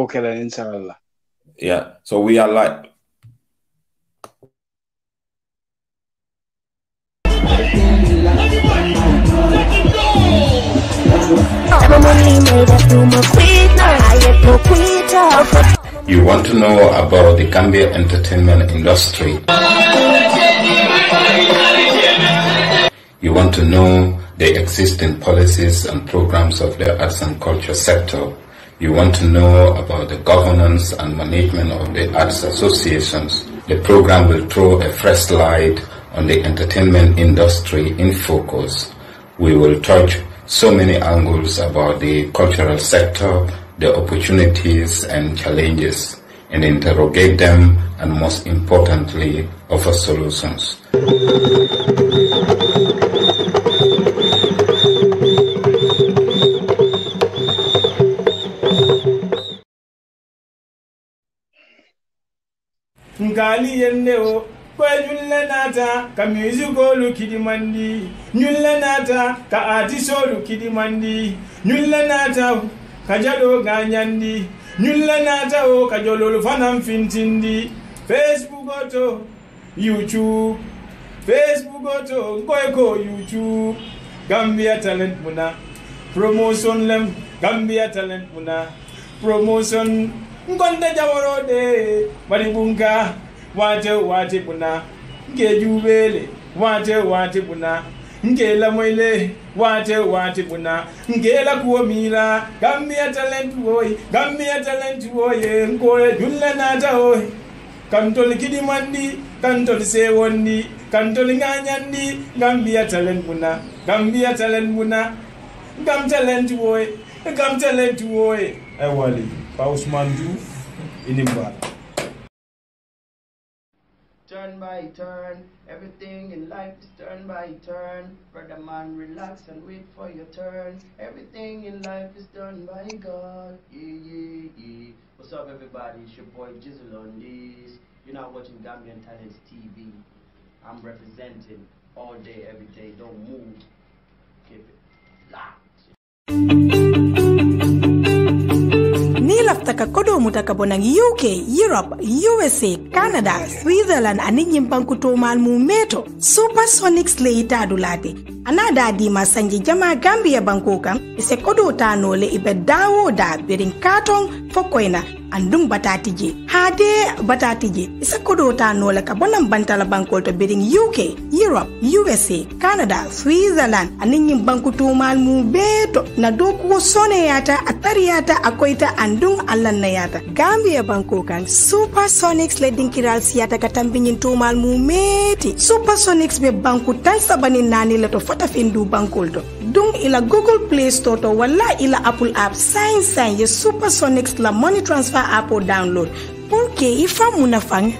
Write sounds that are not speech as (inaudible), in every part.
Okela inshallah. Yeah. So we are like You want to know about the Gambia entertainment industry? You want to know the existing policies and programs of the arts and culture sector? You want to know about the governance and management of the arts associations. The program will throw a fresh light on the entertainment industry in focus. We will touch so many angles about the cultural sector, the opportunities and challenges, and interrogate them and most importantly, offer solutions. nkali yende o ko nyulle nata ka musicolu kidimandi nyulle nata ka artisolu kidimandi nyulle nata ka jaɗo ganyandi nyulle nata o ka jolol fanan fintindi facebook oto youtube facebook oto koy youtube gambia talent muna promotion lem gambia talent muna promotion ngonda jaworode bunga, waje waje buna ngeji ubele waje wate buna ngela moile waje waje buna ngela kuomila gambia talent boy gambia talent boy ngoye dulle nata oy kantoli kidimandi kantoli sewondi kantoli nganyandi gambia talent buna gambia talent buna gam talent boy gam talent boy ewali Pa Ousmane Diouf, Inimba. Turn by turn, everything in life is turn by turn. Brother man, relax and wait for your turn. Everything in life is done by God. Yeah, yeah, yeah. What's up, everybody? It's your boy Jizzle on this. You're not watching Gambian Talents TV. I'm representing all day, every day. Don't move. Keep it locked. kodo mutaka bonaŋ uk europe usa canada switzerland ani ñimbanku tomal mum meto supersonic leyita dulate ana da dima sanji jama gambia banko kan ise kodo tanole ibe dawo da birin katon koyna andung batatije hade batatije isakodo ta nola ka bonan bantala bankol to birin UK Europe USA Canada Switzerland anin banku to mu beto na doku sone yata atariyata akoita andung allan na yata Gambia banko kan Supersonics ledin kiral siyata ka tambinyin to malmu meti Supersonics be banku tan sabani nani lato fota findu bankol to dung ila Google Play Store to wala ila Apple App sign sign ye Supersonics la money transfer app o download na fang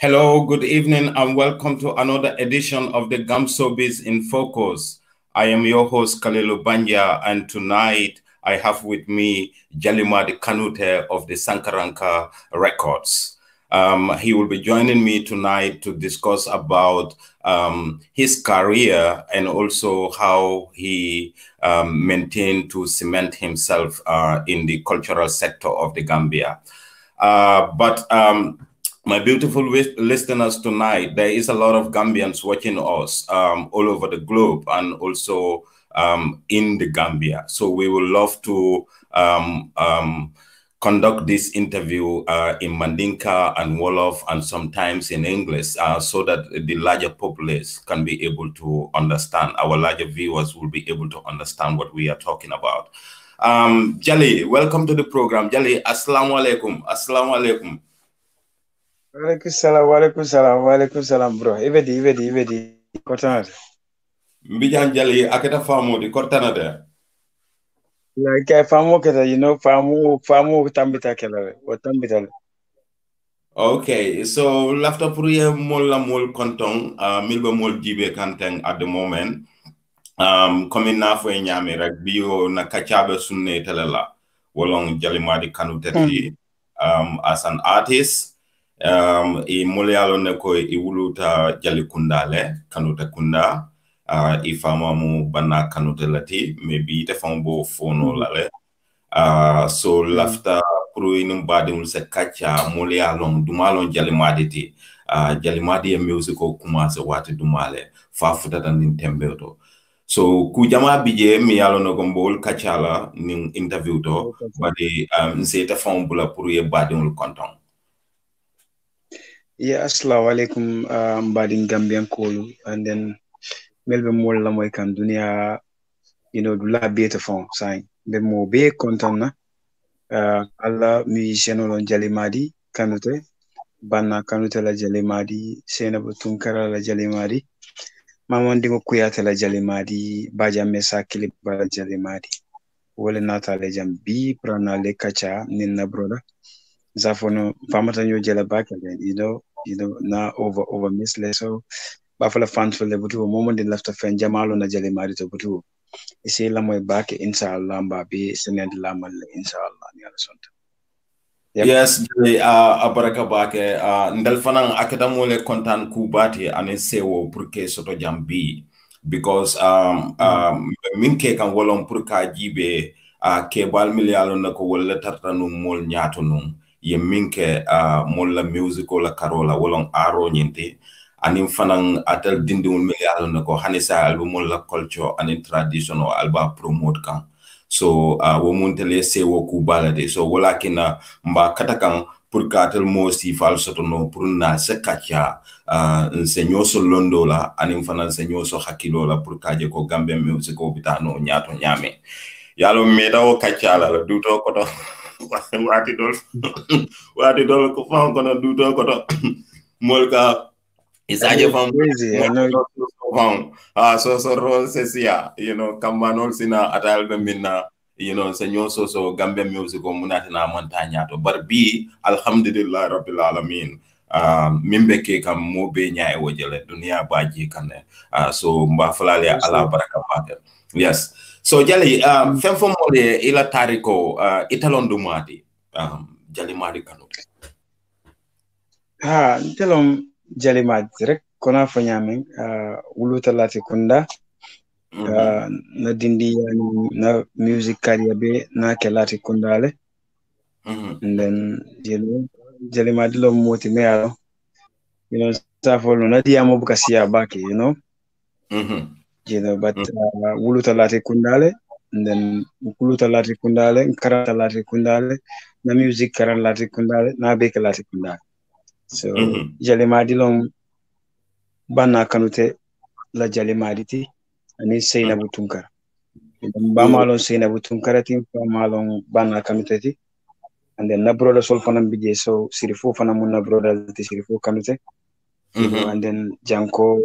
Hello, good evening, and welcome to another edition of the Gamsobis in Focus. I am your host, Kalelo Banya, and tonight I have with me Jalima de Kanute of the Sankaranka Records. Um, he will be joining me tonight to discuss about um, his career and also how he um, maintained to cement himself uh, in the cultural sector of the Gambia. Uh, but um, my beautiful listeners tonight, there is a lot of Gambians watching us um, all over the globe and also um, in the Gambia. So we would love to um, conduct this interview uh, in Mandinka and Wolof and sometimes in English uh, so that the larger populace can be able to understand. Our larger viewers will be able to understand what we are talking about. Um, Jali, welcome to the program. Jali, assalamu alaikum. Assalamu alaikum. Walaikum salam, walaikum salam, walaikum salam, bro. Ivedi, ivedi, ivedi. Kortanade. Mbijan Jali, aketa famu di Kortanade. kɛ faamu kɛ ta you know faamu faamu tambita kɛlɛ o tambita Okay, so lafta puruye mol la mol konton uh, milbe mol jibe kanten at the moment. Um, komi na fo nyame rek biyo na kachabe sunne telela wolong jalimadi kanu tetli hmm. um, as an artist. Um, i mol yalo ne ko i wuluta jali kundale, kanu te kunda uh, i faamamu banna kanutela ti mais bi ite faŋo bo fono mm-hmm. la le uh, so mm-hmm. lafita pour inin baadiŋolu se kacca moolu ye a loŋ duma loŋ jalimaadi ti uh, jalimaadi ye musico commencé waati duma le fa futata niŋ tembeo tembeto so ku jama bi je mi yalo no gombol ol kachala ni interview to ba bade um, nse ta fon bula pour ye ba badin ol konton yeah assalamu alaikum um, uh, badin gambian kolu and then mel ɓe molla moy kan duniya you know ɗum laabiyete fon sain nden mo be contanna uh, ah, allah musicien olon jali maɗi kanute banna kanute la jali maɗi senabo tunkara la jali maɗi mamandingo kuyate la jali maɗi bajame sakili bala jali maɗi wole natale jam bi pranale kaca nin nabroda zafono famata yo jela bakelen you know you know na over over misle ɓafala moment in left of fen jamalo na jalimari to Butu. e sey lamoye back inchallah mbabe senede lamalle inchallah ni ala sonta yes jey a uh, abaraka bake uh, ndel fanan akadamole kontan kubati and sewo purke soto jam bi because um, um, Minke can wall wolon Purka ka jiibe uh, kebal milyalo na ko walla tarta num mol Nyatunum. num ye min uh, Mola musical la karola Wolong aro ñinte Ani fanang atel dindi mil ye a nako ne hani sa la culture aniŋ tradition o promote kan, so uh, wo tele se wo ku so wala kina mba kata kaŋ pour katel mo si fal soto no pour na se kacha uh, ah, nsenyo so londo la anim fana nsenyo so hakilo la pour kaje ko gambe music obitano nyato nyame yalo meda o kacha la duto koto (laughs) wati dol (laughs) wati dol ko fam kono duto koto (clears throat) molka isaje fam a so rol se siya you know kambanol sina atayal be na. you know so so gambe music o munatina montanya to But bi alhamdulillah rabbil alamin Uh, min be ke kam mo be e wo jele ba ji kane uh, ah, so mba flalia ala baraka batel yes so jali um, fem fo mole ila tariko uh, italon du um, jali mari kanu ha telom jalimaji rek kona fo ñamen uh, wuluta lati kunda mhm. na dindi na music career be na ke lati kundale mm -hmm. and then lo moti me alo you na diamo buka siya baki you know mm mhm. wuluta lati kundale and kuluta lati kundale karata lati kundale na music karan lati kundale na beke lati kundale so mm -hmm. jalemadi lon banna kanute la jalemadi ti ani seinabu mm-hmm. tunkara idan mm-hmm. ba malon seinabu tunkara tin fa malon banna kanute ti and na broda sol fana bije so sirifo fana mun na broda ti sirifo kanute mm -hmm. and then janko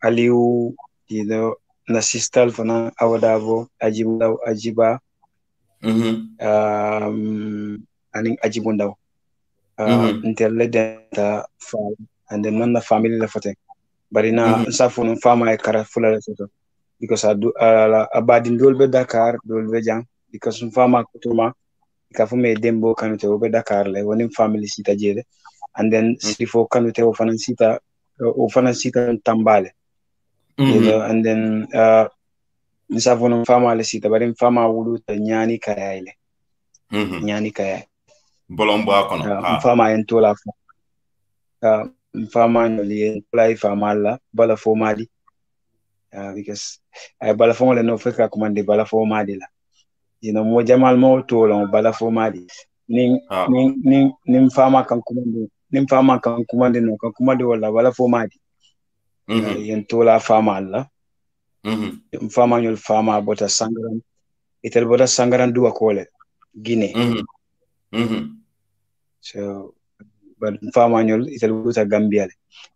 aliu ido na sistal fana awadabo ajibu ajiba mm -hmm. um, anin ajibun dawo Ah, ntɛlɛ ta fa and then the family left fote bari na nsa funu fama e kara fula le soto because adu ala abadin dol be dakar dol be jang because in fama kutuma ka fu me dembo kanute o be dakar le woni family sita jede and then sifo kanute o fanan sita o fanan sita tambale and then uh, nsa funu fama le sita bari fama wulu ta nyani kayaile mm -hmm. nyani kayaile bɔlɔn bɔ a kɔnɔ n fa ma ye n to la fɔ n fa ma ɲɔli ye n la e balafo ma di because a ye le n'o fɛ ka kumande balafo ma di la yino mo jamal mo to la balafo ma di ni ah. ni ni n fa kan kumande ni n kan kumande no kan kumande wala balafo ma di ye mm-hmm. to la faama la n fa ma ɲɔli faama sangaran itel bɔta sangaran duwa kɔ lɛ guinée so but far manual faamañol itel Gambia.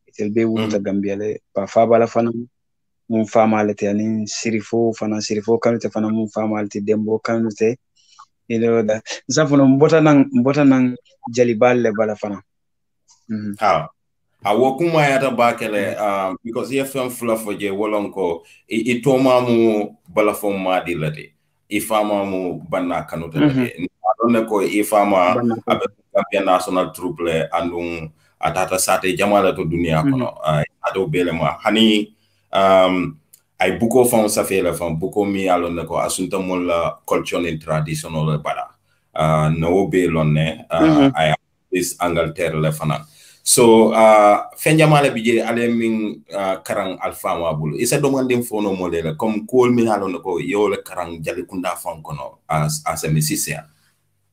It will be with the wuta mm. gambiale ba faabala fana mun faamaale te anin sirifo fana sirifo kanute fana mun faamaale te dembo kanute you know that nsa fana mbota nan mbota nan Balle bala fana mm-hmm. ah. Ah, mm -hmm. Um, ah awokuma yata bakele because ye from Fluff for je wolonko i, i tomamu bala fo madi late i faamamu banna kanute late ɗonne ko ifama aɓe campion national trouble andum a tata sate jamala to duniya kono a dow bele ma hani um, ay buko fan safela fan buko mi alonne ko asunta molla culture ni traditional bala uh, no be lonne uh, mm -hmm. ay is angleterre le fana so uh, fen jamala bije ale min uh, karang alfa ma bulu isa domande fono modele comme kol mi alonne ko yo le karang jali kunda fan kono as as a mesisia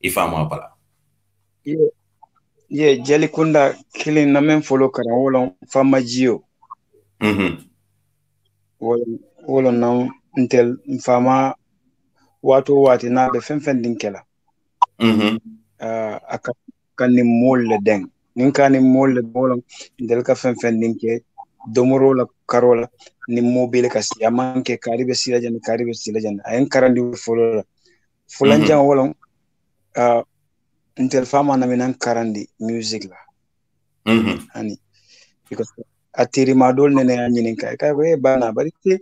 ifama pala ye yeah. yeah, jali kunda kilin na men folo kara wolon fama jiyo mhm wolon wolon na ntel fama wato wati na be fen fen dinkela mhm uh, aka kan ni molle den nin ka ni molle wolon ndel ka fen fen dinke domoro la karo ni mobile kasi siya manke karibe sila jan karibe sila jan ayen karandi folo la fulanjan mhm. mm -hmm. wolon n ah, ntel fama na minan karandi music la mm -hmm. hani because atiri madol nene ya nyinin kai kai ko e bana bari te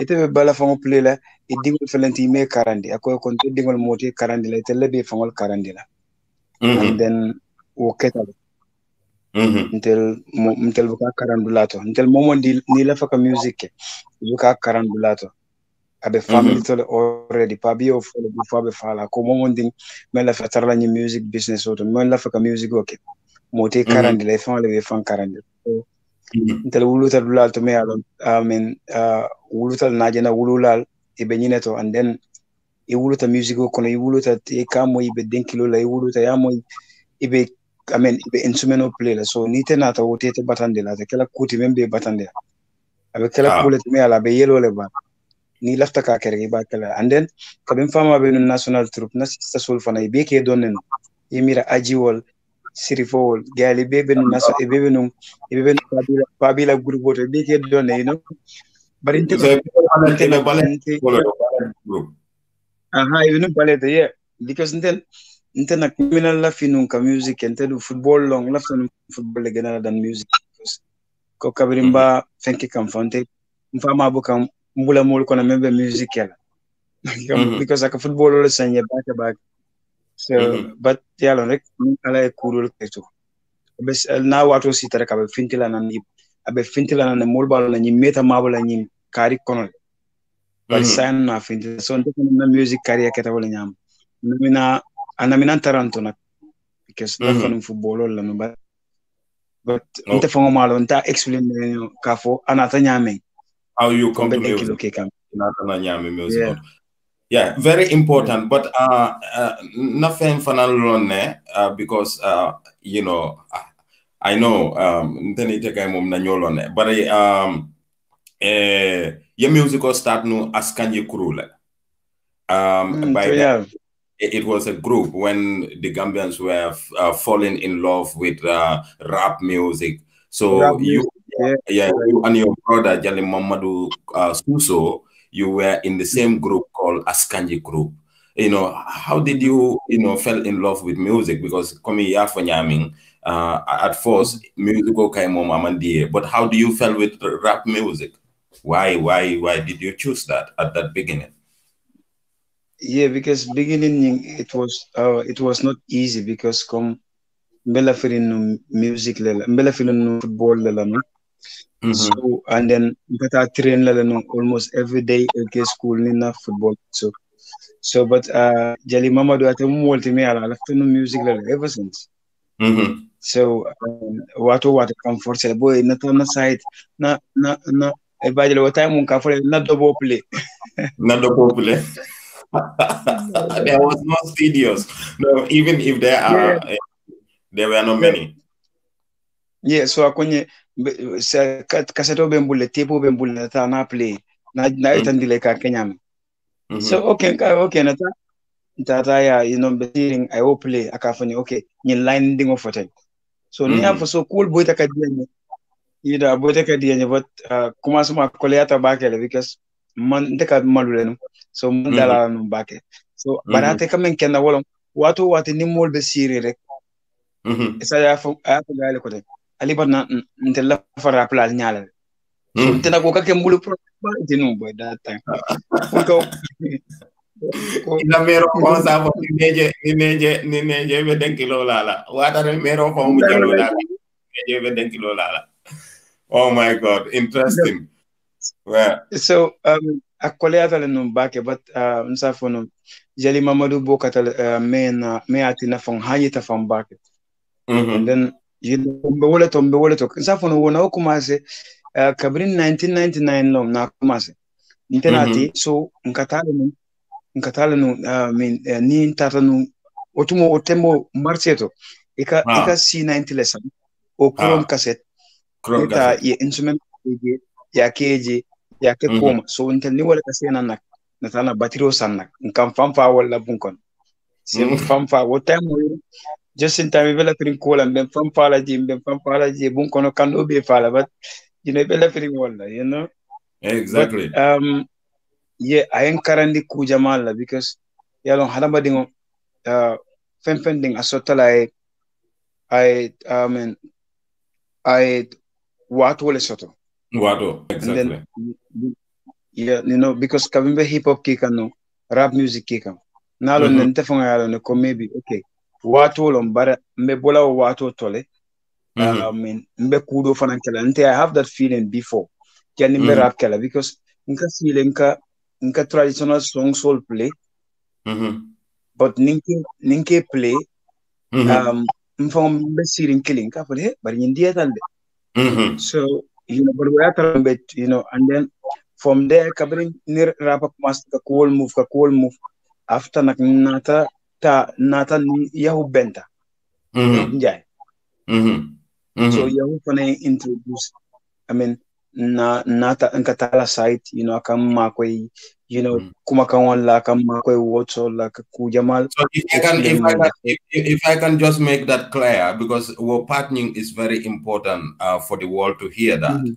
ite be bala fango play la e dingol felenti me karandi ako ko to dingol moti karandi la te lebe fangol karandi la mm -hmm. and then wo keta mm -hmm. ntel ntel buka karandulato ntel momo ni la faka music ke buka karandulato aɓe mhm. famɗitole mm -hmm. already paabi o fole ɗum fo aɓe faala ko momon ndin min lafa tarlañi music business o to min lafa ka music o mo te mhm. karandi la e fan le ɓe fan karandi mhm. ntele wulutal dulal to mi aɗon amin uh, wulutal najena wululal eɓe ñine to and then i e wuluta music o kono e e i wuluta e kamo iɓe denkilo la i wuluta yamoy iɓe amen iɓe instrument o play la so ni te nata wo tete batande la te kela kuti men ɓe batande la aɓe kela ah. kule to mi ala aɓe ni lafta ka kere ba kala and then kabin fama be no national troop na sista sul fana be ke donnen yimira ajiwol wol gali be be no naso e be be no e be be nun babila groupe to be ke donne you know bari te balante na balante aha you know balante ye because then inte na criminal la fi nun ka music inte do football long la lafta nun football le ganala dan music ko kabrimba ba fenke kam fonte mfama bu kam mbulamolu kono meŋ be music la because mhm. aka footballolu sañe baake baake so bat ye a loŋ rek ala ye kuurolu ke to na waatoo si rek a be fintila na a abe fintila na ne moolu be na ñiŋ meta mabu la ñiŋ kari kono le bari mhm. na fintila so nte na music kariya keta wo le namina a namina taranto nak because mhm. na faniŋ footballolu la no but oh. nte faŋo maa loŋ nta explain ne ka fo a naata ñaameŋ how you come to music. Yeah. yeah, very important. But uh, uh nothing final uh, because uh, you know, I know um, but I, uh, um, eh, your musical start no Askanye Kurula. Um, mm, by so yeah. it was a group when the Gambians were uh, falling in love with uh, rap music. So rap music. you yeah, yeah you and your brother Jalim Mamadou uh, Suso, you were in the same group called Askanji Group. You know, how did you, you know, fell in love with music? Because coming here for Nyaming, uh, at first, musical came on Amandie, but how do you fell with rap music? Why, why, why did you choose that at that beginning? Yeah, because beginning it was uh, it was not easy because come mbela feeling music lela mbela feeling football lela no Mm-hmm. So and then but I train lalano almost every day Okay, school nina football so so but uh Jelly Mama do ate multi me ala left no music Like ever since. Mm-hmm. So um, what what comfort boy not on the side na na na everybody eh, what time on comfort not double play. (laughs) not double play. (laughs) there was no studios. No, even if there are, yeah. Eh, there were not many. Yeah, so I can't. kaseto be mbulle tepo be mbulle ta na play na na itandile e ka kenya mhm. so okay ka okay na ta tata ya you know besiring i will play akafanya okay line ndingo fotel so ni mhm. hapo so cool boy ta kadia ni ida boy ta kadia ni but uh, bakele because man ndeka malule no so man mhm. dala bake so barate kamen kenda wolon watu wati ni mol besiri rek isa ya fo ya gale kote ali nte la fara plal nyala hmm. na ko kake mbulu nte no boy da ta ko ina mero ko sa bo ni neje ni neje ni neje be den kilo la ta re mero ko mu jelo la neje be den kilo la oh my god interesting well so um akole atale no bake but fo uh, no jeli mamadou bokata uh, me na me atina fon hayita fon bake mm -hmm. and then yombe wole tombe wole to nsafon wo commencé uh, kabrin 1999 lom na ntenati mm -hmm. so nkatale nu uh, uh, ni tata otumo otembo marcheto ika ah. ika c90 lesson o ah. chrome ah. ita ye instrument keje ya keje ya mhm. koma mm -hmm. so ntel ni wala kasena nak natana batiro sannak nkam famfa wala bunkon sem mhm. famfa wo time just in time we ɓe lafirin kuulan ɓen fan then from Fala Jim, bun kono kanɗo ɓe faala but you know ɓe lafirin walla you know exactly but, um, yeah ayen karandi kuuja malla because yalon hadamadiŋo uh, fen fen ɗin a sottala aye aye amen aye waato le soto waato exactly and then, yeah, you know because kabimbe hip hop kikan no rap music kikan naalon mm -hmm. nen tefoŋa yalon ne ko maybe okay waato lon bara n bɛ bɔla o waato tɔ le mm-hmm. n bɛ fana kɛla n i have that feeling before kɛ ni mm-hmm. rap kɛla because n ka siile n ka n ka traditional song soul play mm -hmm. but ninke ninke play mm -hmm. um, n fɛn n bɛ siiri n kelen k'a bari nin diya mm-hmm. so you know, but we are talking about you know, and then from there, kabrin nir rapa kumas ka cool move, ka cool move. After nak nata ta naata yahu benta mm-hmm. njaay mm-hmm. mm-hmm. so yahu fana introduce i mean na nata nka site you know akan makoy you know mm. kumakan wala akan makoy wotso la kujamal so if i can if I can, if, if I can just make that clear because well partnering is very important uh, for the world to hear that mm -hmm.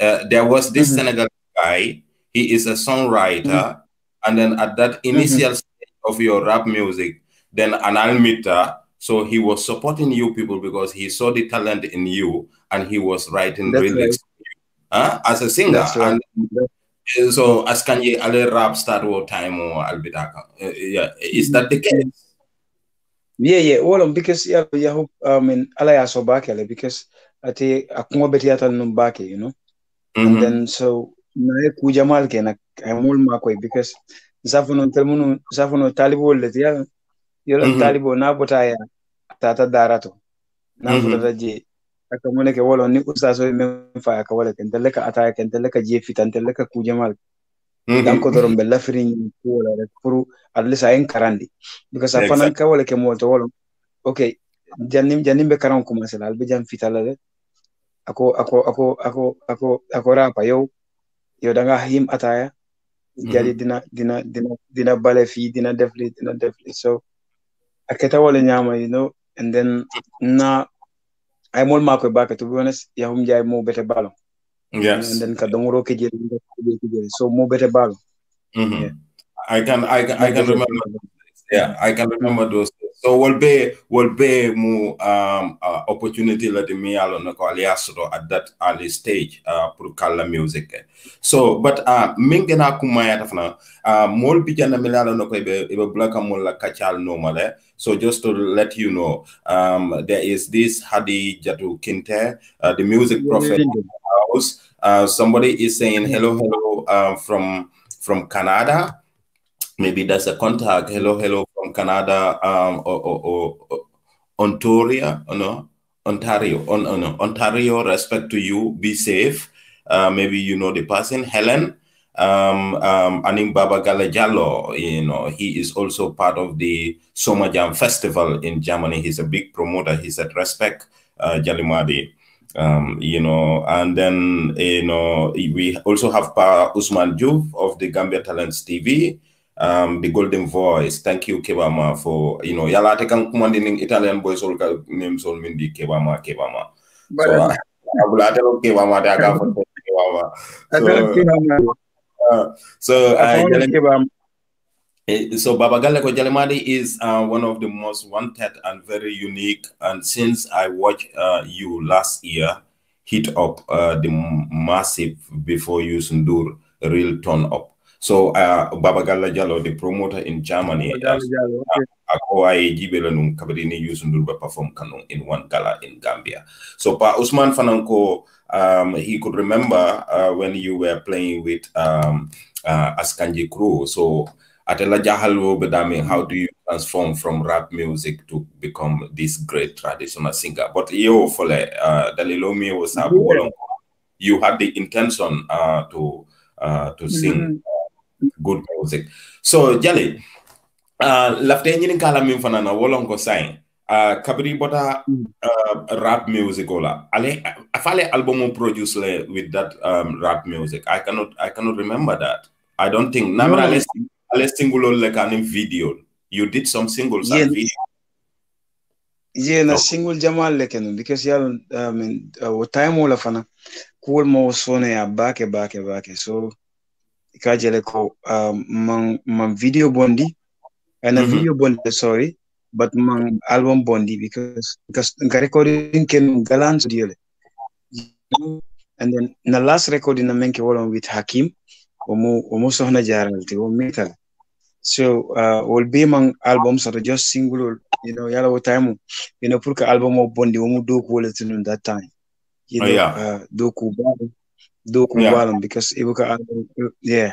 uh, there was this mm -hmm. senegal guy he is a songwriter -hmm. and then at that initial of your rap music then an almita so he was supporting you people because he saw the talent in you and he was writing That's really right. huh? as a singer right. and so as can you alle rap start all time or albita uh, eh, yeah is that the case yeah yeah well because yeah yeah i mean alaya so back because i think akungo beti atal num you know and mm-hmm. then so na kujamal ke na amul makoy because zafunontel talibu zafuno taliɓol leti yal yolam mhm. taliɓo na botaya tata darato na mhm. futata je aka mune ke wolo ni so me fa ka wala ken dalle ka ataya ken dalle ka jefi fitan dalle ka kuje mal mhm. dan ko doron bella firin ko wala rek furu alle sa en karandi because sa fanan ka wala ke molto wolo okay jannim jannim be karan kuma sala albe jam fitala de ako ako ako ako ako ako rapa yo yo danga him ataya jadi mm-hmm. dina dina dina dina bale fii dina def li dina def li so aketa wala ñaama you know and then na ay mol ma ko back. to be honest yahum jay mo bete balo yes and then ka dongoro ke ke jere so mo bete balo mm -hmm. yeah. i can i can, I can remember yeah i can remember those so will be will be more um, uh, opportunity let me yalo na ko you at that early stage uh, kala music so but uh, min gena kuma ya tafna uh, mol bi jana mi yalo na ko be be blaka mol la kachal no male so just to let you know um, there is this hadi jatu kinte uh, the music prophet house uh, somebody is saying hello hello uh, from from canada maybe that's a contact hello hello from Canada, um, or, or, or Ontario, no, Ontario, on, on, Ontario, respect to you, be safe. Uh, maybe you know the person, Helen. Um, um, Baba Galajalo, you know, he is also part of the Soma Jam Festival in Germany. He's a big promoter. He's at Respect uh, Jalimadi. Um, you know, and then, you know, we also have Pa Usman Juf of the Gambia Talents TV um, the Golden Voice. Thank you, Kebama, for you know, yala tekan kumanding Italian boys all names all mindi Kebama, Kebama. So, I ah, tell Kebama that (laughs) for Kebama. So, uh, so, ah, eh, so Baba Galeko Jalemadi is uh, one of the most wanted and very unique. And since I watched uh, you last year, hit up uh, the massive before you Sundur real turn up. So uh, Babagala Jalo, the promoter in Germany, akoaye jibe la num kabrini Youssou Ndour ba perform kanon in one gala in Gambia. So Pa Usman Fananko, um, he could remember uh, when you were playing with um, uh, Askanji Crew. So Atela Jahalo Bedami, how do you transform from rap music to become this great traditional singer? But yo fole, uh, Dalilomi was you had the intention uh, to uh, to sing mm -hmm good music. So Jali, uh, lafte njini kala min fanana wolongo sign. Uh, kabri bota uh, rap music ola. Ale afale album produce le with that um, rap music. I cannot I cannot remember that. I don't think. Namra no. ale singulo le kanin video. You did some singles yeah. and video. Yeah, na no. single jamal lekenu because yal I mean uh, time ola fana. Cool mo sone ya back back back so ka jele ko um, video bondi and a mm-hmm. video bondi sorry but man album bondi because because ga recording ken galan studio and then na last recording na menke wolon with hakim omo omo sohna jaralti o metal so uh, will be man albums are just single you know yala wo time you know pour que album o bondi omo do ko wala that time you oh, know oh, yeah. uh, do ko Doku yeah. Balum because Ibuka yeah,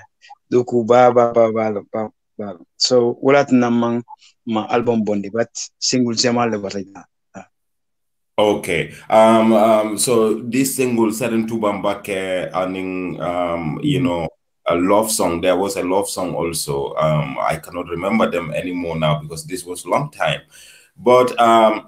Doku ba ba ba ba ba ba. So wala namang ma album bondi but single jamal le batay na. Okay. Um, um, so this single Sudden to Bambake eh, aning um, you mm-hmm. know, a love song. There was a love song also. Um, I cannot remember them anymore now because this was long time. But um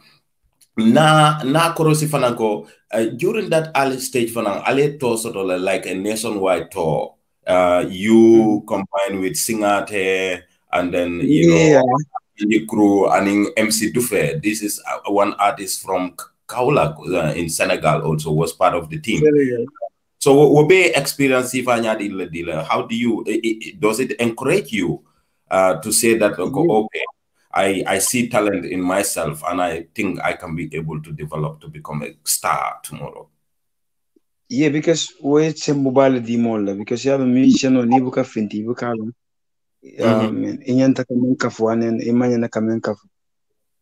na na fanako. Uh, during that early stage for now, early tour sort of like a nationwide tour. Uh, you mm. combine with Singate and then you yeah. know the crew and in MC Dufe. This is uh, one artist from Kaulak uh, in Senegal also was part of the team. So what be experience if I dealer How do you does it encourage you uh, to say that mm-hmm. okay, yeah. okay I, I see talent in myself and I think I can be able to develop to become a star tomorrow. Yeah, because we it's a mobile demola because you have a musician on Ibuka Finti, Ibuka, mm-hmm. um, Inyanta Kamenkafu and Imanyana Kamenkafu.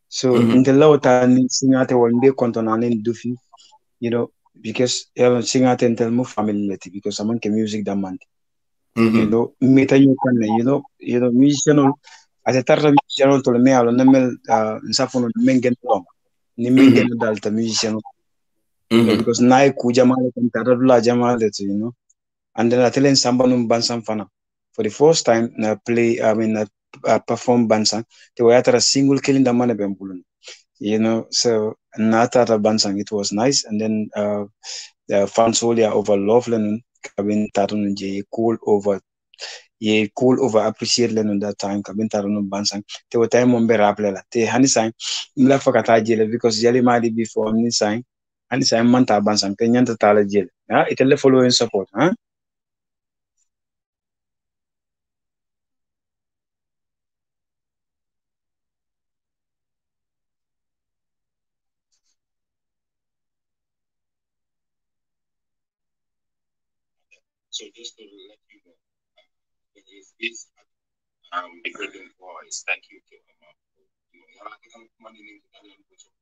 So mm-hmm. in the low time, sing out a one day content and Duffy, you know, because you have sing out and tell me family because someone can music that month. Mm-hmm. You know, meta you can, you know, you know, musician. You ate tarta musicien ol tolo me alo na mel uh, nsafo no mengen no ni mengen mm -hmm. dalta musicien mm -hmm. because nai ku jamale kan tarta dula jamale to you know and then atelen samba num bansan fana for the first time na play i mean na uh, perform bansan te wayatara single killing da mane bembulun you know so na tarta bansan it was nice and then uh the fans all over Loveland kabin tarta nje cool over ye call over appreciate le that time kabin taro no bansang te wo time mon be rapple la te hani sign mla fa kata jele because jele ma di before ni sign hani sign man ta bansang te nyanta ta la jele ha follow and support ha So just to let you know is this um, voice. Thank you, Kilama. You know, I think I'm coming into that language of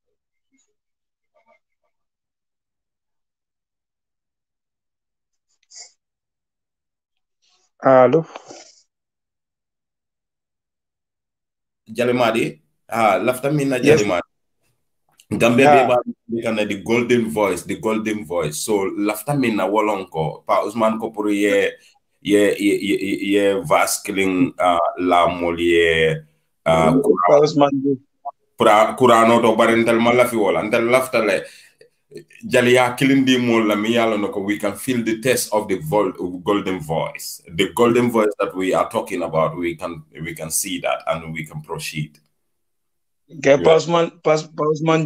Hello. Jalimadi. Ah, lafta minna Jalimadi. Gambia yeah. be ba the golden voice, the golden voice. So lafta minna wolonko pa Usman ko pour ye ye ye, ye vaskling uh, la molière uh, kura kura no to barental malafi wala ndal laftale Jalia Kilindi Mola Miyalanoko, we can feel the taste of the golden voice. The golden voice that we are talking about, we can we can see that and we can proceed. Kay Pausman Paus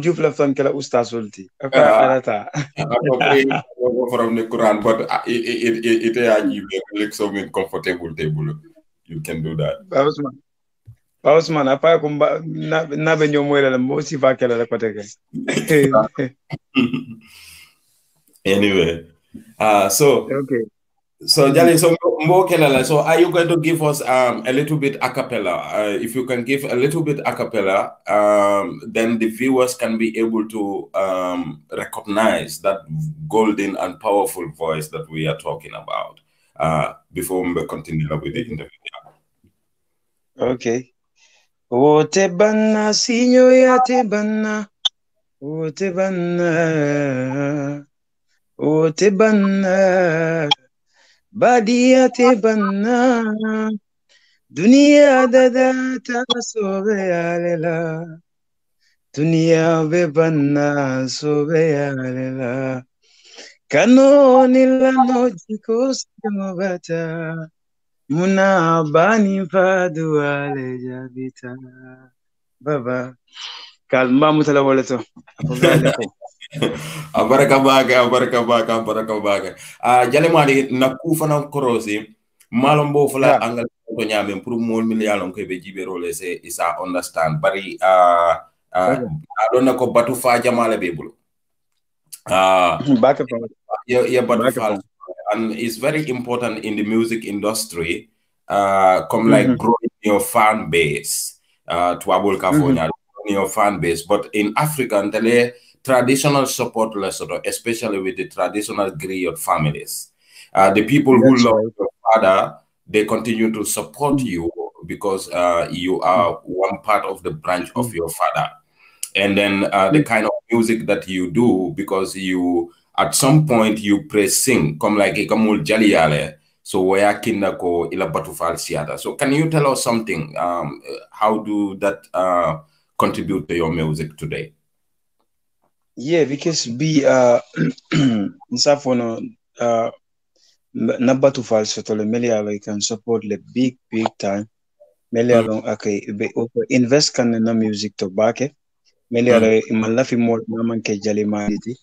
Diouf la fam kala ustaz ulti. Apa alata. Apa from the Quran but it it it are you like so mean comfortable table. You can do that. Pausman. Pausman apa ko na be ñom moy la mo si fa kala la côté (laughs) So Jali, so Mbokelala, so are you going to give us um, a little bit a cappella? Uh, if you can give a little bit a cappella, um, then the viewers can be able to um, recognize that golden and powerful voice that we are talking about uh, before we continue with the interview. Okay. Otebana, Signor Tebana, Otebana, Otebana. بادية بنا دنيا ددا تسوبيا للا دنيا ببنا سوبيا للا كانون لا جيكوس مبتا منا باني فادو على بابا كالما متلولته أفضل abaraka baga (laughs) abaraka baga abaraka baga a ah, jale mali na kufa na korosi malom bo fala yeah. angal ko nyame pour mol mil yalon ko jibe role se isa understand bari a a don na ko batu fa jamala be bulu a baka ya ya batu fa and it's very important in the music industry uh come like mm -hmm. growing your fan base uh to abul kafonya mm-hmm. mm -hmm. your fan base but in africa ntele traditional support Lesotho, especially with the traditional griot families. Uh, the people That's who right. love your father, they continue to support mm. you because uh, you are one part of the branch of mm. your father. And then uh, the mm. kind of music that you do, because you, at some point, you pray sing, come like Ikamul Jaliale, so where kinda ko ilabatufal siada. So can you tell us something? Um, how do that uh, contribute to your music today? yeah because be uh (clears throat) uh number two files for the melia can support the big big time melia mm. long okay invest can the music to back it melia mm. a lafi more ke maliti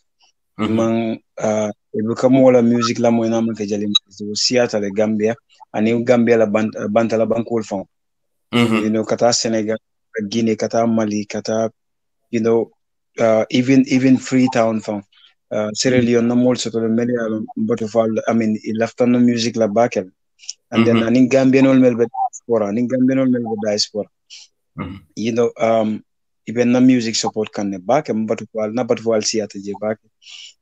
man mm-hmm. uh music la moy man ke jali maliti siata le gambia ani gambia la uh, banta la mm-hmm. you know kata senegal guinea kata mali kata you know uh, even even Freetown enfin uh, Sierra mm-hmm. Leone no mol soto mele mboto uh, fal I mean il after no music la bakel eh? and then anin mm-hmm. Gambian ol mel diaspora anin Gambian ol mel diaspora mm-hmm. you know um even na music support kan ne bakel mboto fal na mboto fal siata je bakel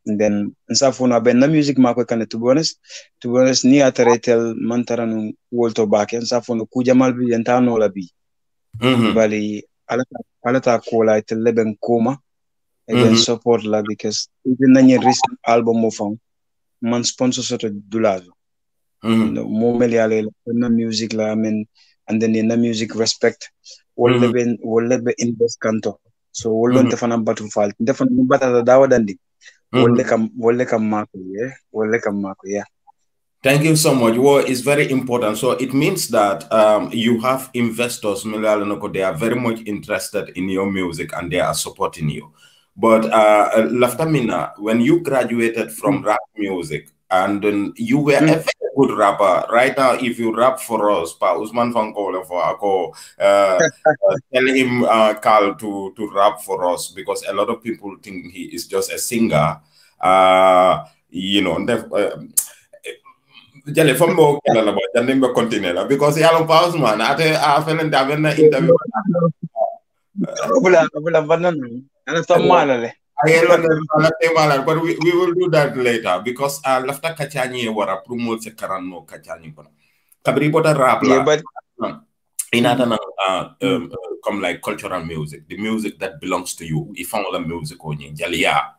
and then nsa fona ben na music mako kan to be honest to be honest ni ataretel mantara eh? no wolto bakel nsa fona ku jamal bi yentano la bi bali alata alata kola itel leben koma again mm-hmm. support la because even nañu recent album mo fam man sponsor soto dulazo mm-hmm. you know mo mel yale na music la I mean, and then na music respect wala mm-hmm. ben wala be invest kanto so wala mm-hmm. defana batu fal defana mo batata dawa dandi wala kam wala kam mako yeah wala kam mako yeah Thank you so much. Well, it's very important. So it means that um, you have investors, they are very much interested in your music and they are supporting you. But uh, uh, Laftamina, when you graduated from hmm. rap music, and you were mm. a very good rapper. Right now, if you rap for us, Pa Usman Fankole for Ako, uh, (laughs) uh, tell him uh, Carl to to rap for us because a lot of people think he is just a singer. Uh, you know, uh, jale fam continue because he pa Usman I a interview Manually. I understand. But we, we will do that later because uh, after Kachani wara promote se karan no Kachani kono. Kabri bota rap la. Yeah, but hmm. inata na uh, um, come like cultural music, the music that belongs to you. Ifangla music onye jaliya,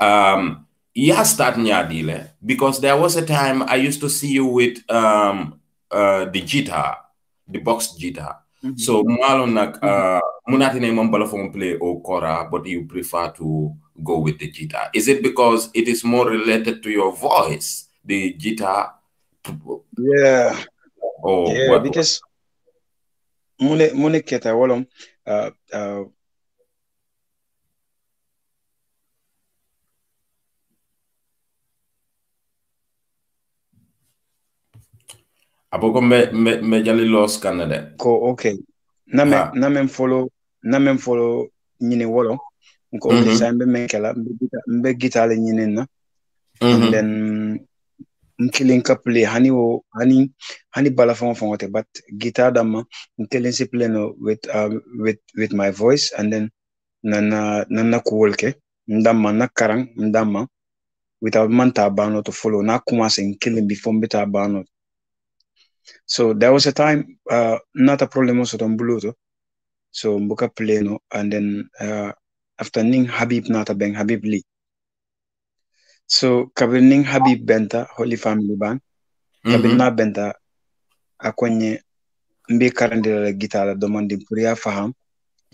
Um, yeah, start deal. because there was a time I used to see you with um uh the guitar, the box guitar. Mm-hmm. So, hmm So Malonak, uh, phone Mambalafon play Okora, but you prefer to go with the guitar. Is it because it is more related to your voice, the guitar? Yeah. Oh, yeah, what? because Mune Mune Keta Wolom, uh, uh, apoko mbe mbe mbe jali los kanade ko okay name ha. name mfolo name mfolo nyine wolo nko mm -hmm. sa mbe mekela mbe gita mbe gita le nyine na mm -hmm. and mhm. then nkilin ka play hani wo hani hani bala fon fon wote but guitar dama nkilin si play no with um, with with my voice and then nana nana kuwolke ndama na karang ndama without man ta bano to follow na kuma se nkilin before mbita bano So there was a time, uh, not a problem also on Bluto. So Mbuka Pleno, and then uh, after Ning Habib Nata Beng Habib Lee. So kabir Ning Habib Benta, Holy Family Bank, mhm. kabir na Benta, akwenye mbe karandira la gitara Domandim puria faham.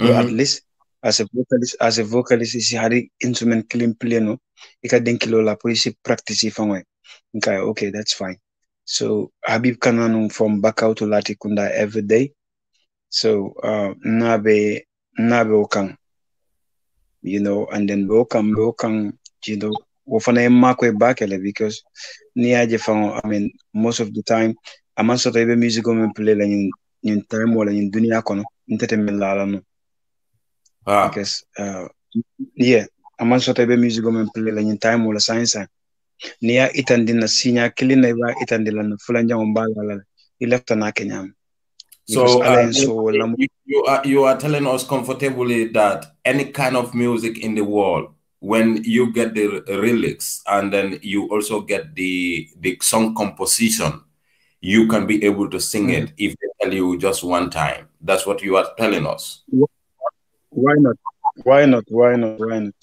Mhm. At least as a vocalist, as a vocalist, isi hari instrument clean pleno, ika denkilo la po practice ifangwe. Okay, okay, that's fine. So Habib Kananu from Bakau to Latikunda every day. So uh, Nabe Nabe Okang, you know, and then Okang Okang, you know, wofana makwe bakele because niya jefang. I mean, most of the time, aman soto the music omen play la nyin in time wala in dunia kono intete min no. Ah. Because uh, yeah, aman soto the music omen play la in time wala science sinya na na la So, uh, you, you, are, you are telling us comfortably that any kind of music in the world, when you get the lyrics and then you also get the the song composition, you can be able to sing mm it mm-hmm. if they tell you just one time. That's what you are telling us. Why not? Why not? Why not? Why not?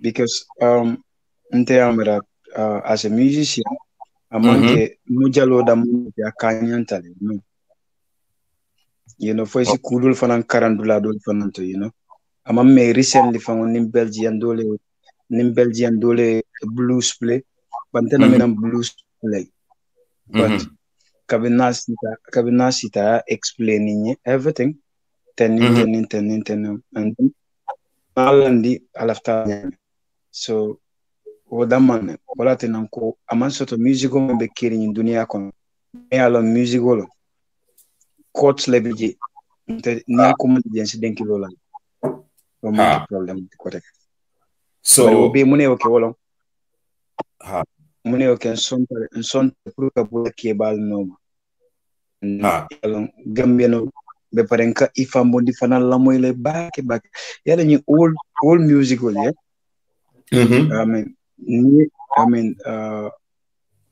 Because um, uh, as a musician, amante mm -hmm. mujalo da mu ya kanyantale no you know fo si oh. kudul fanan karandula dol fanan to you know amma me recently fan nim belgian dole nim belgian dole blues play bante na menam mm-hmm. blues play but mm -hmm. kabinasita kabinasita ya explaining everything tenin mm -hmm. tenin tenin tenin and alandi alafta so o damanɛ o la tɛnan ko a man sɔtɔ musico min bɛ kiri ɲi duniya kɔnɔ ne y'a lɔn musico lɔ court lɛ bɛ je ntɛ ni a ko mali jɛnsi den kilo la o ma ah. problème kɔtɛ so o bɛ mun ne y'o kɛ wɔlɔ mun ne y'o kɛ nsɔn nsɔn pour que bɔ kebal nɔ ma gambia nɔ be pare nka ifambondi fana lamoyle bake bake yala ñi old old music wol ye mm-hmm. amen Nick, I mean, uh,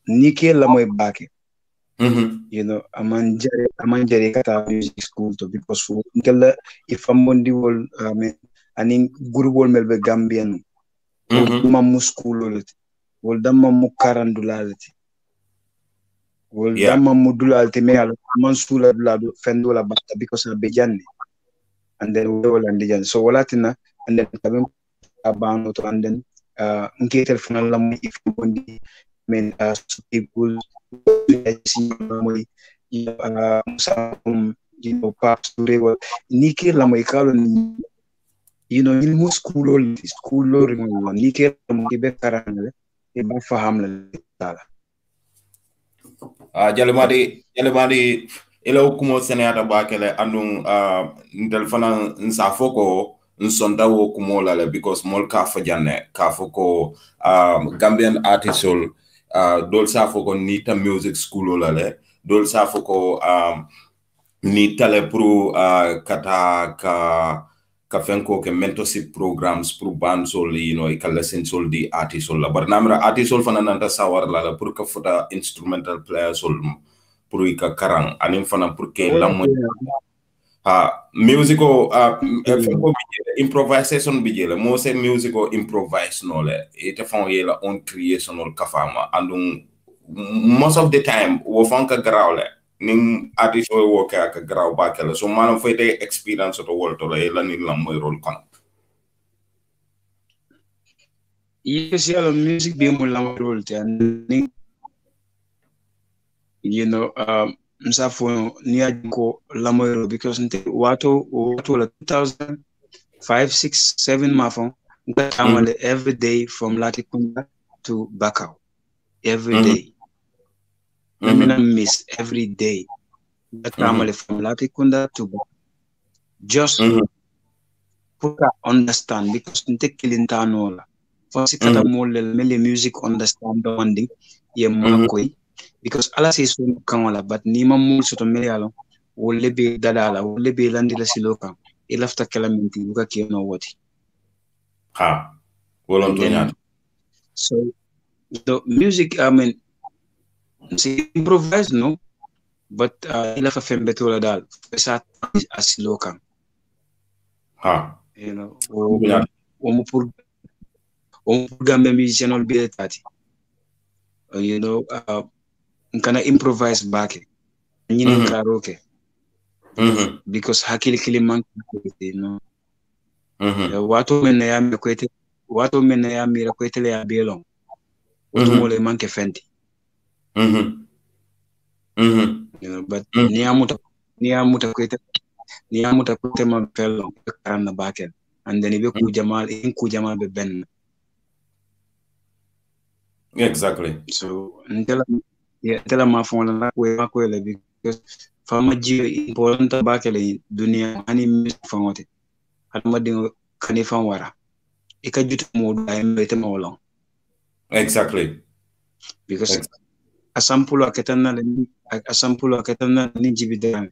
Nicky Lamoebake. Mm-hmm. You know, Amanjari, Amanjari Kata music school to because for Nkela, if Amondi will, I mean, I think Guru will melbe Gambian. Mm-hmm. Mamu school will dama mu karandulalati. Will dama mu dulalati me al mansula dulado fendola bata because of Bejani. And then we will and So, Walatina, and then Kabin Abano to and then ngeetel fana lamoy e fogondi min sutigol siñomoy musaum yino papsurewol ni ke lamoy kalo ni yino ñin mu skulol skulol ringo ni ke lamoy be karanale e ba fahamle tala a ah, jalemadi jalemadi ila kumo sene ata bakele andu ah, ndel fana nsa foko nsonta wo kumo la because mol ka fo janne ka fo ko um, gambian artisol uh, dol sa fo ko nita music school la le dol sa fo ko um, nita le pro uh, kata ka ka fenko ke mentorship programs pro ban sol you know e ka lesson sol di artisol la bar namra artisol fana nanta sawar la la pour ka fota instrumental player sol pour e ka karang anim fana pour ke lamoy yeah. uh, musical uh, improvisation bi jela mo se musical improvisational ite fon yela on creational kafama andum most of the time wo fanka grawle nin artist wo wo ka ka graw ba kala so manam fay te experience to wol to la ni lam moy role kon yes yala music be mo lam role te and you know um msa fo ni ya ko lamoyro because nte wato wato la 2000 5 6 7 mafon ngamale mm. every day from latikunda to bakau every mm. day mm -hmm. miss every day ngamale mm mm-hmm. from latikunda to bakau. just mm -hmm. put understand because nte kilintanola fo sikata mm -hmm. mole mele music understand bonding ye mm-hmm. makoy mm -hmm because Allah says sun kan but ni ma mun soto mele ala wolle be dada ala wolle be landi la silo kan e lafta kala min ti buka ke no ha wolon to so the music i mean si improvise no but uh, ila fa fembe to dal sa asiloka. ha you know o, o mo pour o mo pour gambe musicien ol be tati you know uh, nkana improvise bake nyine mm -hmm. nkaroke mm -hmm. because hakili kiliman no mm -hmm. watu menne ya mi kwete watu menne ya mira kwetele ya belon watu mm -hmm. manke fenti mm but mm -hmm. kwete niamuta kwete ma belon karanna bake and then ibe ku mhm. in kujamal be benna exactly so ya tela mafona wema kwele because fama jiyo important ba kele duniya ani mis fangote hadma dingo kani fan wara ika jutu modu ay mbete mawlon exactly because exactly. asampulo aketanna le asampulo aketanna ni jibidame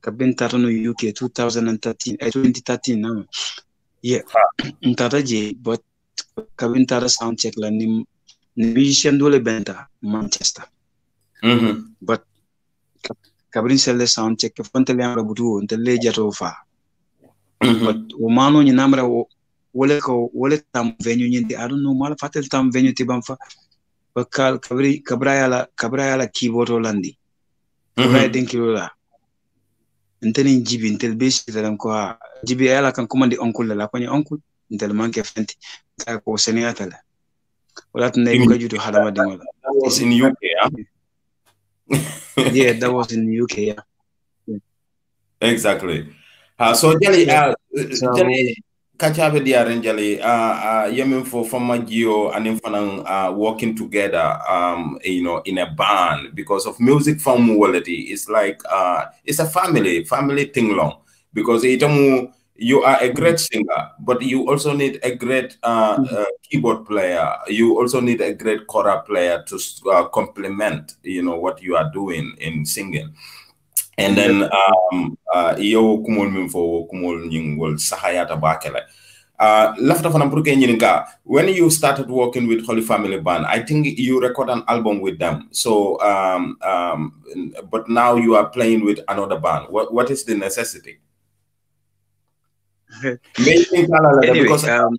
kabin tata no uk 2013 2013 na yeah ntata (clears throat) je but kabin tata sound check la ni ni musician dole benta manchester bat kabri selle sound cekke fontele yamra butu on tele jato fa but o mano ni namra o wole ko wole tam venue ni i don't mala fatel tam venue ti bamfa but kal kabri kabrayala kabrayala keyboard o landi kabray den kilola ntenin jibi ntel be sitalam ko jibi ayala kan commande oncle la ko ni oncle ntel manke fenti ka ko seniyatala wala tan nay ko jutu halama dingola is in uk yeah? yeah, (laughs) that was in the UK. Yeah. yeah. Exactly. Uh, so, Jelly, uh, so, Jelly, kachabe diaren jali uh, uh for former magio and infanang uh working together um you know in a band because of music from quality it's like uh it's a family family thing long because itamu you are a great singer, but you also need a great uh, hmm. uh, keyboard player. You also need a great choral player to uh, complement, you know, what you are doing in singing. And then um uh, iyo kumol min fo sahayata bakele. Uh, when you started working with Holy Family Band, I think you record an album with them. So um, um, but now you are playing with another band. What what is the necessity? anyway, um,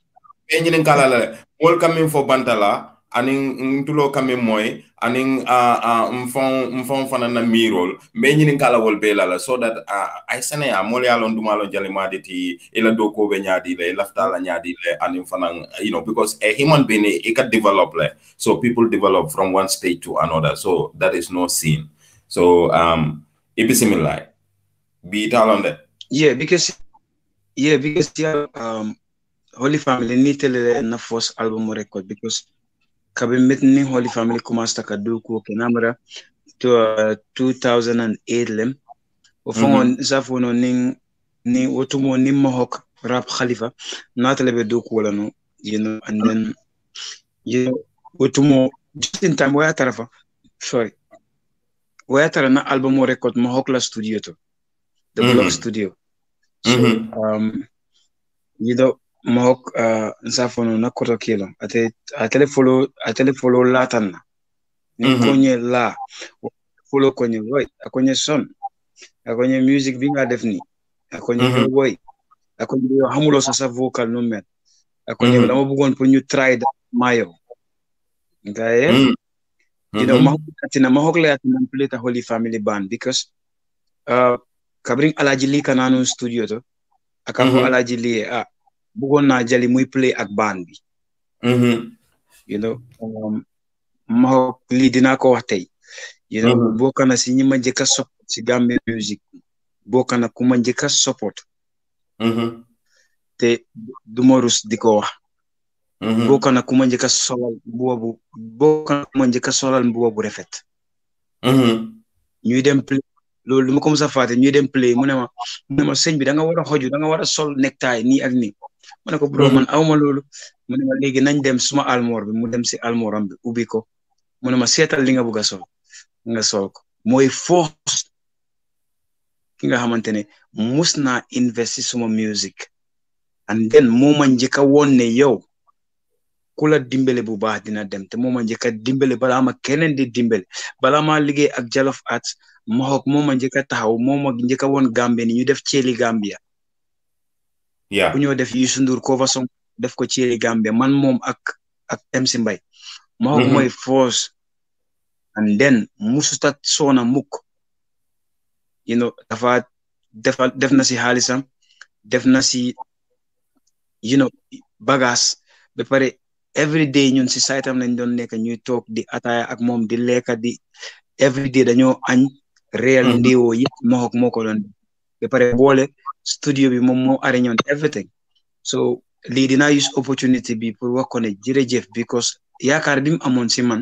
ñinin kala la mol kamin fo bantala anin ntulo kamin moy anin uh, uh, mfon mfon fana na mirol me ñinin kala wol be la so that uh, ay sene ya mol ya lon dumalo jali madi and ila do ko be nyaadi le ila ftala nyaadi le anin fana you know because a human being it can develop le so people develop from one stage to another so that is no sin so um it be similar be it alone yeah because yeah because yeah um holy family ni tele na first album record because kabe mitni holy family kumasta kaduku kenamra to uh, 2008 lem ofongo mm -hmm. zafono ning ni otumo ni mohok rap khalifa na tele be duku wala you know and then you know, otumo just in time where tarafa sorry where tara album record mohok la studio to the mm -hmm. studio mm-hmm. um yido mok uh, nsafono na koto kilo ate atele follow atele follow latan na ni mm -hmm. konye la follow konye roy akonye son akonye music binga defni akonye mm -hmm. boy akonye yo hamulo sasa vocal no men akonye mm -hmm. lamo bugon po new try da mayo ngaye mm -hmm. you know mahok atina mahok le atina play holy family band because uh kabrin alajili kananu studio to akam mhm. mm -hmm. alajili e, a bugon na jali muy play ak bi mm -hmm. you know um, ma li dina ko wax tay you know mm -hmm. bokana si ñima ma support ci gambe music bokana na ku ma support mm -hmm. te duma rus diko wax mm -hmm. bokana ku ma solal bobu bu bokka na ku ma jëkka solal bobu bu mm -hmm. dem play lolou duma ko musa faté ñu dem play mu ne ma mu ne ma bi da nga wara xoju da nga wara sol necktie, ni ak ni mu ne ko bro mm-hmm. man awma lolou mu ne ma nañ dem suma almor bi mu dem si almooram bi ubi ko mu ne ma li nga bëgg sol nga sol ko moy force ki nga xamantene ne mus suma music and then moo ma njëkk ne yow kula dimbele bu baax dina dem te moo ma njëkk a ma keneen di dimbele bala ma liggéey ak jalof Arts Mohawk moom a njëkk a taxaw moom ak njëkk a woon Gambie ni ñu def Thieli Gambia. yaa bu ñoo def Youssou Ndour cover song def ko Thieli Gambia man moom ak ak MC Mbaye. Mohawk mm-hmm. mooy force. and then musuta soona mukk you dafa defal def na si xaalisam def na si yino bagas bagage ba pare every day ñun si saytam lañ doon nekk ñuy toog di ataaya ak moom di lekka di every day dañoo añ Real ndewo yépp mahok moo ko doon ba pare boole studio bi moom moo everything so lii dinaa use opportunity bi pour wax ko ne jërëjëf because yaakaar bi mu amoon si man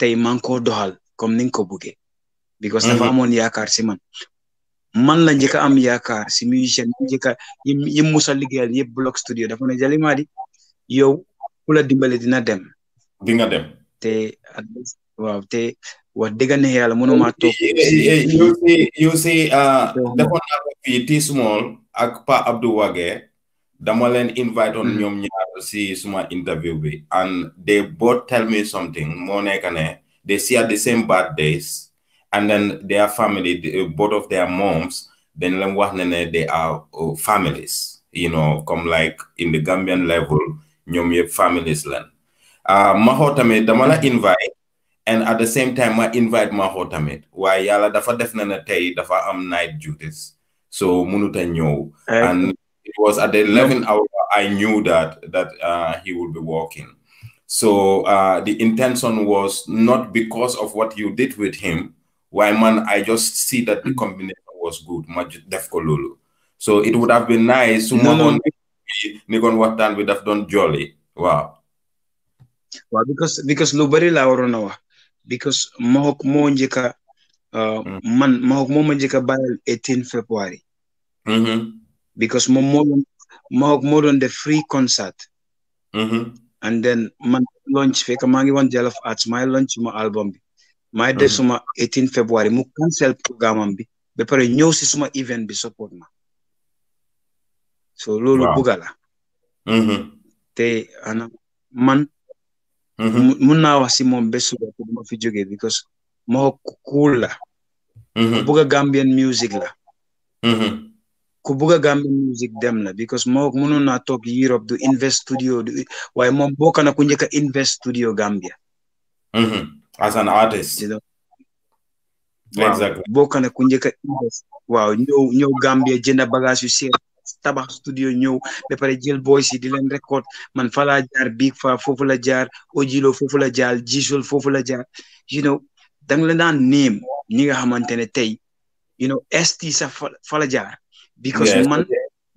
tey man koo doxal comme ni nga ko buggee because dafa mhm. amoon yaakaar si man man la njëkk am yaakaar si musicien njëkk a yi musa liggéeyal block studio dafa ne Jalimaadi yow ku la dimbale dina dem. di nga dem te waaw te wax dëgg ne yàlla mënuma you see you see uh, the ko fii Small ak Pa Abdou Wage dama invite on hmm. ñoom ñaar si suma interview bi and they both tell me something moo nekk ne they share the same bad days and then their family both of their moms then leen wax ne they are uh, families you know come like in the Gambian level ñoom yëpp families Uh, Maxo tamit dama la invite and at the same time ma invite ma xoo Why? waaye yàlla dafa def na ne tey dafa am night duties so Munuta ñëw and it was at the 11 hour I knew that that uh, he would be walking so uh, the intention was not because of what you did with him Why, man I just see that the combination was good ma def ko so it would have been nice No, no. doon ni done waxtaan we daf jolly Wow. waaw because because lu bari wax because mahok moo njëkk a uh, hmm. man mahok Mo ma njëkk a 18 February mm-hmm. because Mo Mo doon mahok moo doon def free concert mm-hmm. and then man launch fekk maa ngi woon Jollof Arts maay launch my album bi maay def mm-hmm. suma 18 February mu cancel programme am bi ba pare ñëw si suma event bi support ma so loolu bugga la te ana man Mm-hmm. muna naa wax si ba bés suba ma fi jógee because mo cool la ku Gambian music la mm-hmm. ku buga Gambian music dem la because mo mënoon na talk Europe du invest studio do waaye mo boka na ku invest studio Gambia mm-hmm. as an artist exactly boka na ku invest wow ñëw ñëw Gambia jenda bagage yu tabax studio ñew ba pare jël boys yi di leen record man fa jaar Big Fa fofu la jaar Ojilo fofu la jaar Jisol fofu la jaar you know dang la daan neem ñi nga xamantene ne you know ST sa fa jaar because man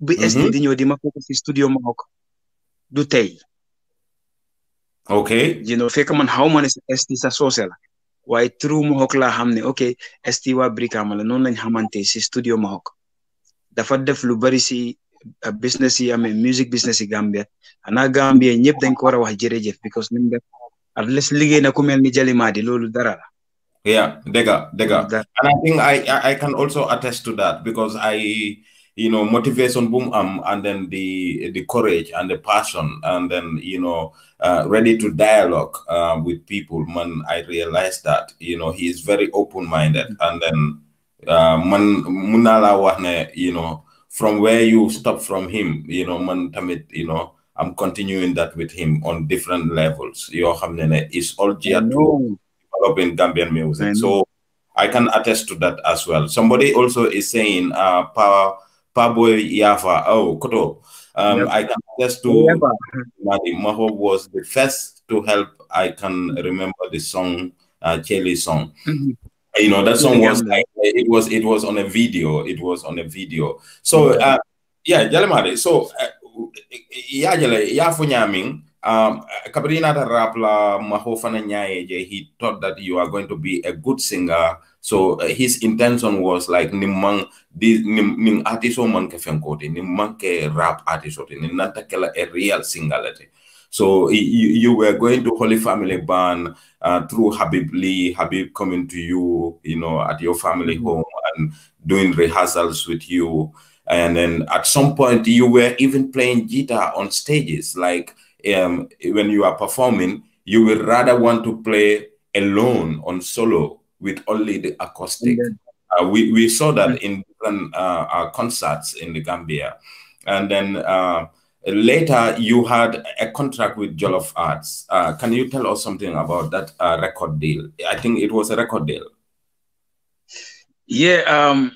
bi ST mm-hmm. di ñew di ma ko studio ma ko du tay ok you know fek man how man is ST sa soose la waaye true mo xok la xamne okay ok ST wa brikamala la noonu lañ xamanté si studio ma dafa def lu bari si uh, business yi amee music business yi Gambia xanaa Gambia ñëpp dañ ko war wax jërëjëf because ni mu def at least liggéey na ku mel ni Jalimaadi loolu dara la. Yeah, Dega, Dega. and I think I, I can also attest to that because I, you know, motivation boom um, and then the the courage and the passion and then you know uh, ready to dialogue uh, with people. Man, I realized that you know he is very open minded and then uh, man mun wax ne you know from where you stop from him you know man tamit you know I'm continuing that with him on different levels yoo xam ne it's all geared to developing Gambian music so I can attest to that as well somebody also is saying uh, Pa Pa Boy Yafa oh Koto um, I can attest to Madi Maho was the first to help I can remember the song uh, song mm-hmm. you know that song was like, it was it was on a video it was on a video so uh, yeah jalemade so uh, ya jale ya fu nyaming um kabrina da rap la mahofana nyaye he thought that you are going to be a good singer so uh, his intention was like ni mang di ni ning artist man ke fenkote ni mang ke rap artist ni nata kala a real singer late So you, you were going to Holy Family Band uh, through Habib Lee, Habib coming to you, you know, at your family mm-hmm. home and doing rehearsals with you. And then at some point you were even playing guitar on stages. Like um, when you are performing, you would rather want to play alone on solo with only the acoustic. Uh, we, we saw that mm-hmm. in different uh, uh, concerts in the Gambia. And then uh, later you had a contract with Jollof Arts. Uh, can you tell us something about that uh, record deal? I think it was a record deal. Yeah, um,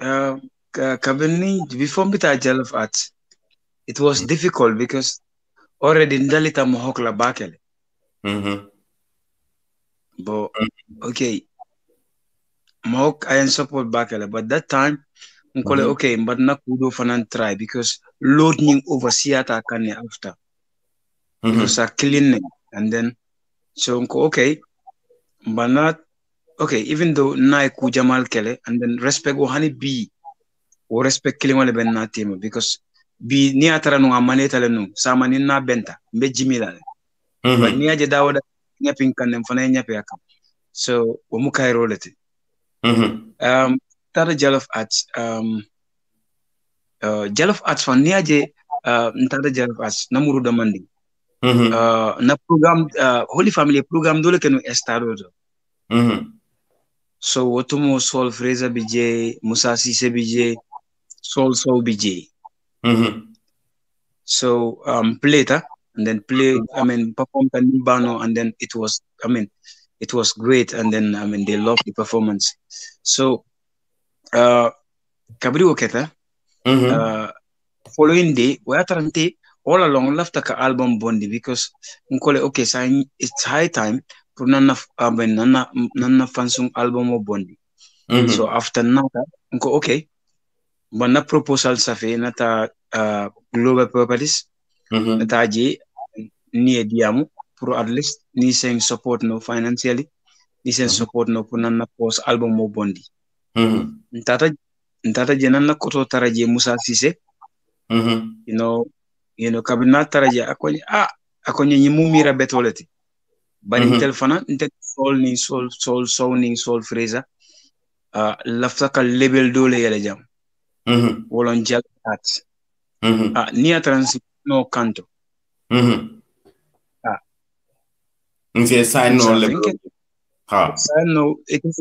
uh, Kabini, before me at Jollof Arts, it was mm -hmm. difficult because already ndalita mohokla bakele. Mm-hmm. But mm-hmm. okay, mohok I support bakele, but that time, mm -hmm. okay, but na kudo fanan try because lordning over siyata kanne after mm -hmm. sa cleaning and then so ko okay but not okay even though na ku jamal kele and then respect wo hani bi wo respect killing wala ben na tema because bi ni atara no amaneta le no sama ni na benta mbe jimila mm -hmm. ni aje dawo da nyapin kanne fana nyape akam so wo mu kairolete mm -hmm. um tara jalof at um Eh, jalof arts fan ni aje uh, ntada jalof arts namuru damandi mm eh, na program eh, holy family program dole kenu estarodo mm -hmm. so wotumo sol freza bije musa sise bije sol sol bije mhm. so um play ta and then play i mean perform kan bano and then it was i mean it was great and then i mean they loved the performance so uh kabri woketa Mm-hmm. Uh, following day waya ye a tara nte lafta ka album bondi because nkole ok sa it's high time pour nanna aben um, nanna fansung bondi mm-hmm. so after nata nko okay banna proposal safe nata uh, global properties mm -hmm. nata je ni e diamu pour at least ni sen support no financially ni sen mm-hmm. support no pour nanna post bondi tata ntaata je nan nakko to tara je Musa Sise ino ino kabi na tara je akoñe ah, akoñe ñimmumira betole ti bari mm-hmm. ntel telefona nte sol ni sol sol sol ni sol freza uh, lafta ka lebel dole yele jam mm-hmm. wolon jal at mm-hmm. a ah, ni a transi no kanto ah. nse sign no lebel ha sign no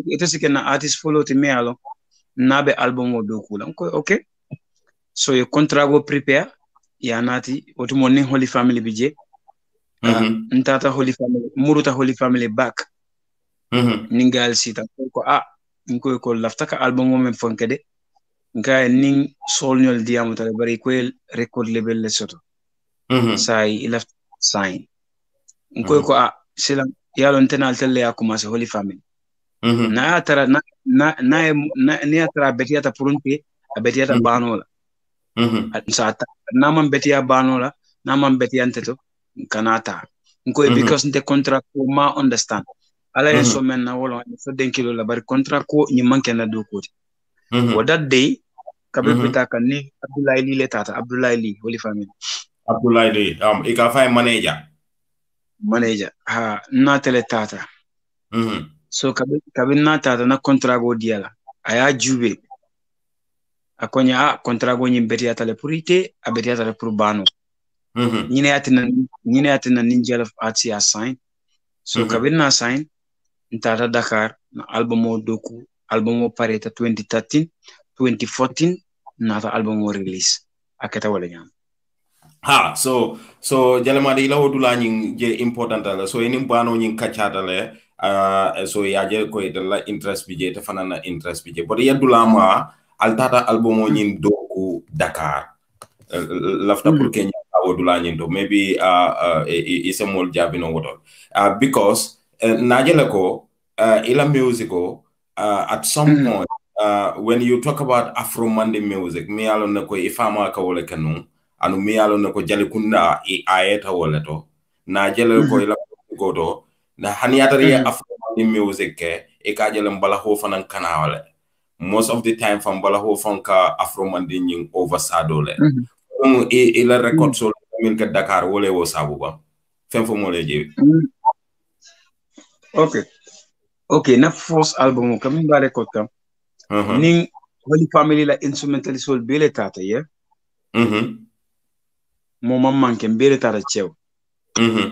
ete sike na artist follow ti me alon naɓe album o dow kuulan koye ok so yo contrat go prépare ya naati wotumo nin holi family bi je ah, mhm. ntata holy family muruta holy family back mm -hmm. ningal sita ko a ah, nkoye ko laftaka album o men fonke de nkaye nin solñol diyamu tale bari koye record label le soto sai il sayi sign nkoye ko a ah, silan yalon tenal telle ya commencé holi family Mm-hmm. na ya tara na na a betiya ta bano betiya bano la na man kana ta nko mm-hmm. because nte contract ko ma understand ala ye mm-hmm. so men na wolo so den la bari contract ko ni man do ko wa that day kabe bita kan ni abdullahi li le tata abdullahi li wali famille abdullahi li um e ka fa manager ha na tele tata mhm mm so kabi n'a tata na contrago diyala a y'a jube a ko ɲa a contrago ɲin betiyata le pour ite a betiyata le pour bano ɲinaya tɛna nin jɛla ati a sign so mm-hmm. kabini na sign n tata dakar na albumo doku albumo pareta 2013 2014 nata albumo release a kɛta wala ɲama ha so so jalamadi ila wo dula ñin je important so enin bano ñin kaccata Uh, so yaje koy e dalla interest je te fanana interest bije but yaddula ma altata albumo ñin doku dakar lafta hmm. pour kenya awodula ñin do maybe a uh, uh e, e, is mol jabi no wodol uh, because uh, najele ko uh, ila musico uh, at some mm. point uh, when you talk about afro mande music mi yalo na ko ifama ka wala kanu anu mi yalo na ko jali kunda i ayeta wala to najele ko hmm. ila ko do na han yatari mm. Mm-hmm. african music ke eh, e ka jele mbala ho fanan kanawale most of the time fan mbala ho fan ka afro mandi nyin oversado le mm. um e e la record mm-hmm. so min ka dakar wole wo sabu ba fen fo mo le jewi mm. okay okay na first album kam min ba record kam uh -huh. ning holy family la instrumental sol bele tata ye yeah? mm -hmm. mo mamman ken bele tata chew mm -hmm.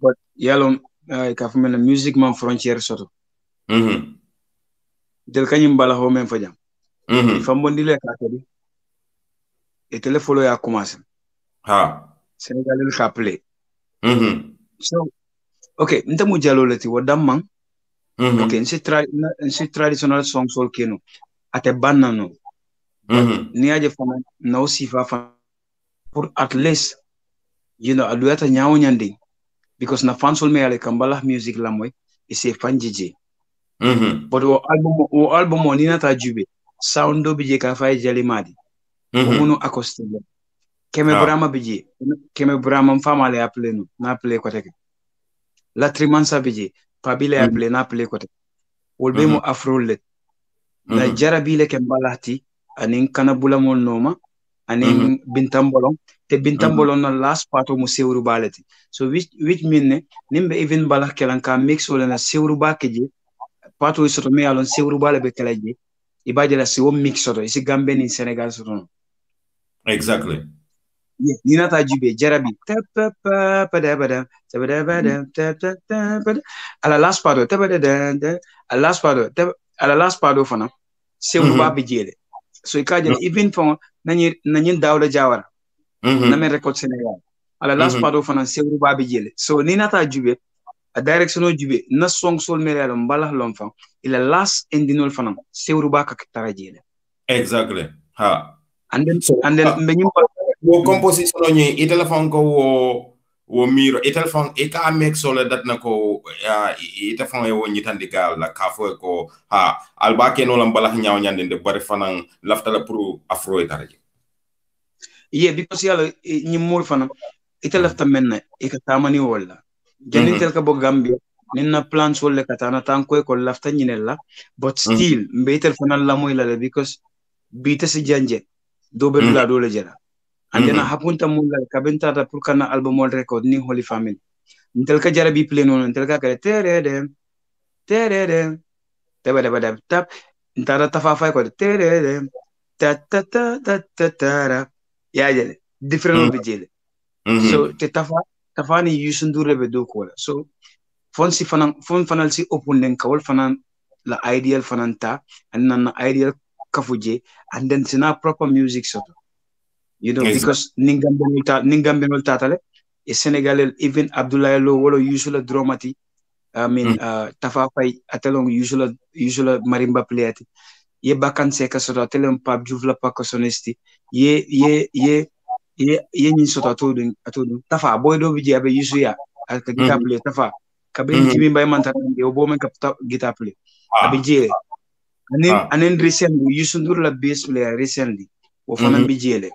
but yalon ay ka fu mena music man frontière soto hmm mm del kanyim bala ho men fajam hmm mm fambondi le ka et le folo ya commencer ha senegal le rappelé hmm so ok nta mu jalo le ti wadam man -hmm. ok nsi tra nsi traditional song sol keno ate banano -hmm. ni aje fana na usifa fana pour at least you know aduata nyawo nyandi because na fansol me ale kambala music la moy ise e fanjiji mm -hmm. but wo album wo album on ina ta sound do bije ka fay e jali madi mm -hmm. munu akostia keme ah. brama bije keme brama fama le appelé nous na appelé ko teke la trimansa bije pabile mm -hmm. appelé na appelé ko teke wolbe mm -hmm. mo afro le mm-hmm. na mm -hmm. jarabile kembalati anin kana bulamol noma anin mm -hmm. bintambolon te bintambolon na last part mu sewru balati so which which mean nimbe even balak kelan ka mix wala na sewru ba keje part wi soto me alon sewru bala be kelaje ibaje la si wo mix soto isi gambe ni senegal soto exactly yeah nina ta jube jarabi tap tap pada pada tap pada tap tap pada ala last part tap pada ala last part tap ala last part fana sewru mm-hmm. ba be jele so ikaje even fon nanyi nanyi dawla jawara mm-hmm. record sénégal ala las mm fana sewru jele so ni nata jube a direction o jube na song sol mere ala mbala lon fa ila las endinol fana sewru ba ka tara jele exactly ha and then so, and then uh, mbe nyimba wo composition o nyi itela fan ko wo wo miro itel fon ya, e ka mek solo dat na ite fon e woni la ka fo ko ha alba ke no lam balax nyaaw nyande de bari fanan laftala pro afro itaraji e ye because yala ñi mol fana ite lafta menne e ka tamani wala jeni mm -hmm. tel ka bo gambia ninna plan solle ka tana tan koy ko lafta ñinella but still mm -hmm. mbe tel fana la moy la because bita si janje do be dula do le jela andena hapunta mun la ka bentata pour kana album all record ni holy family ntel ka jara bi pleno ntel ka kare tere de tere de tebe de tap ntara tafa fay ko tere de ta ta ta ta ta ta Yeah, yeah, different mm. be mm -hmm. so te tafa tafani yusundure be do kola so fon si fanan fon fanal si open len kawol fanan la ideal fanan and nan na ideal kafuje and then sina proper music soto you know exactly. because ningambenol ningam ningambenol tatale e Senegal, even abdoulaye lo wolo yusula i mean mm. uh, tafa usually atelong marimba playati ye bakan ka sota tele mpap juvla pa kosonesti ye ye ye ye ye ni sota to to atodun tafa boy do vidi abe yusu ya ak ka gita mm play tafa ka be ni timin bay man ta de bo men kapta gita play abi je jele anen ah. anen recently yusu ndur la bass player recently wo fanan bi jele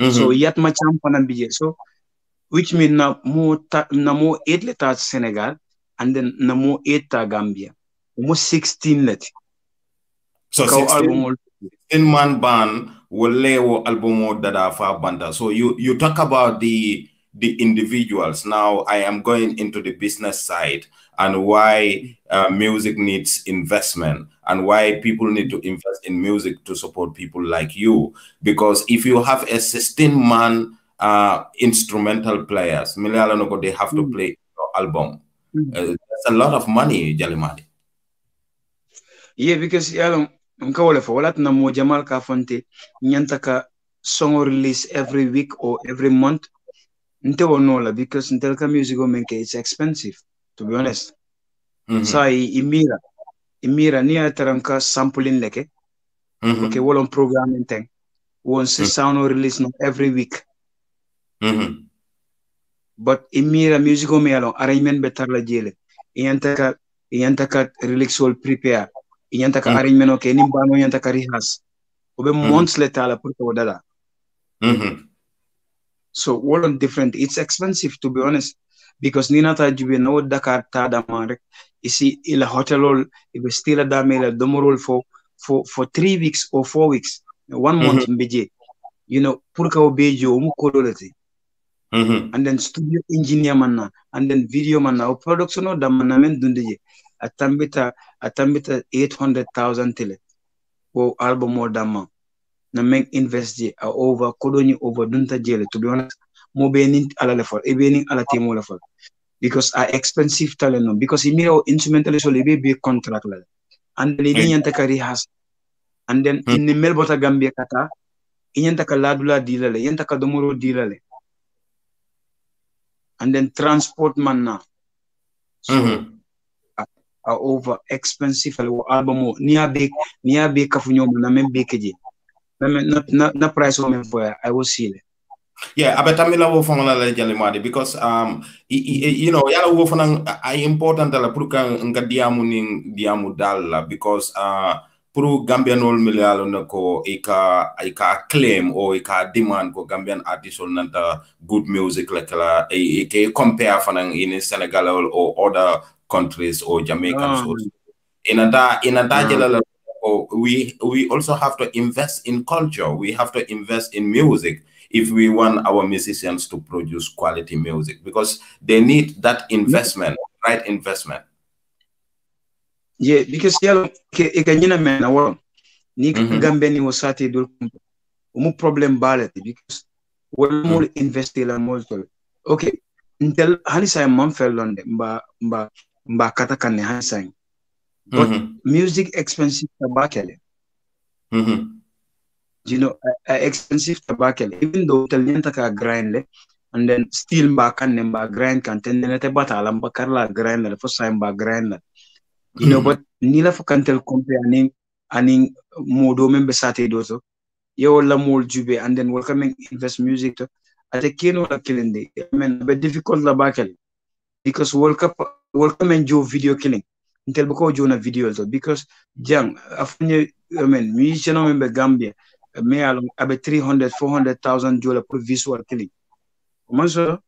mm so yat ma cham fanan bi jele so which mean na mo ta, na mo et le ta senegal and then na mo et ta gambia mo 16 let so 16, 16 man ban wolewo that are far banda so you you talk about the the individuals now i am going into the business side and why uh, music needs investment and why people need to invest in music to support people like you because if you have a 16 man uh, instrumental players they have to mm. play your album mm. uh, that's a lot of money jalimadi yeah because don't. nka wale fo wala tana mo jamal ka fonte nyanta ka song release every week or every month nte wo no la because ntel ka music o menke it's expensive to be honest mm -hmm. sa imira imira ni ataram ka sampling leke mm -hmm. okay wolon programming thing won si mm -hmm. sound release no every week mm -hmm. but imira music o me alon arrangement betar la jele yanta ka yanta ka release will prepare inyanta ka ke inyanta ka mm. dada mm -hmm. so all on different it's expensive to be honest because nina ta jibe no dakar ta da mare isi ila hotelol ibe stila da mela domorol for for for 3 weeks or 4 weeks one month mm -hmm. mbije you know purka ka obejo mu kodolete Mm -hmm. and then studio engineer manna and then video manna o production no da manna men dunde atambita a tambita 800,000 tile wo album mo damma na make invest je a over kodoni over dunta jele to be honest mo be nin ala le fol e be nin ala temo le fol because a expensive talent no because he mira instrumental so le be be contract la and le mm. ni yanta kari has and then mm. in the melbota gambia kata yanta ka ladula dilale yanta ka domoro dilale and then transport man na so, mm -hmm. A over expensive album wo albumo ni a be ni a be na men na na price wo men ya, i will see it yeah, abetamila wo fanga la made because um you know ya la wo fanga I important la pour kan nga diamu ni diamu dal because uh pour Gambian ol milialo ya na ko ika ka claim o ka demand ko Gambian artist ol nanta good music like la ke compare fanang in Senegal or other countries or Jamaicans. Oh. In a in a yeah. we we also have to invest in culture. We have to invest in music if we want our musicians to produce quality music because they need that investment, yeah. right investment. Yeah, because yalo ke ekanyina mena woro ni mm-hmm. gambe ni wasati dul umu problem balati because wala more mm. invested la mol okay until halisa man fell on mba mba mbakata kan hansang mm-hmm. but mm music expensive tabakele mm -hmm. you know uh, uh, expensive tabakele even though talienta ka grind le and then still mbakan ne mba grind kan tendene te batala mbakar la grind le fo sai mba grind la you know mm-hmm. but nila fo kantel compare anin anin modo men be sate do yo la mol jube and then welcoming invest music to ate kino la kilindi men be difficult la bakel because world cup Welcome come and video killing intel bako do na video also because young, afunye i mean musician member gambia eh, me along abe 300 400,000 dollar per visual killing manso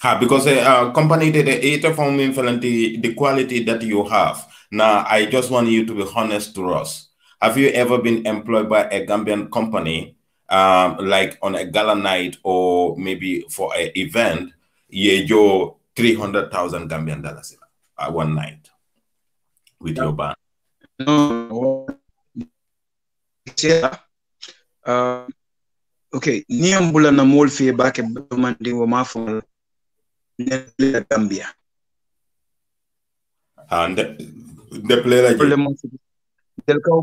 ha because eh, uh, company the data from infinity the quality that you have now i just want you to be honest to us have you ever been employed by a gambian company um, like on a gala night or maybe for an event yeah, your 300,000 Gambian dollars uh, one night with yeah. your bank? No. Uh, okay. Niambula na molfi bake mandi wa mafo Gambia. And ah, the player delkaw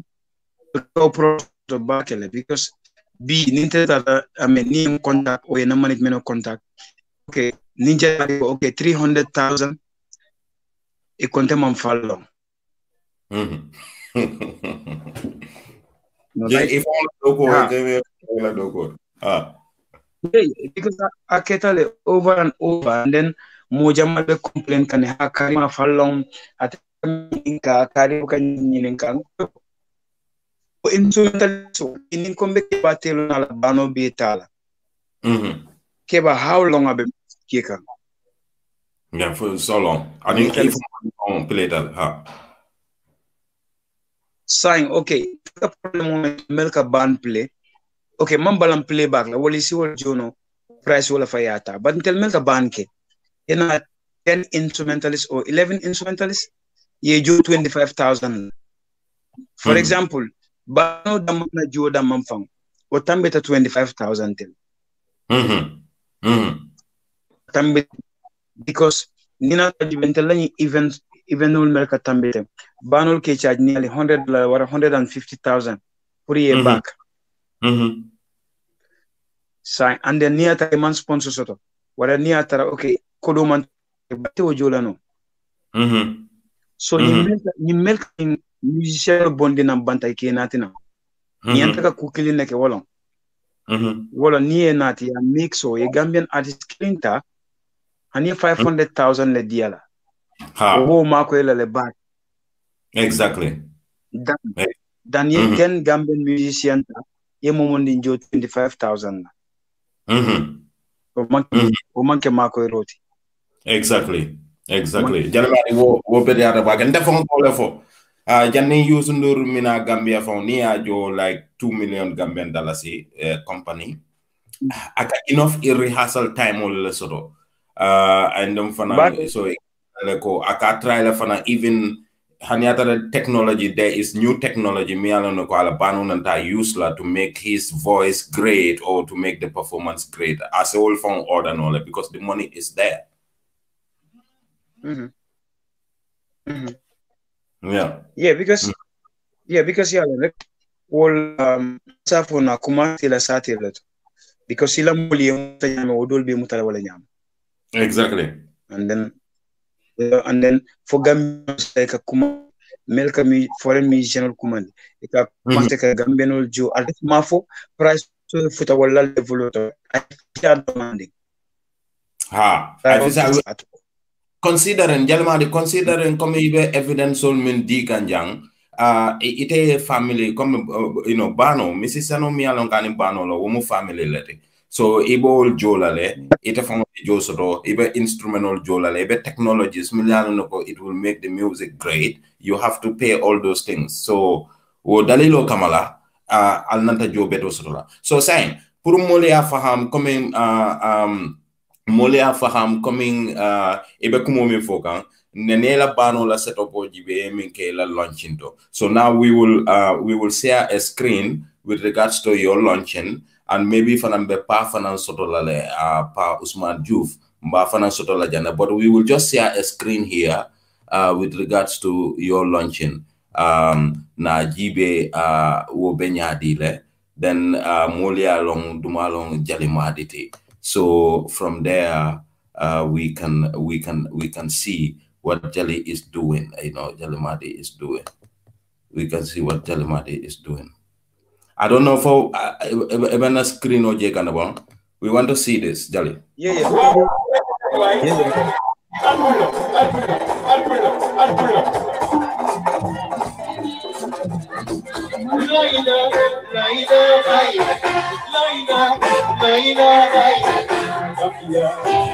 delkaw proto bakele because bi ninte tata I mean ni contact o na management contact okay ninja okay 300,000 e konte man fallo Mm -hmm. no, yeah, like, if all ah. ah. Yeah, because over and over and then moja be complain kan ha kari ma fallon at ka kari ka nyinin kan ko in so so in kombe ke batelo na la bano betala. Mhm. Mm Keba how long abem kicker. Yeah, for so long. I didn't even play that huh? Sign, okay. Melka band play. Okay, mambalam play back. La, you see what you know. Price wala fayata. But until Melka ban ke. You know, 10 instrumentalists or 11 instrumentalists, you do 25,000. For mm. example, Bano Damana Joe Damanfang, or Tambeta 25,000. Mm-hmm. Mm-hmm. Hmm, hmm. tambe because nina tajibentela lañi event evenul mel ka tambete banul ke ni ali 100 dollar wara 150000 pour ye bank -hmm. sai and then near time man sponsor soto wara near tara okay ko do man bate o jolano -hmm. so ni mm-hmm. mel ni mel musicien bondi nan bantay ke natina mm ni mm-hmm. anta ka kukilin ne ke wolon mm -hmm. wolon ni e nati ya mix o e gambian artist clinta ani 500,000 le diala wo ma exactly dan hey. dan ye mm -hmm. gen gambian musician ye mo mo ndin jo 25,000 na mhm o man mm-hmm. o man ke ma ko roti exactly exactly jalmari wo wo be yada ba gen defon ko le fo uh, janni yusu ndur mina gambia fo ni a jo like 2 million gambian dollars uh, company mm-hmm. aka enough i rehearsal time o le soto uh, and um, fana but, so I can try la fana even Haniyata technology there is new technology me alone ko ala banu nanta use la to make his voice great or to make the performance great as a whole from order no because the money is there mm -hmm. Mm -hmm. yeah yeah because mm -hmm. yeah because yeah All um safo kumati la tila because ila muli yom tanyame odol mutala wala nyama Exactly. And then, uh, and then for Gambians like a kuma melka me foreign mi general command it ika kumante ka Gambian jo arif mafo price to futa wala level to I are demanding. Ha. considering jalmadi considering come ibe evidence ol min di kanjang uh, ite family comme uh, you know bano misi sano mi alon kani bano lo wo mu family letting so ibo jolale ite fon josoto ibe instrumental jolale ibe technologies milano noko it will make the music great you have to pay all those things so wo dalilo kamala uh, al nanta jo beto so saying Purumole mole ya faham coming, uh, um mole ya faham coming uh, ibe kumo mi fokan Nenela Bano la set up la launching So now we will uh, we will share a screen with regards to your launching and maybe fana mbe pa fana sotola le uh, pa Usman Juf mba fana sotola jana but we will just share a screen here uh, with regards to your launching um, na jibe uh, wo benyadile then uh, mulia long dumalong jalimaditi so from there uh, we can we can we can see what Jelly is doing you know Jalimadi is doing we can see what Jalimadi is doing I don't know for uh, even a screen or Jake and We want to see this, jelly. Yeah, yeah.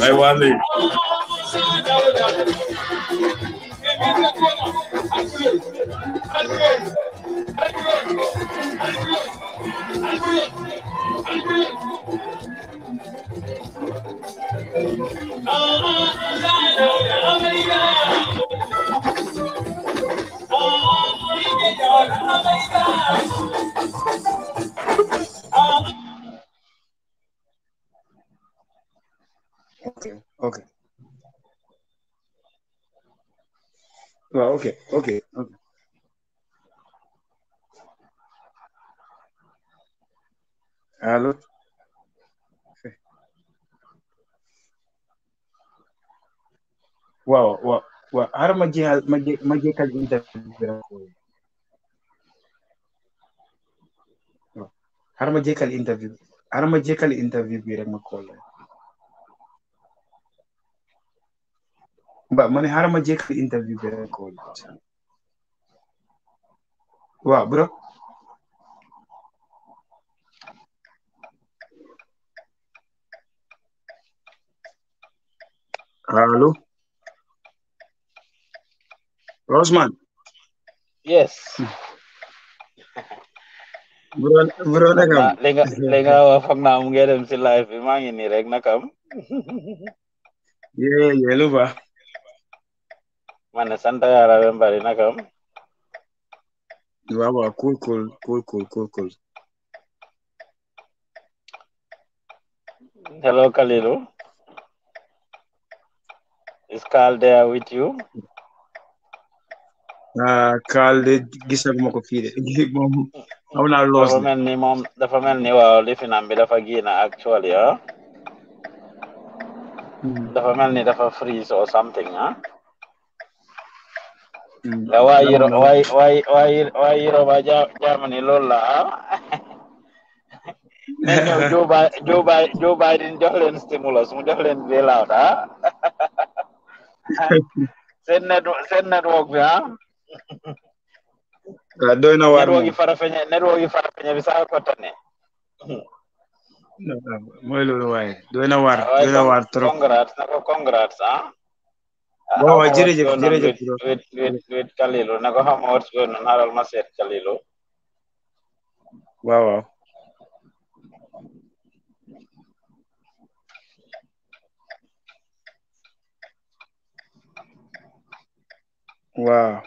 Ẹ wálé. Thank you. Okay, okay. Well, okay, okay, okay. Hello. Wow, wow, wow. How Har maje maje maje kan interview. Har maje kan interview. Har maje kan interview bi rek ma call. mbak mane haram aja ke interview beneen kau wah bro halo Rosman. Yes. (laughs) Bro, bro nakam. Lenga lenga wa fag na mu live Memang ini rek kamu rek ya, nakam. Ya, ya, lu baax. mana santa yara ben bari na kam Baba, cool, cool, cool, cool, cool, cool. Hello, Kalilu. Is Carl there with you? Uh, Carl, gisa mo ko fide. Mom, I'm not lost. The family, ni mom, dafa mel ni waaw li fi nambi actually, huh? Dafa hmm. the family, dafa freeze or something, huh? Wairo wairo wairo baja jamani lola. (laughs) Nenyo Joe Biden Joe Biden Joe Biden johlen stimulus mu johlen bailout ha. (laughs) Sen net sen network bi ha. Doy na war. Network yi fara feñe network yi fara feñe bi sa ko tane. Moy lolu way. Doy na war, doy na war trop. Congrats, nako ah. congrats ha. jërëjëf jërëjëf wet wet wet Kalilu nako xam ma warti goon non haaral ma seet Kalilu waaw waaw waaw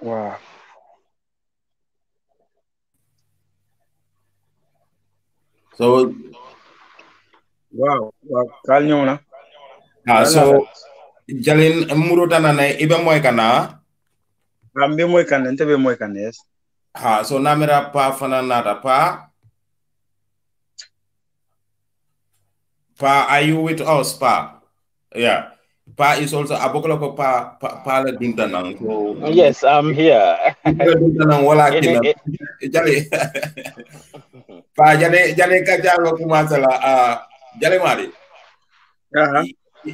Wow. So, wow, kal ñëw na. Ah, so jalin tana na ne ibe moy kana. Ambe moy kana, nte be moy kana, yes. Ha, ah, so namera pa fana nada pa. Pa, are you with us, pa? Yeah. Pa is also ko pa pa pala duntanang. So um, yes, I'm here. duntanang wala (laughs) kina. Jale. (laughs) Pa jale jale kajango la ah jale mari. Uh -huh.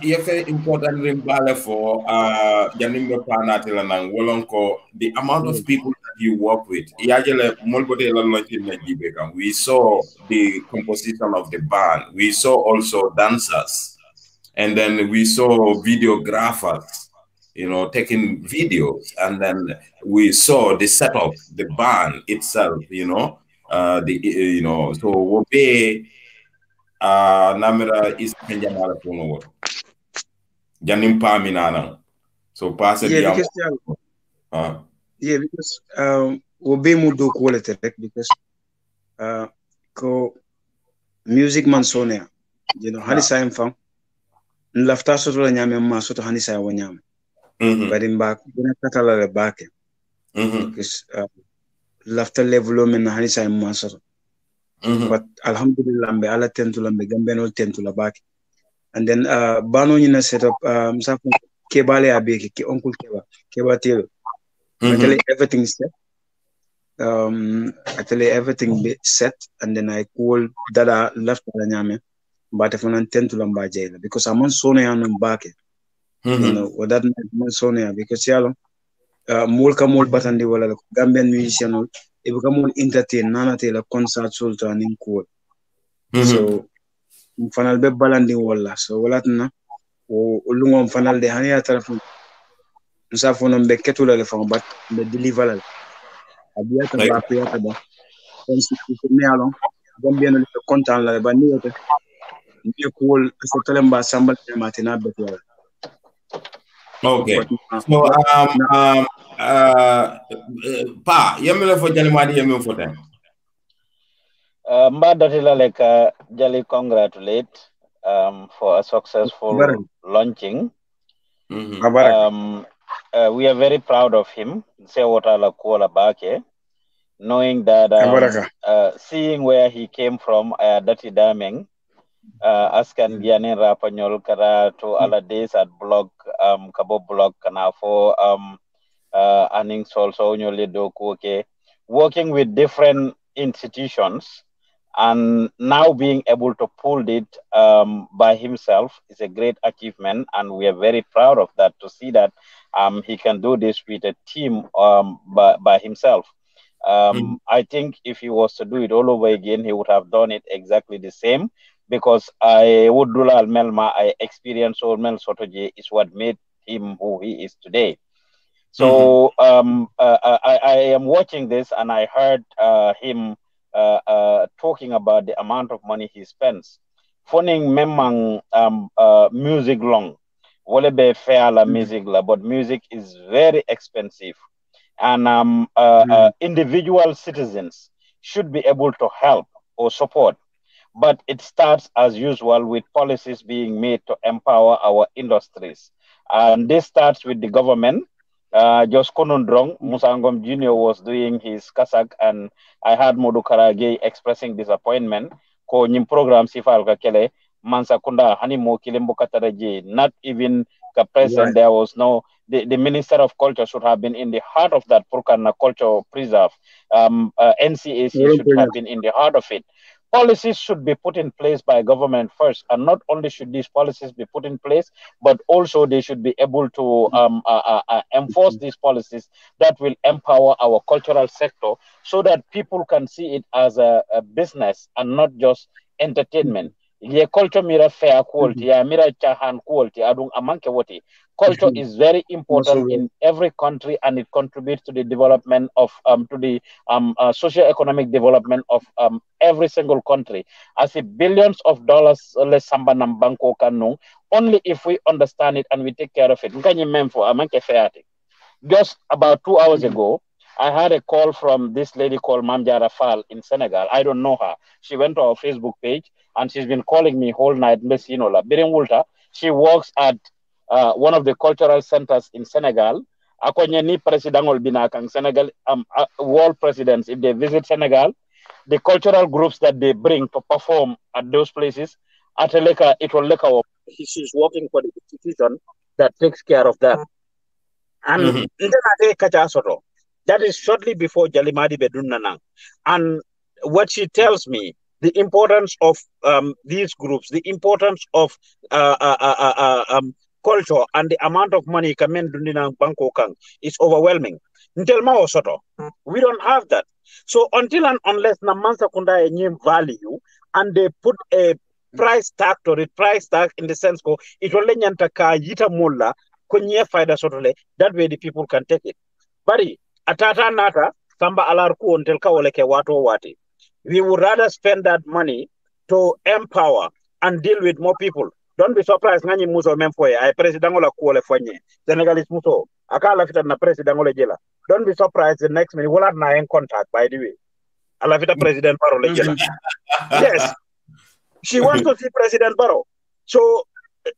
Yefe important rin bala for ah uh janimbe panatila nang ko the amount of mm. people that you work with. Yajele molbote lalontin na jibeka. We saw the composition of the band. We saw also dancers. And then we saw videographers, you know, taking videos. And then we saw the setup, the barn itself, you know, uh, the, you know, so Wobe uh, Namira is Kenyanara Punowo. Janim Paminana. So pass it yeah, because, um, uh, yeah, because um, Wobe Mudo quality, because uh, co music man sonia, you know, Hanisayam yeah. Fang lafta soto la ñame ma soto hani sa wo ñame bari mba bina katala le bake lafta levelo men na hani sa ma soto mm-hmm. but alhamdulillah mbe ala tentu la mbe gambenol tentu la bake and then uh, bano ñina setup uh, msa kebale ya beke ke oncle keba keba telo mm -hmm. Actually, everything set um I actually everything set and then i call dada left dada ñame mbate fanan tentula mba jeyla because aman sonoya non baake mm -hmm. you know, o dat man sonoya because yalon uh, mool ka mool batandi wala ko gambian musician ol e ka mul entertain nanatela concert sol to anin kuwol mm -hmm. so fanal be balandi wala so walatna o lungom fanal de hani atara fu musa fonon be ketula le fon bat be deliver la abiya ta ba abiya da. ta ba kon si ko me alon gambian le content la ba ni Nia Cole, so tell him about somebody Martina Betwell. Okay. So um um uh pa yemele fo jali madi yemele fo tan. Uh, Mbadatila like uh, Jali congratulate um, for a successful launching. -hmm. um, uh, we are very proud of him, Say what Sewotala Kuala Bake, knowing that um, uh, seeing where he came from, uh, Dati Daming, uh, askan dianin rapanyol kara to hmm. alades at blog um kabo blog kana fo um uh, earnings also nyole do okay working with different institutions and now being able to pull it um, by himself is a great achievement and we are very proud of that to see that um, he can do this with a team um, by, by himself um, mm. I think if he was to do it all over again, he would have done it exactly the same because I would do Al Melma, I experienced Old Mel Sotoji is what made him who he is today. So mm-hmm. um, uh, uh I, I, am watching this and I heard uh, him uh, uh, talking about the amount of money he spends. Phoning memang um, uh, music long, Volebe be fair la mm-hmm. music la, but music is very expensive, and um, mm-hmm. individual citizens should be able to help or support but it starts, as usual, with policies being made to empower our industries. And this starts with the government. Uh, Jos Konundrong, Musangom Jr. was doing his Kazakh, and I heard Modu Karage expressing disappointment. Ko nyim program si Farga Kele, Mansa Kunda, Hanimo Kilimbo Kataraji, not even the president, there was no, the, the Minister of Culture should have been in the heart of that Purkana culture preserve. Um, uh, NCAC yeah, should yeah. have been in the heart of it policies should be put in place by government first. And not only should these policies be put in place, but also they should be able to um, uh, uh, uh enforce these policies that will empower our cultural sector so that people can see it as a, a business and not just entertainment ye culture mira fair quality mm-hmm. ya mira chahan quality adung amanke woti. culture mm-hmm. is very important in every country and it contributes to the development of um, to the um, uh, socio-economic development of um, every single country as the billions of dollars uh, le samba nam banko kanung only if we understand it and we take care of it nganyi mem for amanke fair just about 2 hours mm-hmm. ago I had a call from this lady called Mamja Rafal in Senegal. I don't know her. She went to our Facebook page and she's been calling me whole night, Birin Wulta. She works at uh, one of the cultural centers in Senegal. Akonya ni president Senegal um, uh, world presidents if they visit Senegal, the cultural groups that they bring to perform at those places, at leka, it will leka. She's working for the institution that takes care of that. And mm-hmm. That is shortly before Jalimadi Bedunanang. And what she tells me, the importance of um, these groups, the importance of uh, uh, uh, uh, uh um, culture, and the amount of money coming Dundinang Bangkokang is overwhelming. Ntelma Osoto, we don't have that. So until and unless Namansa Kunda Enyim value and they put a price tag to it, price tag in the sense go it will nyanta ka yita mulla kunye nye sotole that way the people can take it. Bari atata nata samba alar ku ontel ka wole wati we would rather spend that money to empower and deal with more people don't be surprised ngani muso memfoye ay president ngola ku wole fanye senegalese muso akala fita na president ngole jela don't be surprised the next minute wala na in contact by the way ala fita president baro le jela (laughs) yes she wants to see president baro so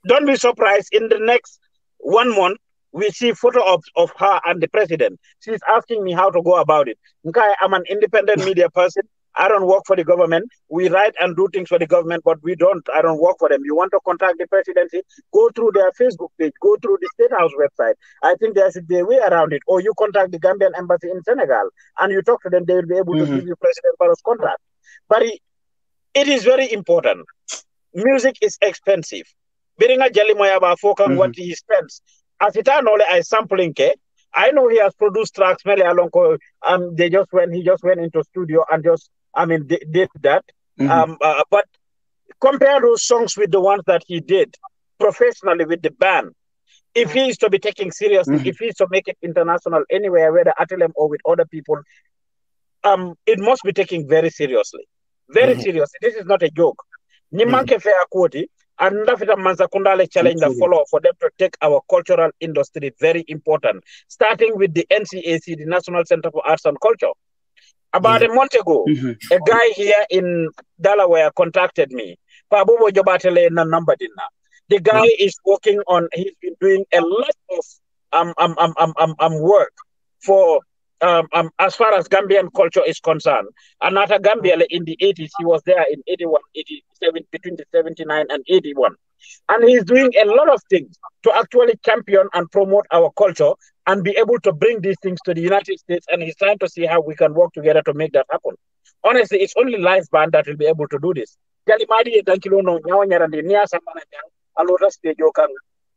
don't be surprised in the next one month we see photo of, of her and the president. She's asking me how to go about it. Okay, I'm an independent media person. I don't work for the government. We write and do things for the government, but we don't. I don't work for them. You want to contact the presidency? Go through their Facebook page. Go through the State House website. I think there should be a way around it. Or you contact the Gambian embassy in Senegal and you talk to them. They will be able mm-hmm. to give you President Barrow's contact. But it is very important. Music is expensive. Biringa Jalimoyaba Fokang, what he spends as it I know, I sampling ke. I know he has produced tracks many along um they just went he just went into studio and just I mean did, did that. Mm-hmm. Um uh, but compare those songs with the ones that he did professionally with the band. If he is to be taken seriously, mm-hmm. if he is to make it international anywhere, whether Atilem or with other people, um, it must be taken very seriously. Very mm-hmm. seriously. This is not a joke. Ni mm-hmm. manke and lafita Manzakundale challenge the follow for them to take our cultural industry very important, starting with the NCAC, the National Center for Arts and Culture. About yeah. a mm-hmm. month ago, mm -hmm. a guy here in Delaware contacted me. Pabubo Jobatele na number The mm-hmm. guy is working on, he's been doing a lot of um, um, um, um, um, um work for um, um, as far as Gambian culture is concerned, Anata Gambiele in the 80s, he was there in 81, 87, between the 79 and 81. And he's doing a lot of things to actually champion and promote our culture and be able to bring these things to the United States. And he's trying to see how we can work together to make that happen. Honestly, it's only Life Band that will be able to do this.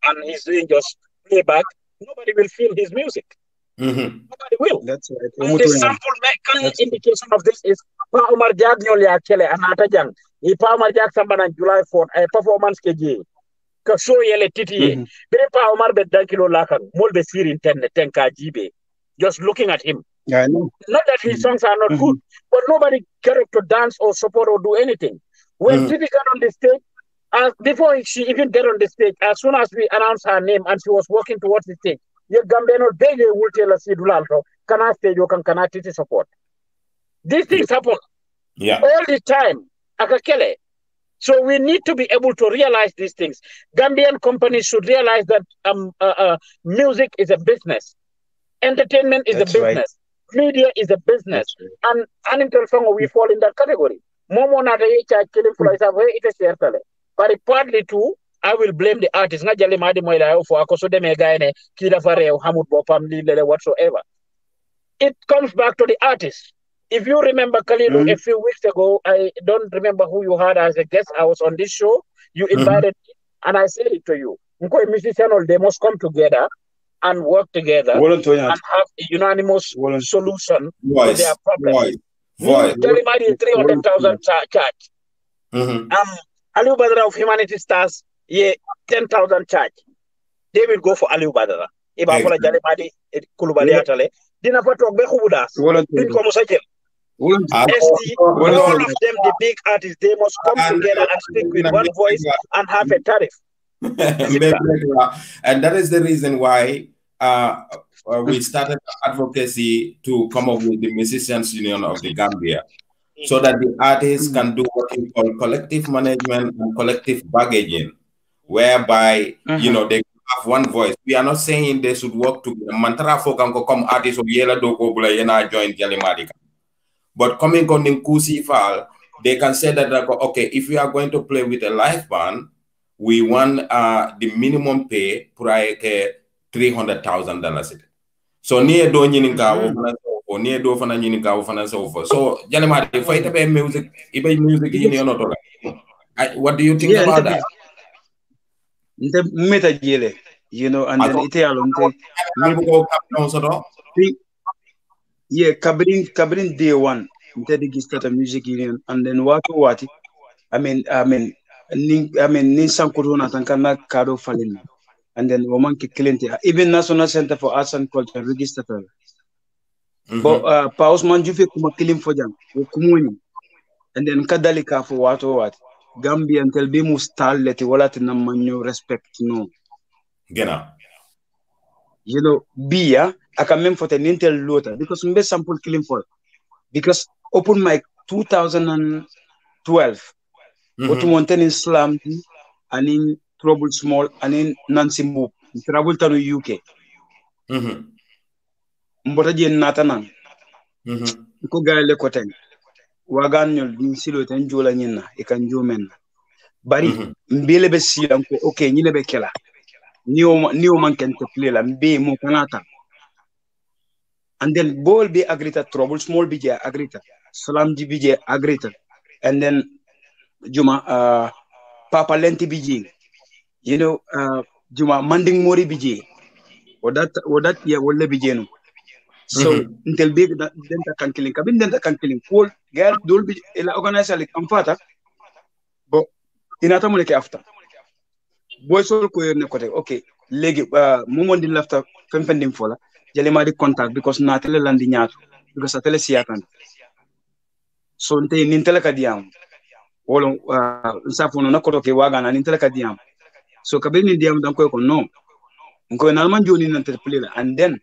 And he's doing just playback. Nobody will feel his music. Nobody will. That's right. the sample kind of indication right. of this is Pa Omar Jag nyol ya kele anata jang. Ipa Omar Jag sambana July 4th, eh, a performance ke Cause Ka show yele titi But Mm-hmm. Bire Pa Omar be dan kilo lakang. Mol tenka Just looking at him. Yeah, I know. Not that his mm-hmm. songs are not mm-hmm. good, but nobody cared to dance or support or do anything. When Titi mm-hmm. got on the stage, as uh, before she even get on the stage, as soon as we announced her name and she was walking towards the stage, ye gambeno beje wulte la si dulalto kana stage kan kana titi support these things happen yeah. all the time akakele so we need to be able to realize these things gambian companies should realize that um, uh, uh, music is a business entertainment is That's a business right. media is a business right. and unintel song we fall in that category momo nata ye cha kilim fula isa ve ite sertale but partly too I will blame the artist nga jale maadi moy layo fo ako so deme gayne ki dafa rew hamut bopam li lele whatsoever it comes back to the artist if you remember Kalilu mm. a few weeks ago I don't remember who you had as a guest I was on this show you mm-hmm. invited mm. me and I said it to you Nkoi musician all they must come together and work together and have a unanimous Voluntory. solution Voice. to their problem. Voice. Voice. Mm-hmm. Everybody 300,000 charge. Mm-hmm. Um, Aliu Badra of Humanity Stars yeah, 10,000 charge. They will go for Aliu Badara. If I fola jale madi kulubali atale. Dina fa tok be xubudas. Duñ ko musa jël. SD, all of them, the big artists, they must come together and speak with one voice and have a tariff. (laughs) and that is the reason why uh, uh, we started advocacy to come up with the Musicians Union of the Gambia so that the artists can do what we call collective management and collective bargaining whereby mm-hmm. you know they have one voice. We are not saying they should work together. Mantara fokanko come artists of yela doko bula yena join Jalimadika. But coming on Nkusi file, they can say that okay, if we are going to play with a live band, we want uh, the minimum pay prior to uh, three hundred thousand dollars. So near do nyininga or near do fana nyininga or fana so forth. So Jalimadi, if I music, if I music, you know, what do you think yeah, about that? meta jele you know and then ite alon te maybe go cap so do kabrin kabrin day one mte digi start a music union and then what wati i mean i mean i mean nin sankuru na tan kana kado falin and then woman ki client even national center for arts and culture register mm bo but uh, ah, pa usman jufe kuma kilim fojan ko kumuni and then kadalika fo wato wati gambian tel be mu stalleti walatina manyo respect no gena you know biya aka mem fote nintel lota because mbe sample killing for because open mic 2012 mm -hmm. otu wanted in slam and in trouble small and in nancy move trouble tanu uk mm mm-hmm. mbota je natana mm mm-hmm. ko gayle ko teng waganyol din silo tan jola nyina e kan jomen bari mhm. mbele be silan ko okay nyile be kela ni niwo man ken te play la mbi mo kanata and then bol be agrita trouble small biji agrita salam di biji agrita and then juma uh, papa lenti biji, you know uh, juma manding mori biji. wodat wodat ya wolle bije no So intil mhm. big da denta kan killing kabin denta kan killing full girl dul bi ila organizer lik am fata bo inata mo ke afta boy sol ko yerne ko okay legi uh, mo mon din lafta fem fem dim fola jale ma di contact because na tele landi nyaatu because tele siyatan so inte nin tele kadiam wolo uh, nsa fono na ko ke waga na nin tele kadiam so kabin ni diam dan ko ko no ko na man joni nan tele and then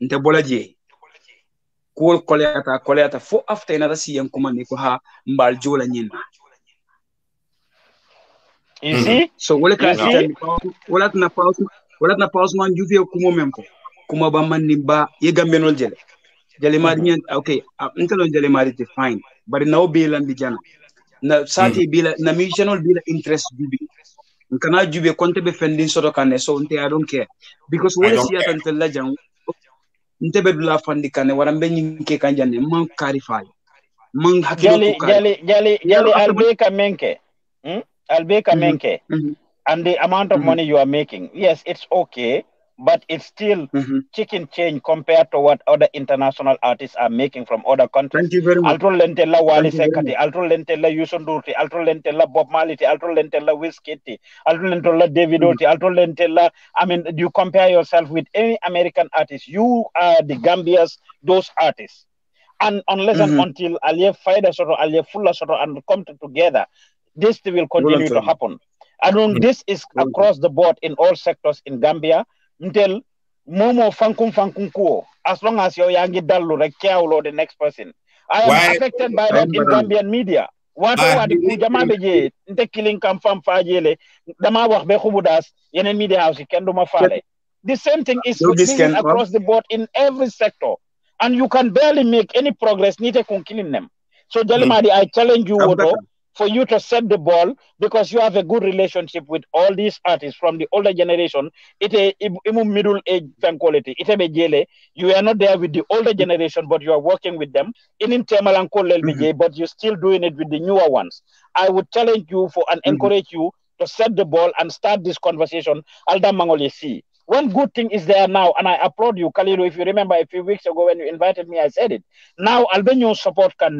nte bola je kuwol koleata koleata fo afta inata kuma kumandi ko ha mbal jola ñinna isi mm-hmm. so wala ka ni wala na pause wala na pause man juve ko mo mem ko kuma ba man ni ba ye gambe non jele jele mari ñen mm-hmm. ok non jele mari te fine bari lan di jana na sati mm. Mm-hmm. bila na musicianol bila interest jubi nkana jube konte be fendin soto kane so nte i don't care because wala siya tan la jang nte dula fandi kane wara mbe nyin ke man karifal man hakilo ko jali jali jali albe ka menke hmm? albe ka mhm. menke mhm. and the amount of mhm. money you are making yes it's okay but it's still mm-hmm. chicken change compared to what other international artists are making from other countries. Thank you very much. Altro lentella Wali Sekati, Altro lentella Yusun Bob Maliti, Altro lentella Wiz Kitty, Altro lentella David mm. Oti, Altro lentella. I mean, you compare yourself with any American artist. You are the Gambia's those artists. And unless mm-hmm. and until Aliyev Faida Soto, Aliyev Fulla Soto, and come to together, this will continue to happen. And this is across the board in all sectors in Gambia until momo fankum fankum kuo as long as are young dallu rek kewlo the next person i am Why? affected by that in gambian media wato the ku jama be je nte killing kam fam fajele dama wax be khumudas yenen media house ken duma faale the same thing is no, can, across the board in every sector and you can barely make any progress nite kun killing them so jelima mm. i challenge you woto for you to set the ball because you have a good relationship with all these artists from the older generation. it is a middle age quality. It is a jele. You are not there with the older generation, but you are working with them. In internal and mm mm-hmm. but you're still doing it with the newer ones. I would challenge you for and mm-hmm. encourage you to set the ball and start this conversation. Alda Mangole One good thing is there now, and I applaud you, Kalilu. If you remember a few weeks ago when you invited me, I said it. Now, Albanian support can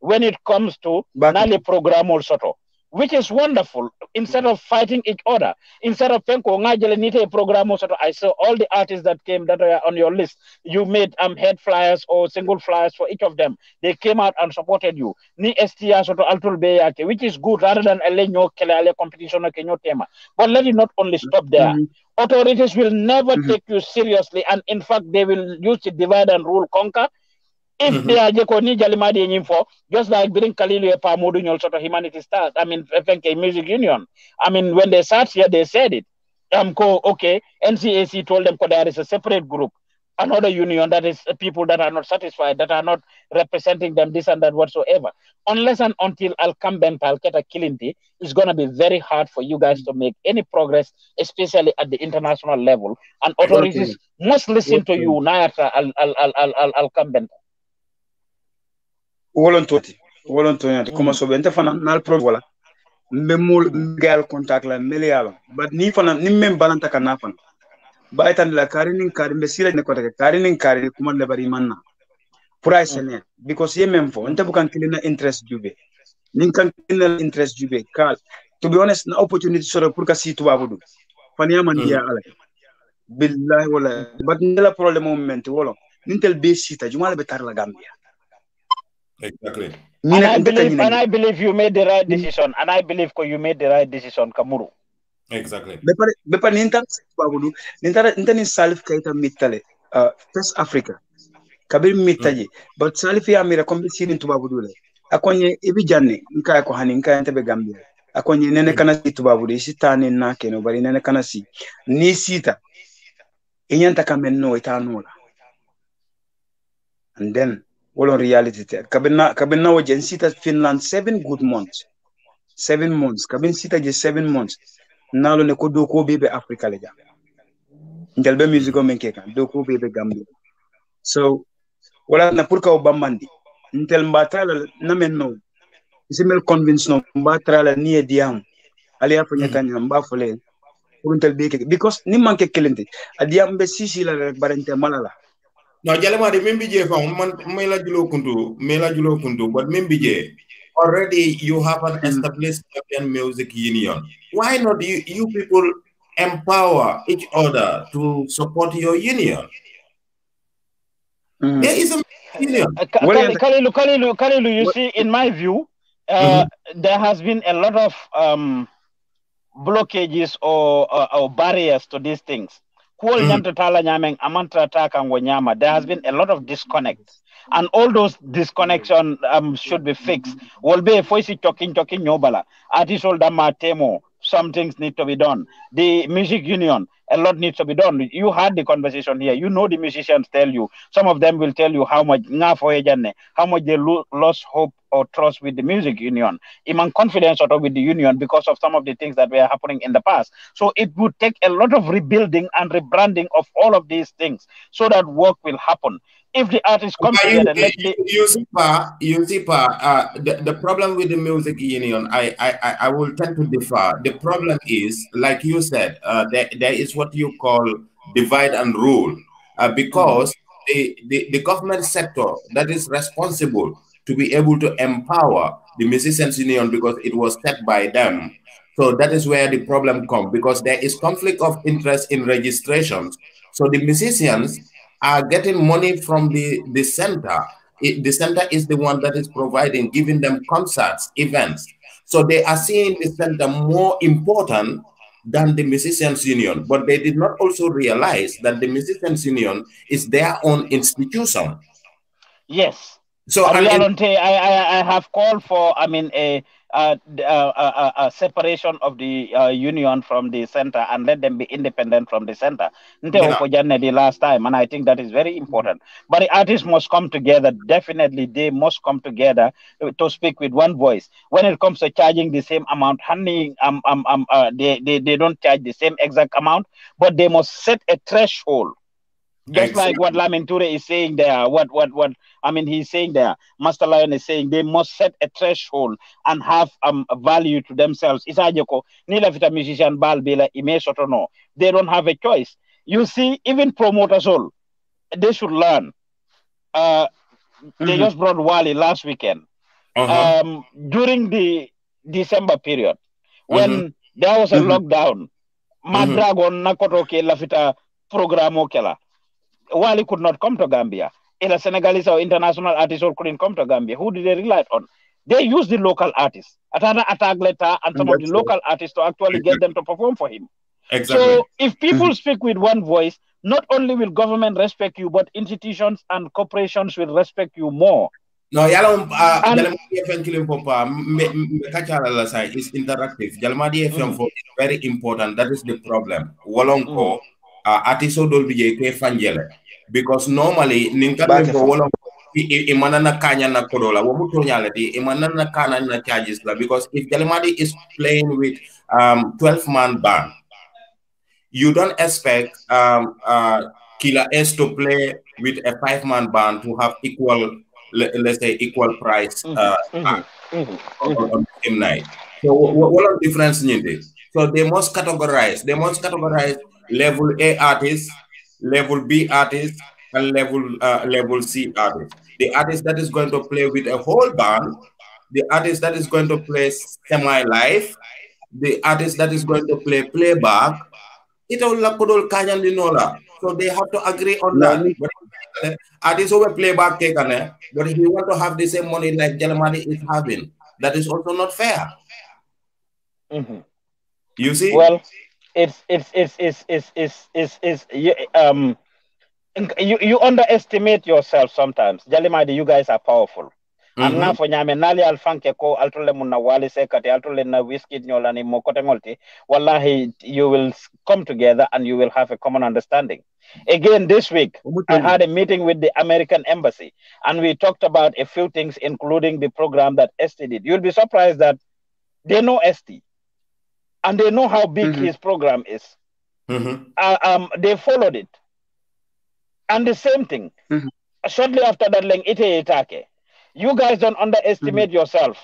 when it comes to Back Nali program or Soto, which is wonderful. Instead of fighting each other, instead of Penko Nite program or Soto, I saw all the artists that came that were on your list. You made um head flyers or single flyers for each of them. They came out and supported you. Ni STR Soto Altul Beyake, which is good rather than Elenyo Kelale competition or Kenyo Tema. But let it not only stop there. Mm-hmm. authorities will never mm-hmm. take you seriously and in fact they will use the divide and rule conquer if mm-hmm. they uh, are Jekoni Jalimadi info, just like during Kalilu Epa Mudunyol sort of humanity stars, I mean, FNK Music Union. I mean, when they sat here, they said it. Um, co, okay, NCAC told them there is a separate group, another union that is uh, people that are not satisfied, that are not representing them, this and that whatsoever. Unless and until Al Kamben Palketa Kilindi, it's going to be very hard for you guys to make any progress, especially at the international level. And authorities okay. must listen okay. to you, Nayata Al, Al, Al, Al, Al, Al wolonto ti wolonto ñati comme so nte fana nal pro wala mbe mul gal contact la mele bat but ni fana ni mem balanta kana fana ba itan la kari nin kari mbe sira ne kota kari nin kari kuma le bari manna price mm. ne because ye mem fo nte bukan kilina interest jube nin kan kilina interest jube kal to be honest na opportunity sore pour ka si tubabu du fana ya man mm. ya ala billahi wala but ndela problème moment wala nintel be sita jumala be tar la gambia Exactly. And I believe, and I believe you made the right decision. And I believe you made the right decision, Kamuru. Exactly. Bepa ninta salif kaita mitale. Uh, Test Africa. Kabir mitaji. Mm. But salif ya mira kombi siri ntubabudule. Akonye ibi jani, nka yako hani, nka yantebe Gambia. Akonye nene mm. kana si tubabudule, isi tani nake no, bari nene kana si. Ni sita. Inyanta kamenno itanola. And then, on reality te kabina kabina wajen sita finland seven good months seven months kabin sita je seven months nalo ne ko do ko bebe africa le jam ndel be music o men kekan do ko bebe gambia so wala na pour ka o bambandi ntel mbatala na men no simel convince no mbatala ni e diam ali afa nyata ni mba fole pour ntel be because ni manke kelente adiam be sisi la rek barente malala no jalemade min bije fam julo kuntu mayla julo kuntu but min bije already you have an mm. established African music union why not you, you people empower each other to support your union mm. there is a union uh, Kalilu, Kalilu, Kalilu, you what? see in my view uh, mm-hmm. there has been a lot of um, blockages or, or, or barriers to these things kuol mm. nyamta tala nyameng amantra ta kango there has been a lot of disconnects and all those disconnection um, should be fixed will be foisi chokin chokin nyobala old oldama temo some things need to be done the music union a lot needs to be done. You had the conversation here. You know the musicians tell you. Some of them will tell you how much how much they lo- lost hope or trust with the music union, even confidence or with the union because of some of the things that were happening in the past. So it would take a lot of rebuilding and rebranding of all of these things so that work will happen if the artist comes, okay, together, you, you, the... you, see, pa, you see, pa, uh, the, the problem with the music union, I, I, I will tend to differ. The problem is, like you said, uh, there, there is what you call divide and rule, uh, because the, the, the government sector that is responsible to be able to empower the musicians union because it was set by them. So that is where the problem comes because there is conflict of interest in registrations. So the musicians are getting money from the, the center. It, the center is the one that is providing, giving them concerts, events. So they are seeing the center more important than the musicians union, but they did not also realize that the musicians union is their own institution. Yes, so oh, I, mean, I, don't I, I, I have called for I mean a, a, a, a separation of the uh, union from the center and let them be independent from the center. Yeah. The last time, and I think that is very important. But the artists must come together. Definitely, they must come together to speak with one voice. When it comes to charging the same amount, honey, um, um, um, uh, they, they they don't charge the same exact amount, but they must set a threshold just exactly. like what Lamenture is saying there, what what what I mean, he's saying there. Master Lion is saying they must set a threshold and have um value to themselves. nila vita musician bal bila no. They don't have a choice. You see, even promoters all, they should learn. Uh, mm-hmm. they just brought Wali last weekend. Uh-huh. Um, during the December period, when mm-hmm. there was a mm-hmm. lockdown, mm-hmm. Madragon Nakotoke Lafita program okela. Wali could not come to Gambia. the Senegalese or international artists all couldn't come to Gambia. Who did they rely on? They used the local artists, Atana Atagleta, and some of the right. local artists to actually get them to perform for him. Exactly. So if (clears throat) people mm-hmm. speak with one voice, not only will government respect you, but institutions and corporations will respect you more. No, yalam ah, ah, uh, is interactive. Jalmadi FM is very important. That is the problem. Walonko. Mm uh, atiso dol bi ke fanjele because normally ninka ko wala e manana kanya na kodola wo nyale di e manana kana na charges la because if Galimadi is playing with um 12 man band you don't expect um uh Killer S to play with a five man band to have equal let's say equal price uh, mm -hmm. Mm -hmm. on night so what, what are the difference in this so they must categorize they must categorize level A artists, level B artists, and level uh, level C artists. The artist that is going to play with a whole band, the artist that is going to play semi-live, the artist that is going to play playback, It all ko dol kanya linola. So they have to agree on that. But artists over playback kay but if you want to have the same money like Germany is having. That is also not fair. Mm -hmm. You see? Well, it's it's it's it's it's it's it's, it's, um you, you underestimate yourself sometimes. Jalimadi, you guys are powerful. And now for fo ñaame naali ko altole sekati altole na Whiskey, ñolani mo kote ngolti wallahi you will come together and you will have a common understanding again this week i had a meeting with the american embassy and we talked about a few things including the program that st did you'll be surprised that they know st and they know how big mm-hmm. his program is. Mm-hmm. Uh, um, they followed it. And the same thing, mm-hmm. shortly after that, Leng Ite Itake, you guys don't underestimate mm-hmm. yourself.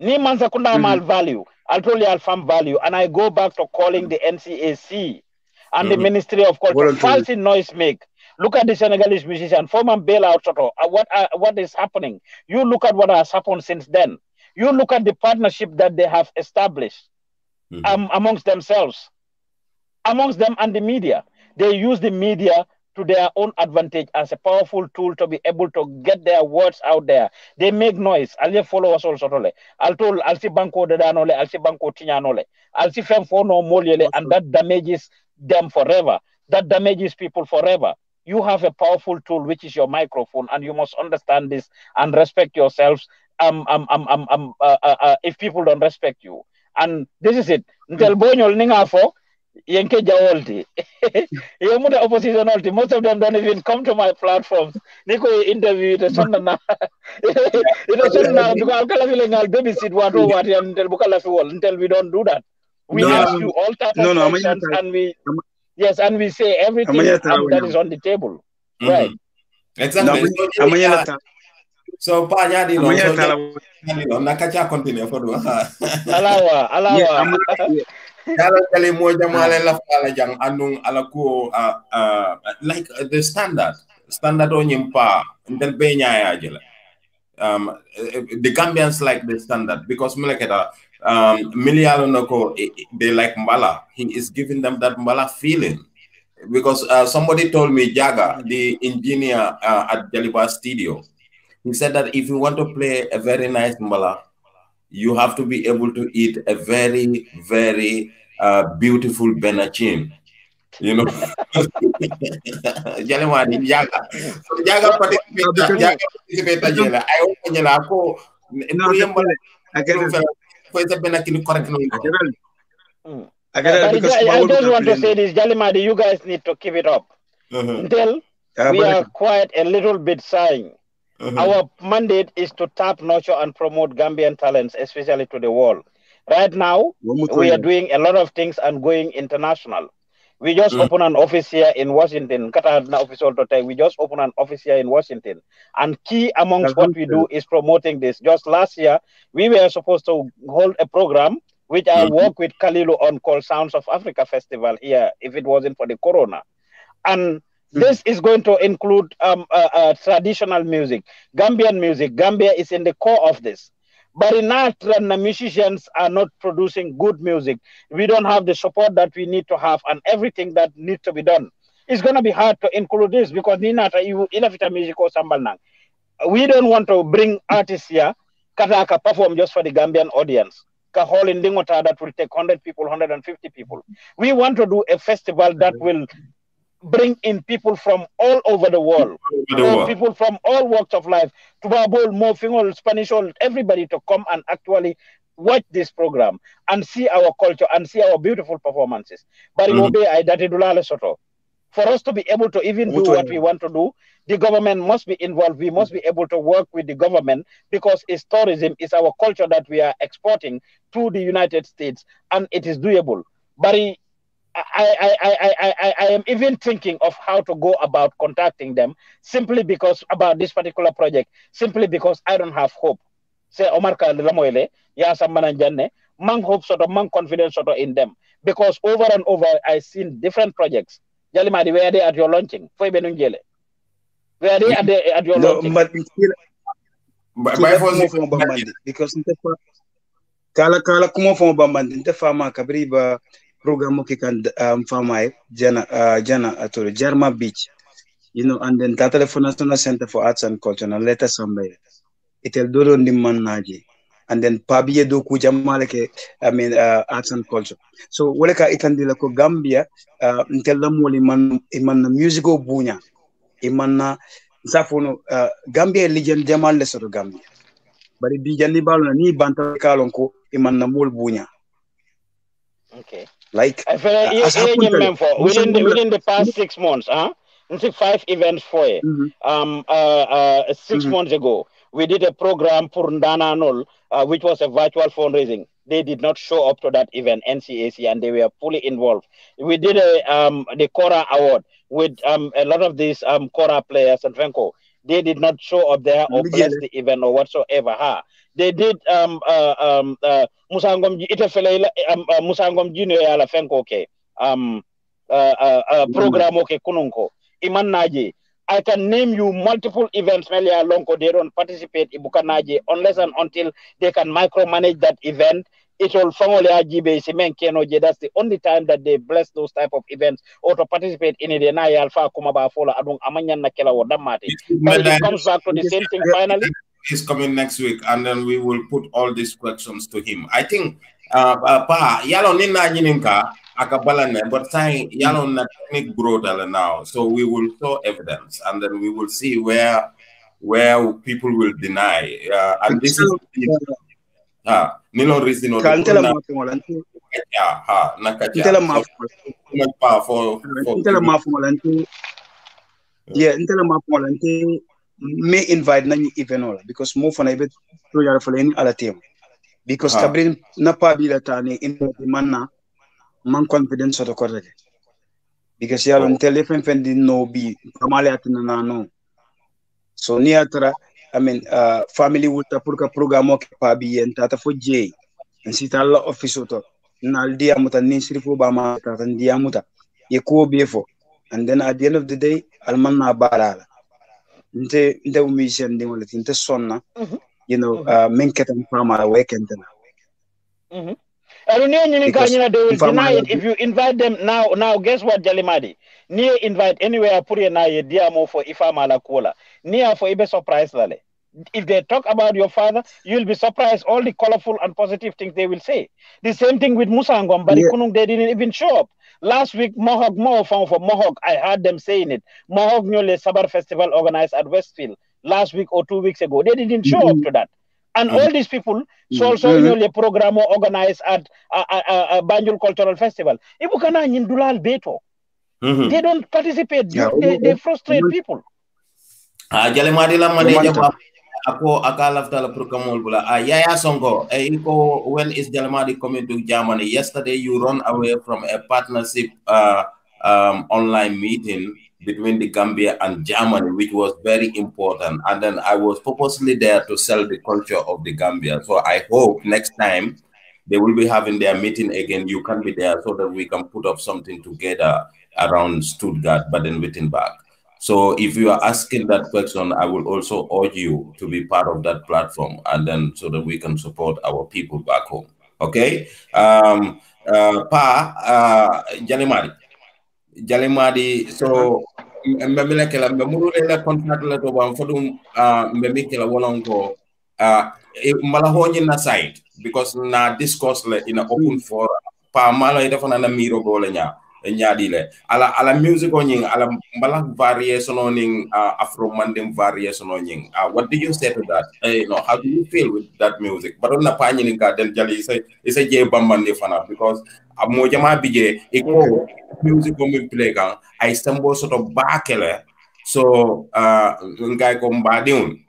Ni Mansakunda mm-hmm. mal value, I'll tell you I'll farm value. And I go back to calling the NCAC and the mm-hmm. Ministry of Culture. False noise make. Look at the Senegalese musician, former bailout. Uh, what, uh, what is happening? You look at what has happened since then. You look at the partnership that they have established mm-hmm. um, amongst themselves, amongst them and the media. They use the media to their own advantage as a powerful tool to be able to get their words out there. They make noise. I'll follow us also. I'll tell I'll see banco dedanole, I'll see banco tinanole, I'll see fem for no moliele, and that damages them forever. That damages people forever. You have a powerful tool, which is your microphone, and you must understand this and respect yourselves. Um, um, um, um, um, uh, uh, uh, if people don't respect you, and this is it Until hmm. Bonyol ni nga fo yenke jawolti (laughs) yemuta opposition olti most of them don't even come to my platforms niko interview ite sonna na (laughs) ite sonna na because alkala vile ngal babysit watu watu ya ntel bukala fi wol Until we don't do that we no, ask you all types no, of no, questions and we yes and we say everything that is on the table mm -hmm. right exactly no, so pa ñaadi noon so ñaadi noon nan kacca continue for ɗum (laughs) alawa alawa yalal kali mo jamale lafala jang anung ala ko uh, like uh, the standard standard o ñim pa ndel be ñaayaji la um, the Gambians like the standard because kita um, Milialo nako they like Mbala. He is giving them that Mbala feeling. Because uh, somebody told me, Jaga, the engineer uh, at Jaliba Studio, he said that if you want to play a very nice mala, you have to be able to eat a very, very uh, beautiful benachim. You know, Jalemani Jaga. So Jaga participate, Jaga participated. Jela. I hope Jela ako. No, I get it. Pwede benachin correct no. I get it. I, get it I, I just want to say this, Jalimadi, you guys need to keep it up. Uh -huh. Until uh, we are quiet a little bit sighing. Mm-hmm. Our mandate is to tap, nurture, and promote Gambian talents, especially to the world. Right now, we are doing a lot of things and going international. We just mm. open an office here in Washington. We just open an office here in Washington. And key amongst what we do is promoting this. Just last year, we were supposed to hold a program which I mm-hmm. work with Kalilu on called Sounds of Africa Festival here, if it wasn't for the corona. And Mm-hmm. This is going to include um, uh, uh, traditional music, Gambian music. Gambia is in the core of this. in and the musicians are not producing good music. We don't have the support that we need to have and everything that needs to be done. It's going to be hard to include this because Ninata, you Ilafita Music or Sambalnang. We don't want to bring artists here, Kataka perform just for the Gambian audience. Kahol in Dingota that will take 100 people, 150 people. We want to do a festival that will bring in people from all over the world, the world. people from all walks of life, Tubabol, Mofingol, Spanish, all, everybody to come and actually watch this program and see our culture and see our beautiful performances. But mm-hmm. For us to be able to even do what we want to do, the government must be involved. We must be able to work with the government because it's tourism, it's our culture that we are exporting to the United States, and it is doable. But I, I, I, I, I am even thinking of how to go about contacting them simply because about this particular project, simply because I don't have hope. Say Omar Lamoele, Yasa Mananjane, man hope sort of man confidence sort of in them. Because over and over I've seen different projects. Jali Madi, where are they at your launching? Where are they at, the, at your no, launching? But, but, but, because kala kala kuma fama bambandi the farmer, kabri program kan um, famaye jana uh, jana atoro ah, ah, jarma beach you know and then tatale for national center for arts and culture na leta sambe itel dodo ndimman naji and then pabiye do kuja maleke i mean uh, arts and culture so woleka itandila ko gambia uh, ntella moli man imanna musico bunya imanna safono uh, gambia e lijan jamal le soto gambia bari bijandi balona ni banta kalon ko imanna mol bunya okay Like, I feel like happened for, within, the, within the past six months, huh? five events for you. Mm-hmm. Um, uh, uh, 6 mm-hmm. months ago, we did a program for Ndana Nol, uh, which was a virtual fundraising. They did not show up to that event, NCAC, and they were fully involved. We did a, um, the Cora Award with um, a lot of these um, Cora players and Fenko. They did not show up there or bless yeah. the event or whatsoever. Huh? They did um, uh, um, uh, Musangomji, Itafele, um, uh, Musangomji, Yala Fenkoke, um, uh, uh, uh, mm-hmm. program okay, Kununko, Iman Naji. I can name you multiple events Melia Lonko, they don't participate Ibukanaji unless and until they can micromanage that event. It will formally ajibe simen kenoje. That's the only time that they bless those type of events or to participate in it. And I alpha kumaba fola adung amanyan kela wadamati. But it comes back to the same thing finally he's coming next week, and then we will put all these questions to him. I think, Papa, uh, uh, yalo nina yininka akabala na, but saying yalo na technique broader now. So we will show evidence, and then we will see where where people will deny. Uh, and this is ha nilo reason or yeah ha nakaja. Ntela mafu. Ntela mafu malante. Yeah, ntela mafu malante may invite nañu event ola because mo fana ibe to yara for any ala team because kabrin ah. na pa bi la tane in manna man confidence to ko rek because yalla ah. on telephone fen fen no bi kamale atina na na no so ni atra i mean uh, family wuta pour ka programme o pa bi en tata fo je en sita la office to nal dia muta ni sirfo ba ma tata dia muta ye ko be fo and then at the end of the day alman na barala nte nte musician den wala nte sonna mhm. you know mhm. uh, men ketan fama la weekend na Arunia nyini they will deny it if you invite them now. Now guess what, Jalimadi? Near invite anywhere puri na ye diamo for ifama la kola. Near for ibe surprise lale. If they talk about your father, you'll be surprised all the colorful and positive things they will say. The same thing with Musa and yeah. Kunung, they didn't even show up. Last week, Mohawk Mo found for Mohawk. I heard them saying it. Mohawk Nyole Sabar Festival organized at Westfield last week or two weeks ago. They didn't show mm-hmm. up to that. And mm-hmm. all these people, so so mm-hmm. Nyole program organized at uh, uh, uh, uh, Banjul Cultural Festival. Ibukana Nyindulal mm-hmm. They don't participate. Yeah. They, they frustrate mm-hmm. people. Ah, jalimadi ako akalaftala pour kamol bula uh, yaya songo uh, eh, when is delmadi coming to germany yesterday you run away from a partnership uh, um, online meeting between the gambia and germany which was very important and then i was purposely there to sell the culture of the gambia so i hope next time they will be having their meeting again you can be there so that we can put up something together around stuttgart baden-württemberg so if you are asking that question, I will also urge you to be part of that platform and then so that we can support our people back home. Okay? Um, uh, pa, uh, Jalimadi. Jalimadi, so mbe mi lekela mbe murule le contract le to ban fodum uh, mbe mi kela wolongo uh, mala honi na site because na discourse le in open for pa mala ida fana na miro gole nya ñaadile ala ala music on ñing ala mbalak variation on ñing uh, afro mandem variation on ñing uh, ah, what do you say to that hey, eh, no how do you feel with that music but on pa ñini ka del jali isa a je bambandi fana because uh, mo jama bije e ko music o mi play kan ay sambo soto bakele so uh, ah, ngay ko mbadiun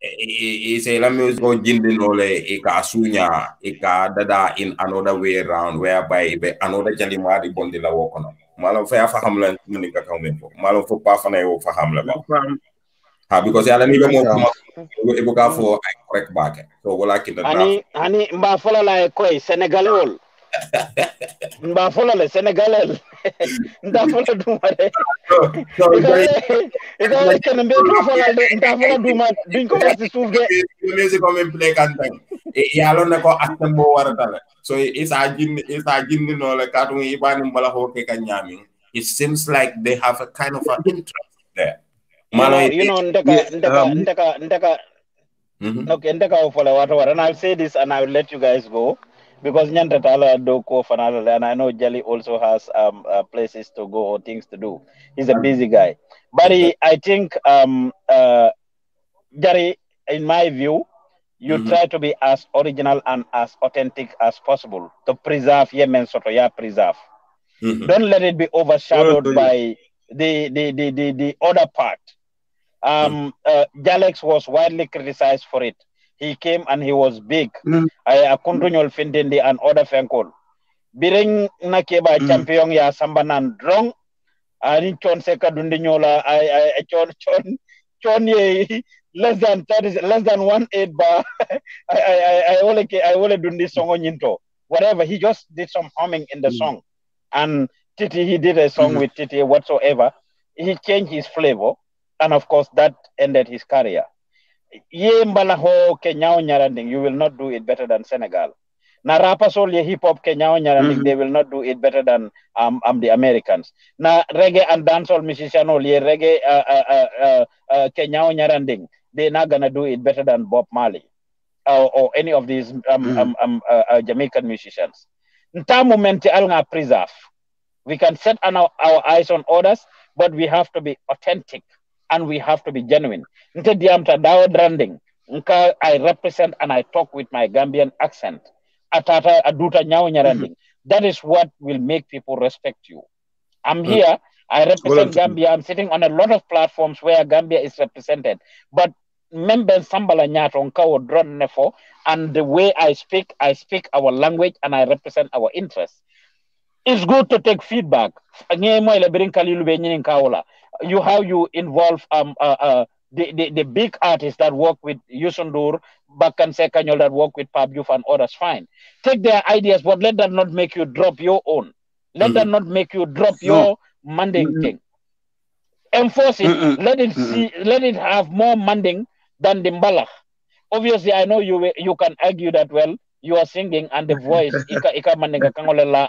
it's a lamus go jindinole ika sunya ika dada in another way around whereby be another jalimari bondi la wokono malo fa fa hamla ni ka kawme fo malo fo pa fa na yo fa hamla ba ha because yala ni be mo ko e ko ka fo ay correct baake so wala kinda ani ani mba fala la e koy senegalol music in play ko so no le ho ke kanyami it seems like they have a kind of an interest there you know ndeka ndeka ndeka ndeka okay ndeka ofola wata wara and i'll say this and i'll let you guys go because Nyantatala Doko Fanalala, and I know Jelly also has um, uh, places to go or things to do. He's a mm. busy guy. But he, I think, um, uh, Jerry, in my view, you mm-hmm. try to be as original and as authentic as possible to preserve Yemen Soto, preserve. Mm-hmm. Don't let it be overshadowed by the, the, the, the, the other part. Um, mm-hmm. uh, Jalex was widely criticized for it he came and he was big mm. ay akuntuñol findindi an oda fenkol birin na keba mm. champion ya samba nan drong ani chon se kadundi nyola ay ay chon chon chon ye less than 30 less than one eight bar (laughs) I I I I only I only do this song on Yinto. Whatever he just did some humming in the mm. song, and Titi he did a song mm. with Titi whatsoever. He changed his flavor, and of course that ended his career nyaranding you will not do it better than senegal na rapasol ye hip hop ke nyao nyaranding mm -hmm. they will not do it better than um, um the americans na reggae and dancehall musician ol ye reggae uh, uh, uh, uh, uh nyaranding they're not gonna do it better than bob marley or, or any of these um, mm -hmm. um, uh, uh, jamaican musicians nta momenti preserve we can set our, our eyes on others but we have to be authentic and we have to be genuine. I represent and I talk with my Gambian accent. Atata Aduta mm-hmm. That is what will make people respect you. I'm mm. here, I represent Gambia. I'm sitting on a lot of platforms where Gambia is represented. But member Sambala Nyatonka Nefo, and the way I speak, I speak our language and I represent our interests it's good to take feedback. You how you involve um uh, uh the, the, the big artists that work with Yusundur, Bakan Sekanyol that work with Pabyuf and others, fine. Take their ideas, but let that not make you drop your own. Let mm. that not make you drop your no. manding mm. thing. Enforce it. Mm let it see, let it have more manding than the Mbalah. Obviously, I know you you can argue that well you are singing and the voice (laughs) ika ika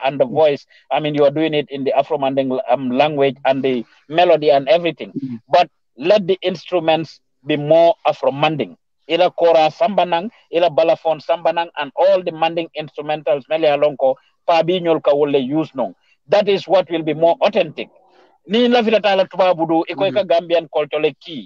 and the voice i mean you are doing it in the afro manding um, language and the melody and everything mm. but let the instruments be more afro manding ila kora sambanang ila balafon sambanang and all the manding instrumentals mele alonko pabi nyol ka wolle use nong that is what will be more authentic ni la vita tala tubabudu iko ika mm. gambian cultural key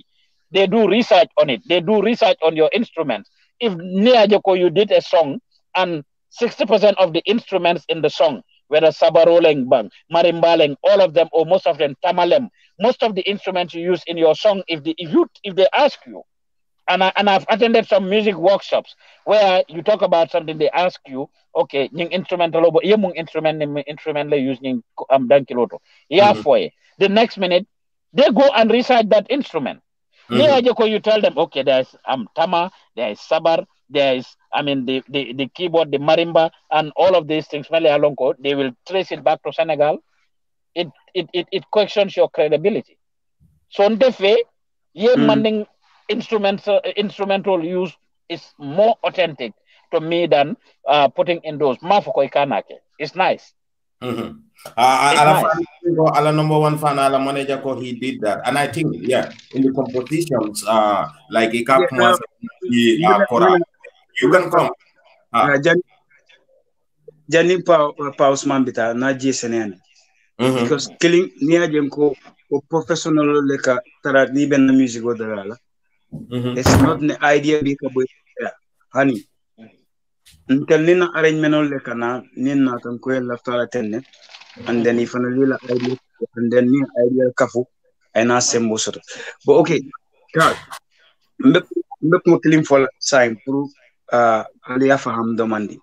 they do research on it they do research on your instruments if near you did a song and 60% of the instruments in the song, whether sabaroleng bang, marimbaleng, all of them, or most of them, tamalem, most of the instruments you use in your song, if, the, if, you, if they ask you, and, I, and I've attended some music workshops where you talk about something, they ask you, okay, nying instrumental obo, ye instrument, instrument le use um, dan kiloto. Yeah, mm-hmm. for The next minute, they go and recite that instrument. Mm-hmm. you tell them, okay, there's um, tama, there is sabar, there is, I mean, the, the, the keyboard, the marimba, and all of these things, Mele Alonko, they will trace it back to Senegal. It it, it, it questions your credibility. So, in the way, ye mm. instrumental, uh, instrumental use is more authentic to me than uh, putting in those. Mafuko ikanake. It's nice. Mm-hmm. Uh, uh ala, number one fan, ala manager, he did that, and I think yeah, in the competitions, uh, like Ika yeah, um, he, uh, you can come ha ah. jani jani pa eh, pa usman bita na ji senen mm-hmm. because killing ni ajem ko o professional le ka tara ni ben music o dara la mm-hmm. it's not an idea bi ka boy ya, hani ntel ni na arrangement o le na ni na tan ko la tara tenne and then ifana lila idea and then ni idea kafu aina sembo soto but okay god mbep mbep mo kilim fo sign pour uh, ah, aliya faham domandi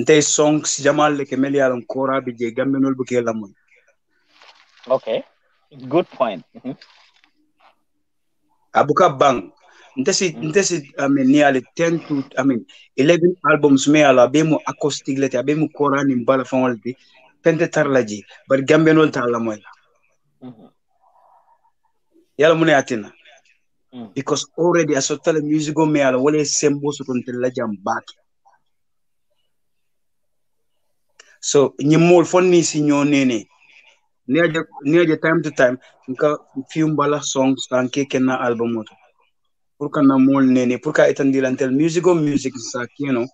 nte song si jamal le kemeli ya kora bi je gambenol bu ke ya lamun okay good point mm -hmm. abuka ah, bang nte si mhm. nte si i mean ni ale 10 to i mean 11 albums me ala be mo acoustic le ta be mo kora ni bala fawol bi pente tar la ji bar gambenol ta la moy mm -hmm. yalla mune ne ya atina Mm. Because already I saw tell music go me ala wale sembo most of the jam back. So nyimol for ni si nyo nene. Near the time to time, nka bala songs in the album Purka na mol nene, purka itandilantel music go music sa you know.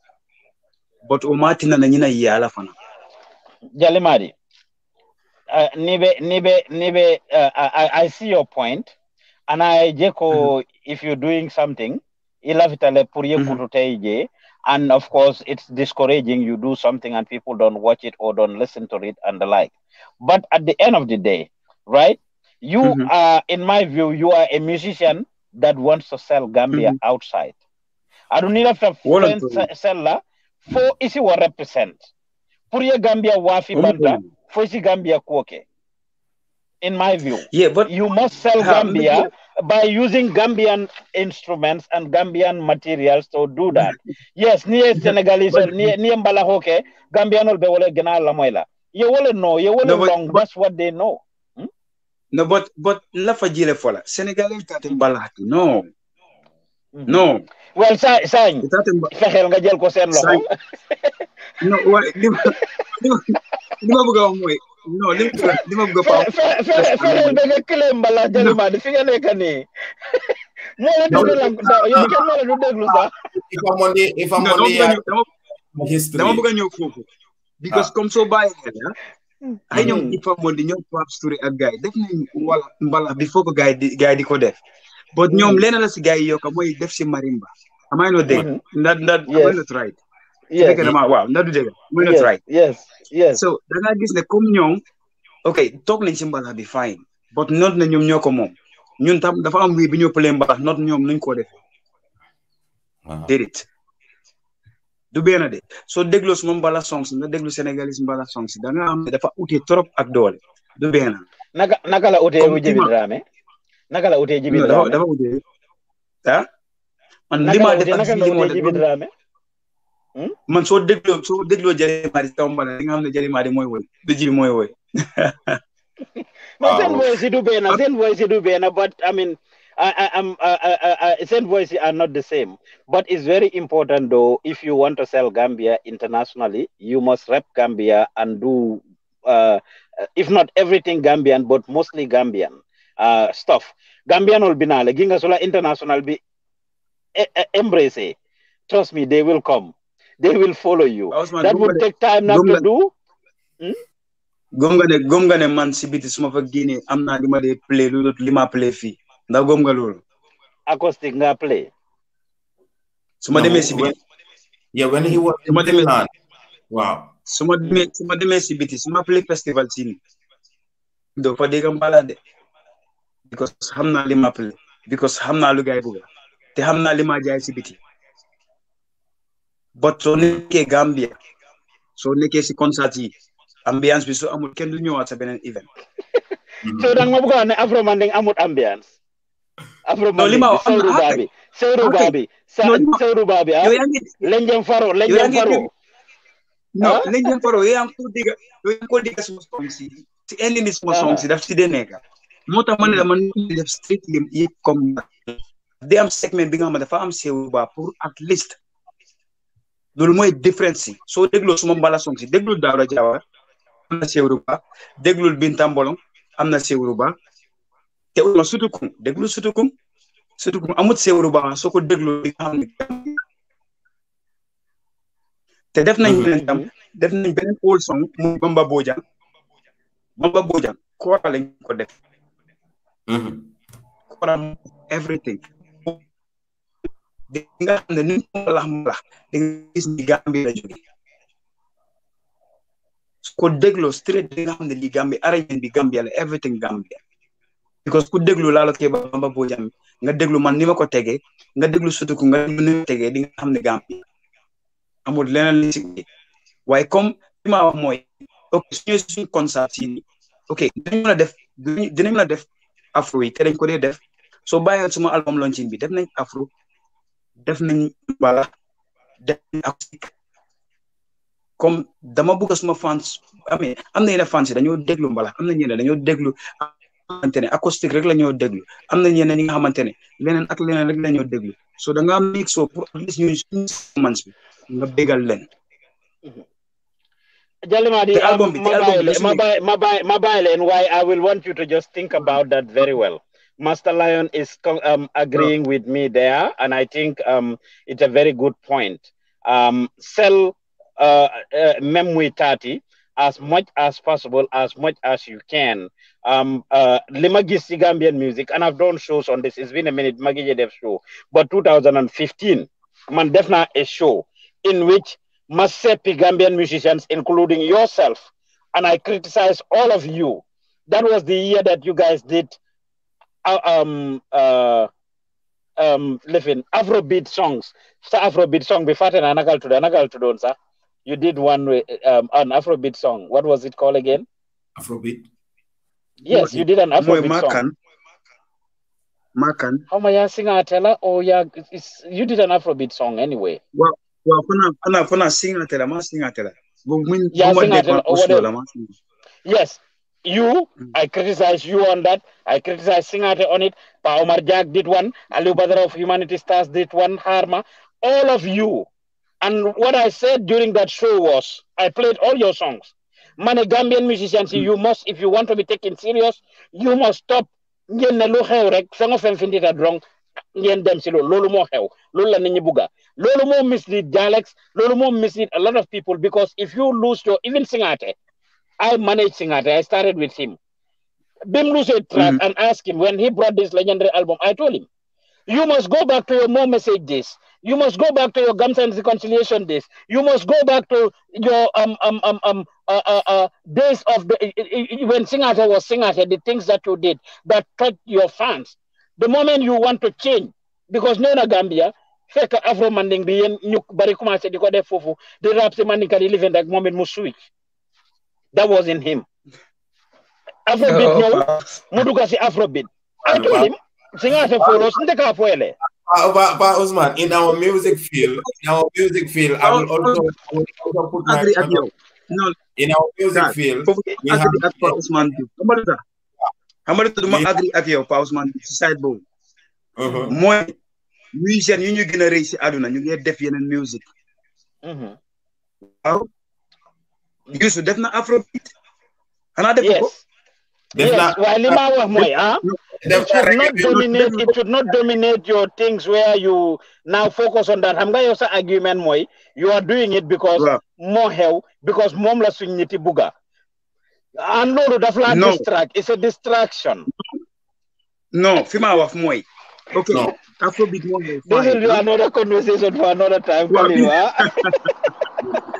But o na nyina yala fana. Jalimari. Uh, nibe, nibe, nibe, uh, I, I see your point. ana I ko mm-hmm. if you're doing something ilavitale pour yekutu mm-hmm. teje and of course it's discouraging you do something and people don't watch it or don't listen to it and the like but at the end of the day right you mm-hmm. are in my view you are a musician that wants to sell gambia mm-hmm. outside adunila fa seller for isi wa represent pour gambia wafi banta for isi gambia kuoke in my view. Yeah, but you must sell Gambia by using Gambian instruments and Gambian materials to do that. (laughs) yes, near Senegalese, near near Mbalahoke, Gambian will be wole gena lamoila. You will know, you will know long. that's what they know. Hmm? No, but but la fajile fola Senegalese tati balatu. No, hmm. no. Well, sa sañ fexel nga jël ko sen loxo. No, wa li ma (laughs) bëgg wax mooy non li li ma bëgg a faaw. fexeel fexeel ba nga clé di fi nga nekk nii. moo la déglu la yow kenn moo la du déglu sax. il faut mon dama bëgg a ñëw foofu. because soo bàyyi xel ay ñoom il faut mon ñoom Pape Touré ak gars def nañ wala mbalax bi foo ko gars di gars di ko def. but ñoom hmm. leneen la si gars yi yokk mooy def si marimba. am I not there? Hmm. that that am I not Yeah. Yes. Yes. Yes. Yes. Yes. Yes. Yes. right. yes yes. so da ngaa gis ne comme ñoom. ok toog nañ si mbalax fine. but not ne ñoom ñoo ko moom. ñun tam dafa ah. am wii bi ñu pëlee not ñoom nuñ ko defee. waaw déedéet. du benn de soo dégloo suma mbala songs nga déglu sénégalais mbala songs da nga am dafa utee trop ak doole du benn. naka naka la utee bu Djiby Dramé. naka la Yeah? Djiby Dramé dafa utee ah. man Hmm? man soo dégloo soo dégloo Jari Madi Tambala li nga xam ne Jari Madi woy du ji mooy woy. (laughs) waaw voice yi du benn seen voice yi du benn but I mean I, I, I'm, I, I, same voice are not the same, but it's very important though. If you want to sell Gambia internationally, you must rep Gambia and do, uh, if not everything Gambian, but mostly Gambian uh, stuff. Gambian will be now, international be embrace it. Trust me, they will come. they will follow you. that would take time not to do. gëm hmm? nga ne gëm nga man si suma su ma fa génnee am naa li ma dee play lu li ma play fii ndax gëm nga loolu. acoustic nga play. su ma demee si biti. yeah when he was su ma demee waaw su ma ma demee si biti su ma festival si nii. doo fa dégg mbala de. because xam naa li ma play because xam naa lu gaay bëgg te xam naa li ma jaay bot so nekkee Gambia so nekkee si concert yi ambiance bi so amul kenn du ñëwaat sa beneen event. (laughs) so da nga ma bëgg ne Afro Manding amul ambiance. Afro Manding bi Sewru Ba bi Sewru Ba bi Sewru Ba bi lañ dem Faro dem Faro. Ah? lañ dem Faro yow am ko diga yow yaa ko diga suma song si ci enemy suma song si daf ci dee nekk mota man la man def street yi comme dem am segment bi nga xam dafa am Sewru Ba pour at least loolu mooy différence si soo dégloo suma mbala song si déglu Daouda Diawara am na Sewru Ba déglul Binta Mbolong am na Sewru Ba te Ousmane Sutukung déglul Sutukung Sutukung amut Sewru Ba soo ko déglul di xam ne te def nañ beneen tam def nañ beneen old song mu Bamba Bojang Bamba Bojang koora lañ ko def mm-hmm. koora everything Dengan dengan melah-melah, dengan digambe la jogi. Ko deglo straight dengan hamde li gambe ara yen bi gambe ala everything gambe. Because ku deglu la ke bamba bo jam. Nga deglu man nima ko tege, nga deglu sutu ko nga nima tege di nga hamne gambe. Amul leneen li ci waaye comme li wax mooy ok suñu suñu yi ok dinañ mën def dinañ mën def afro yi te dañ ko So def soo bàyyee suma album launching bi def nañ afro def nañ wala def nañ acoustique comme dama bëgg suma fans ame am na yeneen fans yi dañoo déglu mbalax am na ñeneen dañoo déglu xamante ne acoustique rek la ñoo déglu am na ñeneen ñi nga xamante ne leneen ak leneen rek la ñoo déglu so da ngaa mix soo pour at least ñuy suñu performance bi nga bégal leen. Jalima, the album, the album, album, album, album, album, album, album, album, album, album, Master Lion is um, agreeing oh. with me there, and I think um, it's a very good point. Um, sell uh, uh, memory 30 as much as possible, as much as you can. Um, uh, Limagis Gambian music, and I've done shows on this. It's been a minute, Magije Dev show, but 2015, man, Mandefna a show in which Masepi Gambian musicians, including yourself, and I criticize all of you. That was the year that you guys did uh, um uh um living Afrobeat songs. Sa Afrobeat song before anagal to anagal to don You did one um an Afrobeat song. What was it called again? Afrobeat. Yes, you did an Afrobeat Makan. song. Makan. How may I sing Atela? Oh yeah, it's, you did an Afrobeat song anyway. Well, well, funa funa funa sing Atela, ma sing Atela. Yeah, sing oh, Atela. Yes, you, mm. I criticize you on that. I criticize Singate on it. Pa Omar Jack did one. Ali Badr of Humanity Stars did one. Harma. All of you. And what I said during that show was, I played all your songs. Man, Gambian musicians, mm. you must, if you want to be taken serious, you must stop. ngeen ne lu xew rek sa nga fen mislead dialects loolu moo mislead a lot of people because if you lose your even Singate I managed singer. I started with him. Bim Lucid track mm-hmm. and asked him when he brought this legendary album. I told him, you must go back to your more message days. You must go back to your gums and reconciliation days. You must go back to your um um um um uh, uh, uh days of the uh, when singer was Singate. The things that you did that touched your fans. The moment you want to change, because Nona Gambia fekk afro manding bi yéen Barikuma said, commencé di ko def foofu di rap si manding can live in that moment. Must switch that was not him. Afrobeat oh, no. mu dugg Afrobeat. I told him "Singa nga se follow si ndeka foyle. But, but Usman, in our music field, in our music field, I will oh, also, I will also put my agree, agree. No, in our music field, we have at How Usman. Xamal tu duma agree ak yow Pa Usman si side boobu. Mooy musiciens yu ñu gën a rëy si àdduna ñu ngi def yeneen music. Waaw you should definitely Afrobeat. Another yes. People? yes, not, Walima uh, It should, not dominate, it should not dominate your things where you now focus on that. I'm going to say argument, Moy. You are doing it because yeah. more hell, because mom la buga. And no, that's not no. distract. It's a distraction. No, Fima Waf Okay. No. Afrobeat This will be another conversation for another time. Well, (laughs)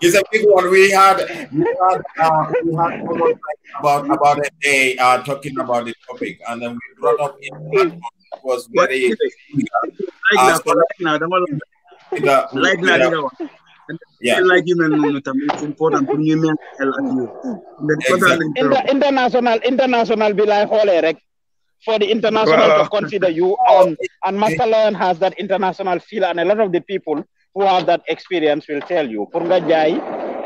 it's a big one. We had we had, uh, we had about about a day uh, talking about the topic, and then we brought up it. was very uh, so like now, the, like now, Yeah. Like you it's important for you men exactly. Inter- international international be like holy Eric, for the international to consider you um, and Masterland (laughs) has that international feel and a lot of the people Who have that experience will tell you. For nga jaay,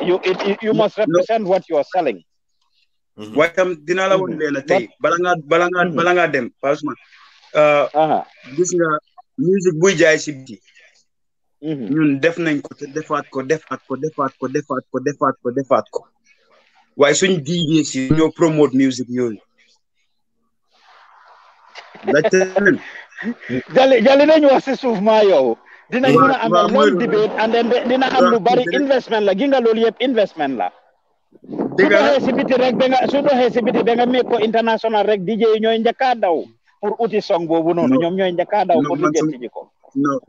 you it, you must represent what you are selling. Why tam dinaa la woon leena tay balanga balanga mm-hmm. balanga dem parce que uh, gis uh-huh. nga musique buy jaay si biti mm-hmm. ñun def ko ko defaat ko defaat ko defaat ko defaat ko defaat ko suñ si promote music yooyu laajte leen (laughs) jali jali nañu wax yow dina mën am long debate and then lu bari investment la gi nga loolu yëpp investment la su doxee si biti rek ba nga su doxee si biti ba nga meeg ko international rek DJ yi ñooy njëkkaa daw pour uti song boobu noonu ñoom ñooy njëkkaa daw pour liggéey ji ko non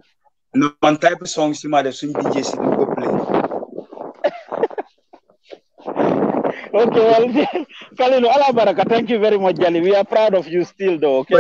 non man type song si ma def suñ okay, well, Kalino (laughs) Alabaraka, thank you very much, Jali. We are proud of you still, though. Okay.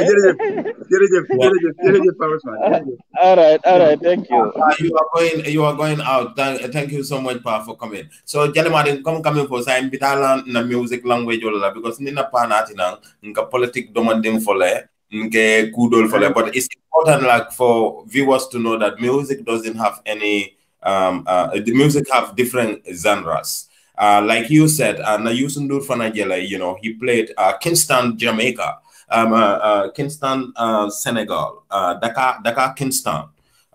all right, all right, thank you. Uh, uh, you are going, you are going out. Thank, thank you so much, Pa, for coming. So, Jali Martin, come coming for sign bitalan na music language ola because nina pa natin ang nka politic demanding for le nka kudol for le. But it's important, like, for viewers to know that music doesn't have any um uh, the music have different genres uh, like you said, uh, Nayusun Fanagele, you know, he played uh, Kingston, Jamaica, um, uh, uh Kingston, uh, Senegal, uh, Dakar, Dakar, Kingston,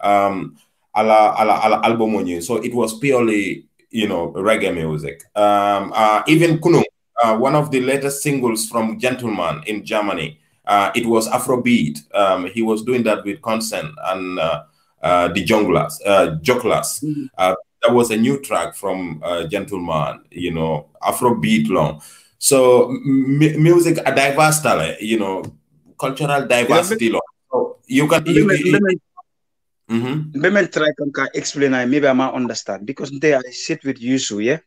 um, a la, a la, a la album So it was purely, you know, reggae music. Um, even Kunung, one of the latest singles from Gentleman in Germany, it was Afrobeat. Um, he was doing that with Consent and the Junglers, uh, Joklers. Mm -hmm that was a new track from uh, Gentleman, you know, Afrobeat long. So music, a diverse talent, you know, cultural diversity yeah, long. So you can. You, you, you, mm-hmm. Let me try to explain. I maybe I might understand because there I sit with Yusu, yeah.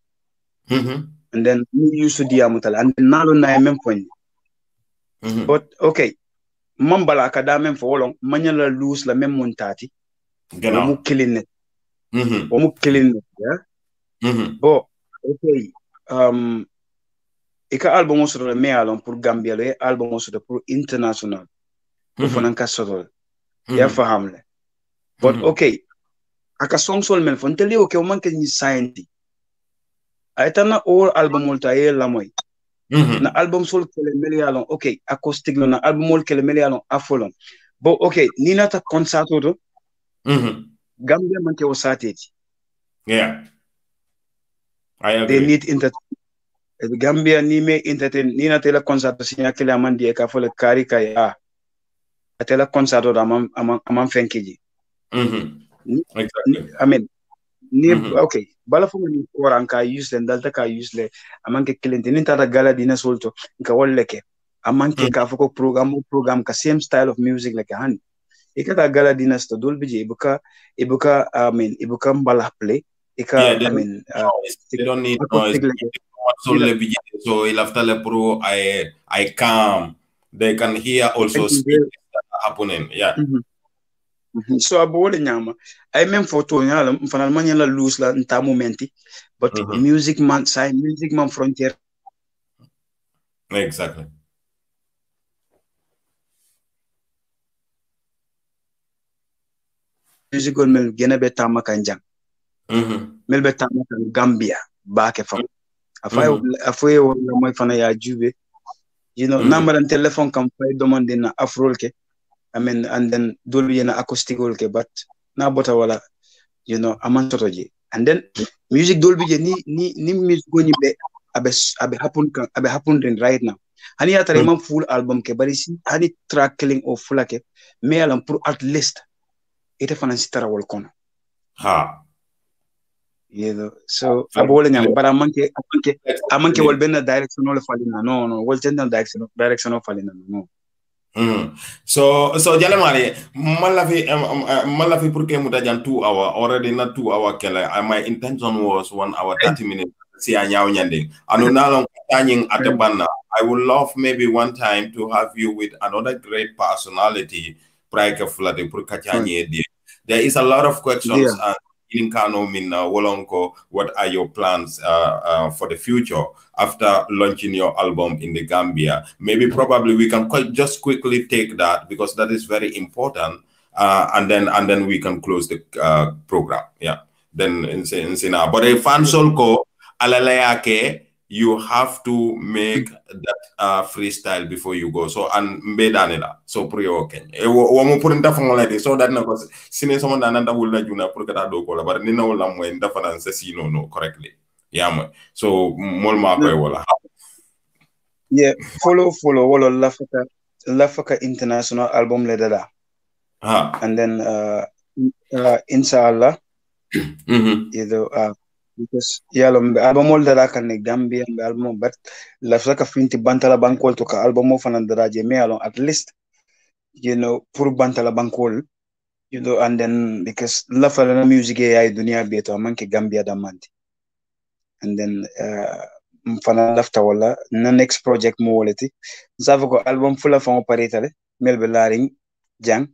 Mm-hmm. And then Yusu Diamutal, and then Nalo na I'm point. Mm-hmm. But okay, mambala kada mem for long, manyala lose la mem montati. Genau. Mu killing it. mm-hmm. We're killing them, yeah? Mm-hmm. Um, mm-hmm. mm-hmm. But, mm-hmm. album sɔrɔ la min y'a pour gambia la ye album sɔrɔ pour international o fana ka sɔrɔ la y'a faamu la but ok a ka song sɔli mɛn fɔ n tɛ y'o kɛ o man kɛ ni science a ye taa na o album olu ta a ye lamɔ ye na album sɔli kɛlɛ mɛli y'a ok acoustic lɔn na album olu kɛlɛ mɛli y'a lɔn afro ok nina n'a ta concert o don Gambia man can sati Yeah. I agree. They need entertainment. Gambia ni me entertain ni na tela concert sinya kile aman die ka fole kari ka ya. Atela concert da aman aman aman fenkiji. Mhm. Mm exactly. I mean ni mm -hmm. okay bala fo ni koran ka use le dalta ka use le aman ke kilente ni tata gala dina solto ka wolle ke aman ke mm. ka fo ko program program ka same style of music like hani ika gala dinas to dul ibuka ibuka I mean ibuka mbala play ika yeah, I mean uh, they don't need noise so le so il after le pro I I calm they can hear also happening yeah mm -hmm. Mm -hmm. so abole nyama i mean photo nyala mfana manya la loose la nta momenti but mm -hmm. music man sign music man frontier exactly musical mel gene be tama kan jang mm -hmm. mel be gambia ba ke fa afay mm afay wala moy fana ya jube you know mm -hmm. namaran telephone kam fay demande na afrol ke i mean and then dolu yena acoustic ke but na bota wala you know aman toto and then music dolbi je ni ni ni music goni be abe abe happen kan abe happen right now hani ya tare mhm. man full album ke bari si hani track killing of fulake me alam pour at least fana wol kono ha yedo so ah, nyam bara manke manke amanke wol benna direction falina no no wol tenda direction direction falina no Mm. So so malafi malafi pour que muta 2 hour already not 2 hour kala uh, my intention was 1 hour 30 minutes si a nyaw nyande ano mm-hmm. nalon tanyin mm-hmm. atabanna i would love maybe one time to have you with another great personality pour kachanye there is a lot of questions uh, in Kano in uh, Wolongo, what are your plans uh, uh, for the future after launching your album in the Gambia? Maybe probably we can quite just quickly take that because that is very important, uh, and then and then we can close the uh, program. Yeah, then in in, in, in but a fan solko alalaya ke you have to make that uh, freestyle before you go. So and mbedanela so pray okay. E wo mo put nda fongo like so that na ko sine someone na nda wulla juna pour kata do ko la bar ni na in the nda fanan sa no correctly. Yeah So mol ma wala. Yeah, follow follow wala lafaka lafaka international album le Ah. And then uh, uh inshallah (clears throat) mm -hmm. either uh because yeah, the album ol dara kan ne gambia mbe album bat la saka finti bantala bankol to ka album mo fanan dara je me alon at least you know pour bantala bankol you know and then because la fala music ay dunia be to manke gambia da manti and then uh, fana lafta wala na next project mo waleti nsafa ko album fula fango paretale mel be laring jang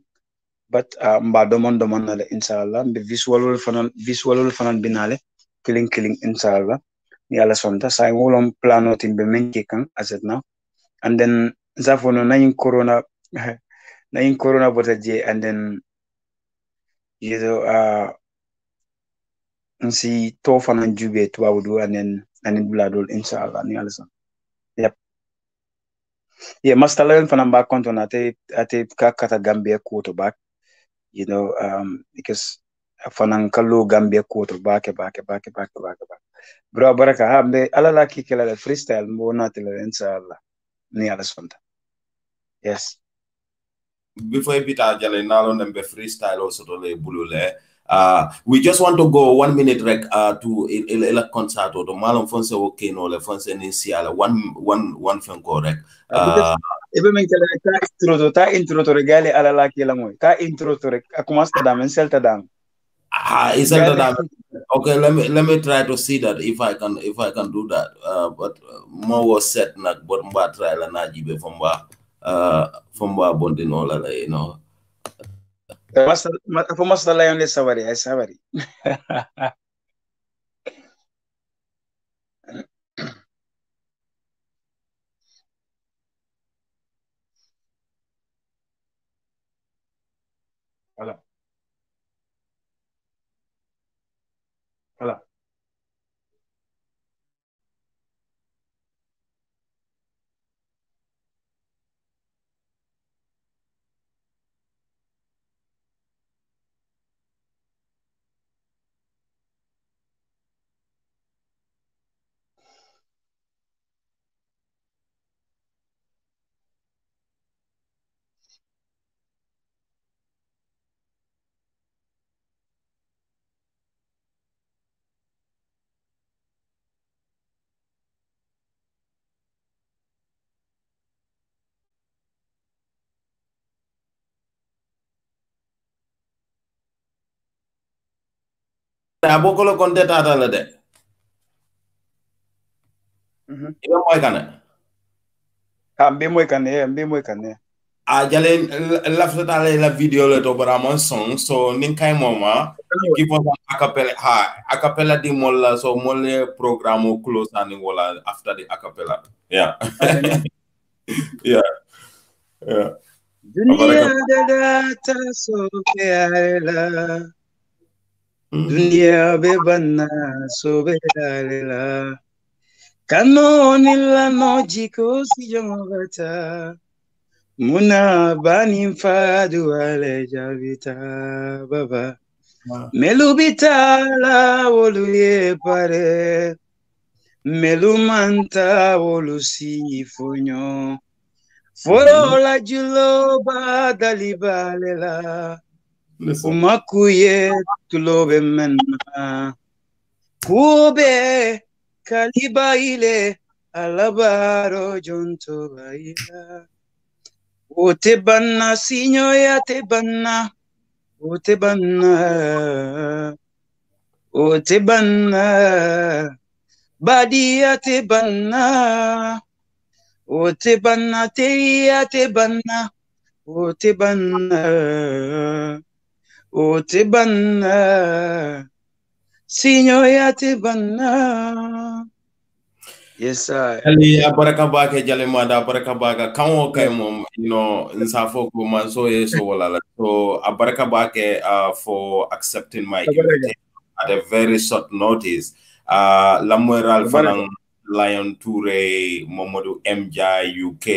but uh, mba domon domon nale inshallah the visual wala fanan visual wala fanan binale killing killing in Salva. Yala sonta sa wolon plano timbe menki kan aset na. And then zafono na in corona (laughs) na in corona bota je and then you know uh ah, see tofa na jube tuwa and then and then bladol in ni yala son. Yep. Yeah, master learn from back on to ate ate kakata Gambia quarterback, you know, um, because fanan kallo gambia koto bake bake bake bake bake bake bro baraka ha mbe ala la ki kala la freestyle mbo na tele insha allah ni ala sonta yes before epita jale nalo nembe freestyle also to le bulule Uh, we just want to go one minute rec uh, ah, to il, il, il concerto to malon fonse okay no le fonse ni siala one one one fen go uh, ebe men kala ta intro to ta intro to regale ala la ki la moy ta intro to rec a commence dam en selta dam uh, ah, isn't that okay let me let me try to see that if i can if i can do that uh, but uh, more was set na but mba trial la najibe from ba uh from ba bonding all la you know Master, for Master Lionel Savary, I eh, Savary. (laughs) Aboukolo konti ta talade mhm. Mbe mwekane Mbe mwekane Mbe mwekane Laf letale la video leto Baraman song So nin kay mwoma Akapele di mol la So mol ne programo klo sa ni wola Afta di akapele (laughs) Yeah Yeah Duniya de data So pe aile la دنيا ببنا سبحان كانون إلا نوجيكو سيجمغتا منا باني فادو على جابتا بابا ملو بتالا ولو يباري melu manta wolusi fonyo forola julo badali balela umakuye tulobe mena kube kaliba ile alabaro jonto baila ote banna sinyo ya te banna ote banna ote banna badi ya te banna ote banna te ya te banna ote banna Utibana. Signor Yatibana. Yes, sir. Ali abaraka bake jale mada abaraka baka kawo kai mom you know nsafo ko manso yeso wala so abaraka bake uh, for accepting my invitation at a very short notice. Uh, Lamuel Alfanang Lion Toure, Momodu MJ UK,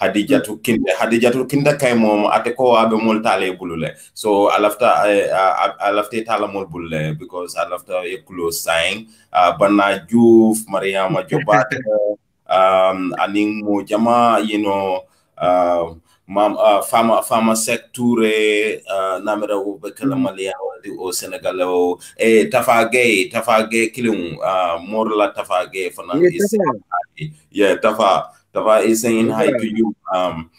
hadijatu kinde hadijatu kinde kay mom ate ko wabe mol tale bulule so alafta alafta tala mol bulule because alafta e close sign uh, banna juuf mariama jobat (laughs) um aning mo jama you know uh, mam uh, fama fama secture uh, namira wo be kala mm-hmm. malia di o senegal o e tafage tafage tafa gay kilum uh, morla tafa fana yeah, yeah tafa da hi to you um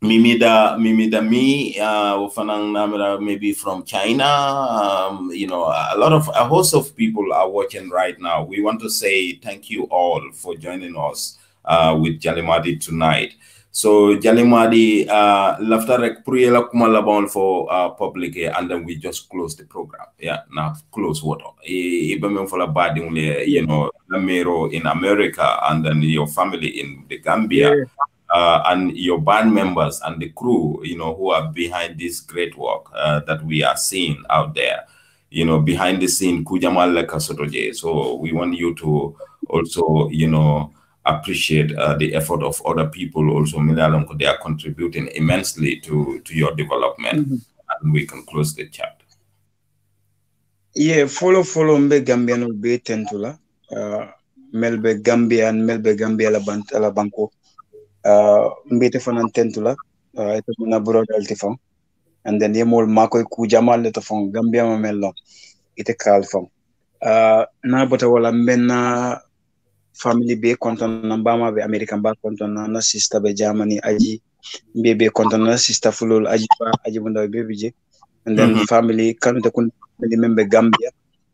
mimi da mimi da me uh namira maybe from china um you know a lot of a host of people are watching right now we want to say thank you all for joining us uh with jalimadi tonight so jalimadi uh lafta rek pour yela kuma labon for uh public and then we just close the program yeah now close what even for only. you know lamero in america and then your family in the gambia yeah. uh, and your band members and the crew you know who are behind this great work uh, that we are seeing out there you know behind the scene kujamal so we want you to also you know appreciate uh, the effort of other people also Milalonko, they are contributing immensely to to your development mm -hmm. and we can close the chat yeah follow follow me. gambian be tentula uh, melbe gambian melbe gambia la bank la banko uh, mbe te fanan tentula uh, ete mona brodal te fon and then yemol makoy ku jamal le to fon gambia ma mello ite kal fon uh, na bota wala menna family be na mbama be American ba konton na sister be germany aji be be na sister fulul aji ba aji bunda be bije and then mm -hmm. family kanute kun family member gambia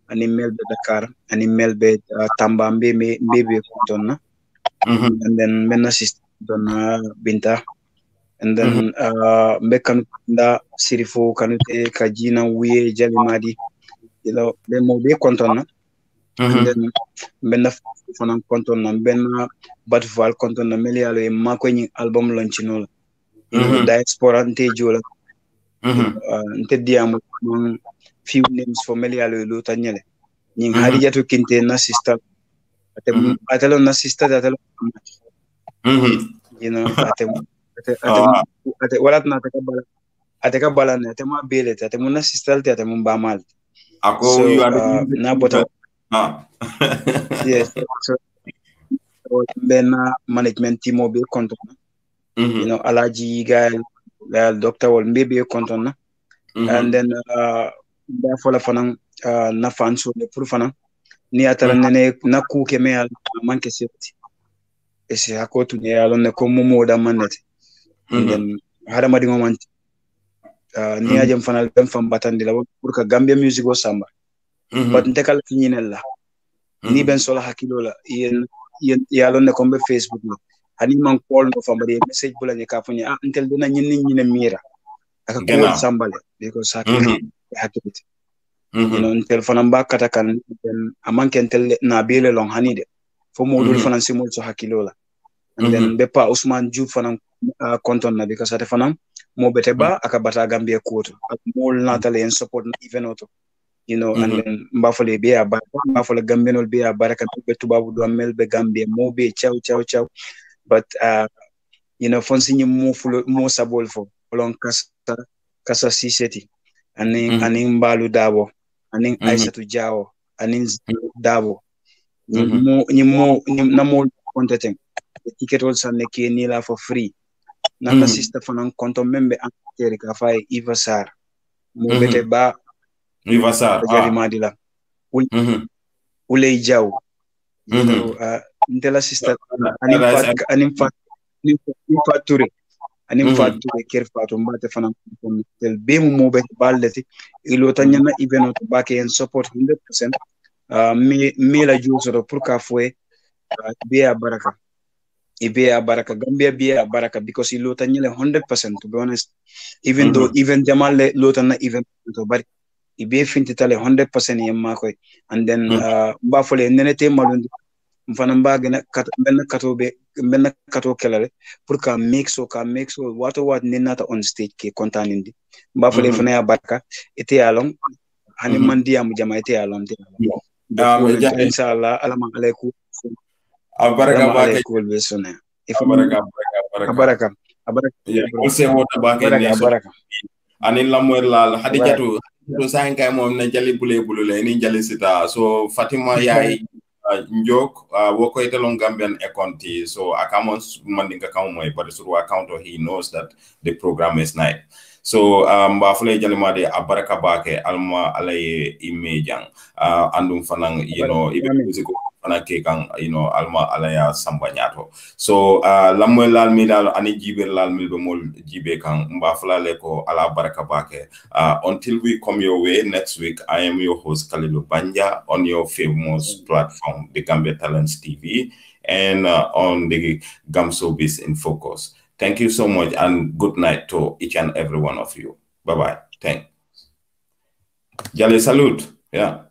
ani be dakar ani mail uh, tamba be me be be na mm -hmm. and then menna sista dona binta and then mm -hmm. uh, kan da sirifo te kan, eh, kajina wiye jalimadi ilo be mo be kontonna benn faafu fana konton na benn bat val konton na meli alo e mako ñi album lancino la mhm. diaspora nte jola mhm. uh, nte diamu man few names for meli alo e lota ñele ñi mhm. hari jatu kinte na sista ate atelo na sista atelo you know (laughs) ate ate ah. ate wala na ate bala ate ka bala ne ate ma bele ate mun na sista ate mun ba ako you uh, na bota Ah. (laughs) yes. Benna uh, management team o be konton. Mm -hmm. You know, Alaji guy, uh, Dr. Wal maybe konton Mm -hmm. And then uh fola fana uh, na fanso le pour fana ni atara mm-hmm. nene na ku ke me al manke safety. Ese hakotu ne alonne ko da manete. Mm -hmm. then hada madi ngomanti. Uh, ni mm-hmm. ajem fana ben fam batandi la pour ka Gambia music o samba. Mm -hmm. bat fi ñinel la ni ben solo hakilo la yen lo ne ko be facebook la ani man call no fambari message la ñi ka ñi ah ntel dina ñin ñi ne mira ak ko sambale be ko sa ko hakibiti non ntel fana ba kata kan aman ken tel na le long hani de fo mo dul mhm. fana simul so hakilo la and then mhm. be pa usman ju fana ah, konton na because ate fana mo bete ba mhm. aka bata gambia koto ak mo natal en support na auto you know mm-hmm. and then mbafole be a mbafole Gambino be a baraka be tubabu do mel be gambie mo Chow. ciao ciao but uh you know fon sinyi mo fulo mo Casa fo olon kasa kasa siseti anin mm Dabo, and then mm-hmm. mm-hmm. dabo to Jao, and aisatu dabo mm-hmm. mo ni mo ni namol contenting ticket was on the key nila for free nata mm-hmm. sister fanan konto membe an terika fay ivasar mo mm-hmm. bete ba Riva Sarr ah. la Ul mm -hmm. Ulay Diaw mm -hmm. you mm-hmm. know, uh, Ndela sister Animfa Touré Animfa Touré ker fatu mbate fana tel be mu mo euh, euh, be ilo tanyana ibeno to en support 100% uh, me me la juso pour ka fue uh, baraka Gambia Bia Baraka, because he lotan yele 100%, to be honest. Even though, mm-hmm. even Jamal le lotan even bari i be fintitale 100 percent yen ma koy and then n b'a fɔle nene malundi n fana n b'a gɛnɛ mɛnna kato be mɛnna kato kɛlɛle pour ka make so ka make so waato waati ne nata on stage ke contanindi n b'a fɔle hmm. fana y'a barika i y'a lɔn hani hmm. man di jama i y'a lɔn tɛ inshallah ala ma ala ku a baraka ba ke ko be sona e fa baraka baraka baraka baraka baraka o se mo ta ba ke ni baraka anin lamoyla hadijatu so sahin kay mom na jali bule bulule ni jali sita so fatima yayi uh, njok uh, wo ko gambian account so accounts mandinga account moy but sur account he knows that the program is night so um ba fulay jalimade abaraka uh, bake alma alay imejang uh, andum fanang you know ibe musical fana ke kan you know alma alaya sambanyato so uh, lamwe lal mi dal ani jibir lal mi be mol jibe kan mba fala le ko ala baraka bake uh, until we come your way next week i am your host Kalilu Banja on your famous mm-hmm. platform the Gambia Talents TV and uh, on the Gamso Biz in Focus thank you so much and good night to each and every one of you bye bye thanks Jale salute yeah